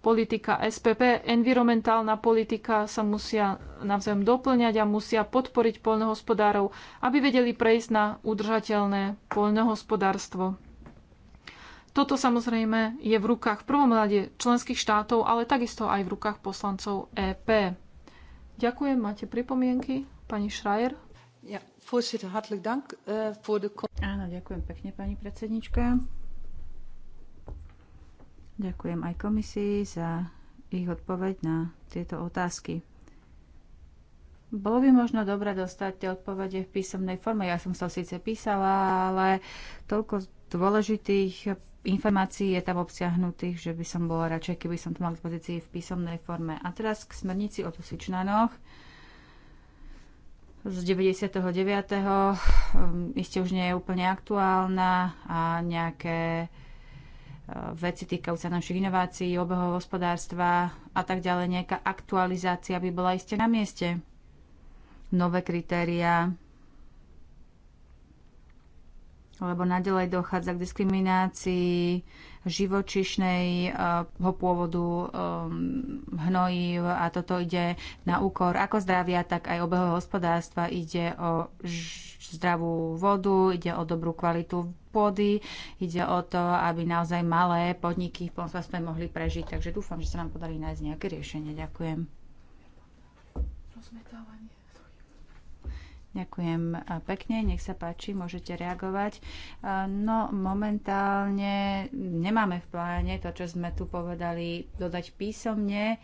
Politika SPP, environmentálna politika sa musia navzájom doplňať a musia podporiť poľnohospodárov, aby vedeli prejsť na udržateľné poľnohospodárstvo. Toto samozrejme je v rukách v prvom rade členských štátov, ale takisto aj v rukách poslancov EP. Ďakujem, máte pripomienky? Pani Schreier? Ja, voorzitter, hartelijk dank eh, voor de... Áno, ďakujem pekne, pani predsednička. Ďakujem aj komisii za ich odpoveď na tieto otázky. Bolo by možno dobré dostať tie odpovede v písomnej forme. Ja som sa síce písala, ale toľko dôležitých informácií je tam obsiahnutých, že by som bola radšej, keby som to mal k pozícii v písomnej forme. A teraz k smernici o tusičnanoch z 99. Um, už nie je úplne aktuálna a nejaké uh, veci týkajúce našich inovácií, obehov hospodárstva a tak ďalej. Nejaká aktualizácia by bola iste na mieste. Nové kritéria, lebo nadalej dochádza k diskriminácii živočišnej uh, pôvodu um, hnojív a toto ide na úkor ako zdravia, tak aj obeho hospodárstva. Ide o zdravú vodu, ide o dobrú kvalitu pôdy, ide o to, aby naozaj malé podniky v pomstve mohli prežiť. Takže dúfam, že sa nám podarí nájsť nejaké riešenie. Ďakujem. Rozmetávajú. Ďakujem pekne, nech sa páči, môžete reagovať. No momentálne nemáme v pláne to, čo sme tu povedali, dodať písomne,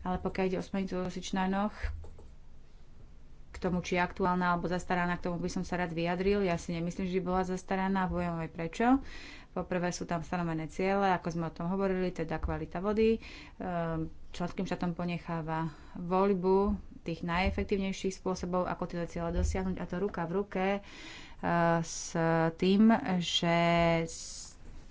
ale pokiaľ ide o smernicu o Sičnanoch, k tomu, či je aktuálna alebo zastaraná, k tomu by som sa rád vyjadril. Ja si nemyslím, že by bola zastaraná a poviem aj prečo. Poprvé sú tam stanovené ciele, ako sme o tom hovorili, teda kvalita vody. Ehm, členským štátom ponecháva voľbu tých najefektívnejších spôsobov, ako tieto cieľe dosiahnuť a to ruka v ruke eh, s tým, že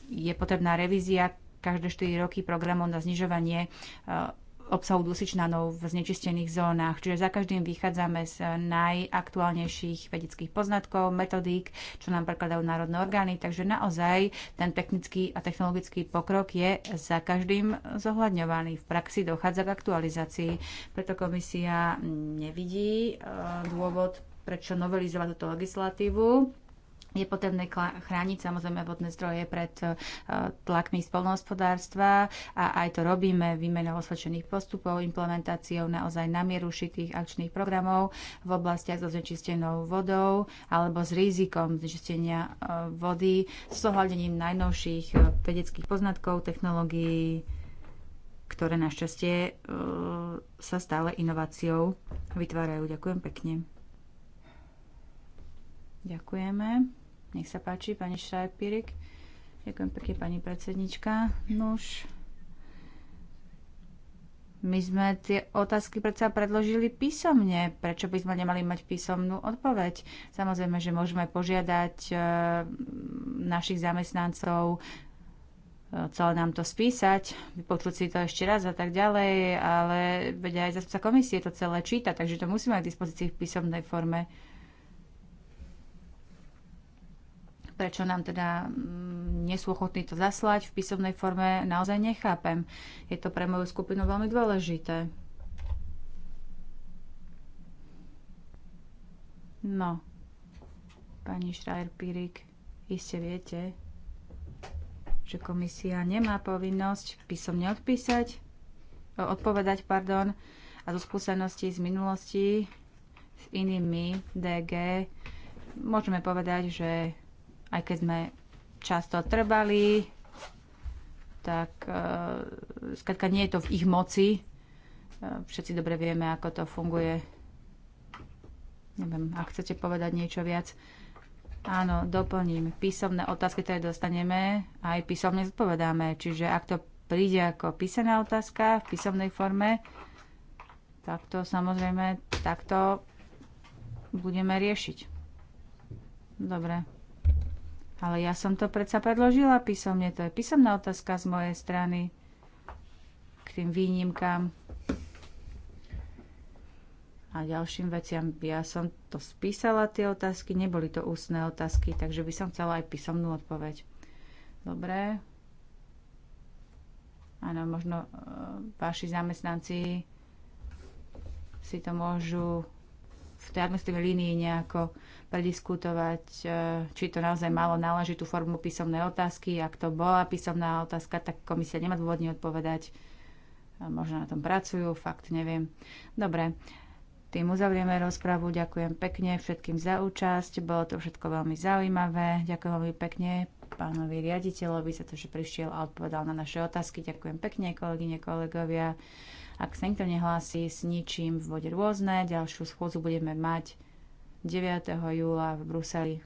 je potrebná revízia každé 4 roky programov na znižovanie eh, obsahu dusičnanov v znečistených zónach. Čiže za každým vychádzame z najaktuálnejších vedeckých poznatkov, metodík, čo nám prekladajú národné orgány. Takže naozaj ten technický a technologický pokrok je za každým zohľadňovaný. V praxi dochádza k aktualizácii. Preto komisia nevidí eh, dôvod, prečo novelizovať túto legislatívu je potrebné chrániť samozrejme vodné zdroje pred e, tlakmi spolnohospodárstva a aj to robíme výmenou osvedčených postupov, implementáciou naozaj namierušitých akčných programov v oblastiach so znečistenou vodou alebo s rizikom znečistenia e, vody s ohľadením najnovších e, vedeckých poznatkov, technológií, ktoré našťastie sa stále inováciou vytvárajú. Ďakujem pekne. Ďakujeme. Nech sa páči, pani Šrajpírik. Ďakujem pekne, pani predsednička. Nuž, my sme tie otázky predsa predložili písomne. Prečo by sme nemali mať písomnú odpoveď? Samozrejme, že môžeme požiadať e, našich zamestnancov, e, celé nám to spísať, vypočuť si to ešte raz a tak ďalej, ale vedia aj sa komisie to celé číta, takže to musíme mať k dispozícii v písomnej forme. prečo nám teda mm, nie sú ochotní to zaslať v písomnej forme, naozaj nechápem. Je to pre moju skupinu veľmi dôležité. No, pani Šrajer-Pirik, iste viete, že komisia nemá povinnosť písomne odpísať, odpovedať, pardon, a zo skúseností z minulosti s inými DG môžeme povedať, že aj keď sme často trbali, tak uh, eh, skladka nie je to v ich moci. Uh, všetci dobre vieme, ako to funguje. Neviem, ak chcete povedať niečo viac. Áno, doplním. Písomné otázky, ktoré dostaneme, aj písomne zodpovedáme. Čiže ak to príde ako písaná otázka v písomnej forme, tak to samozrejme takto budeme riešiť. Dobre. Ale ja som to predsa predložila písomne. To je písomná otázka z mojej strany k tým výnimkám a ďalším veciam. Ja som to spísala, tie otázky, neboli to ústne otázky, takže by som chcela aj písomnú odpoveď. Dobre. Áno, možno e, vaši zamestnanci si to môžu v tej administratívnej línii nejako prediskutovať, e, či to naozaj malo náležitú formu písomnej otázky. Ak to bola písomná otázka, tak komisia nemá dôvod odpovedať. Možno na tom pracujú, fakt neviem. Dobre, tým uzavrieme rozpravu. Ďakujem pekne všetkým za účasť. Bolo to všetko veľmi zaujímavé. Ďakujem veľmi pekne pánovi riaditeľovi za to, že prišiel a odpovedal na naše otázky. Ďakujem pekne, kolegyne, kolegovia. Ak sa nikto nehlási s ničím v vode rôzne, ďalšiu schôdzu budeme mať 9. júla v Bruseli.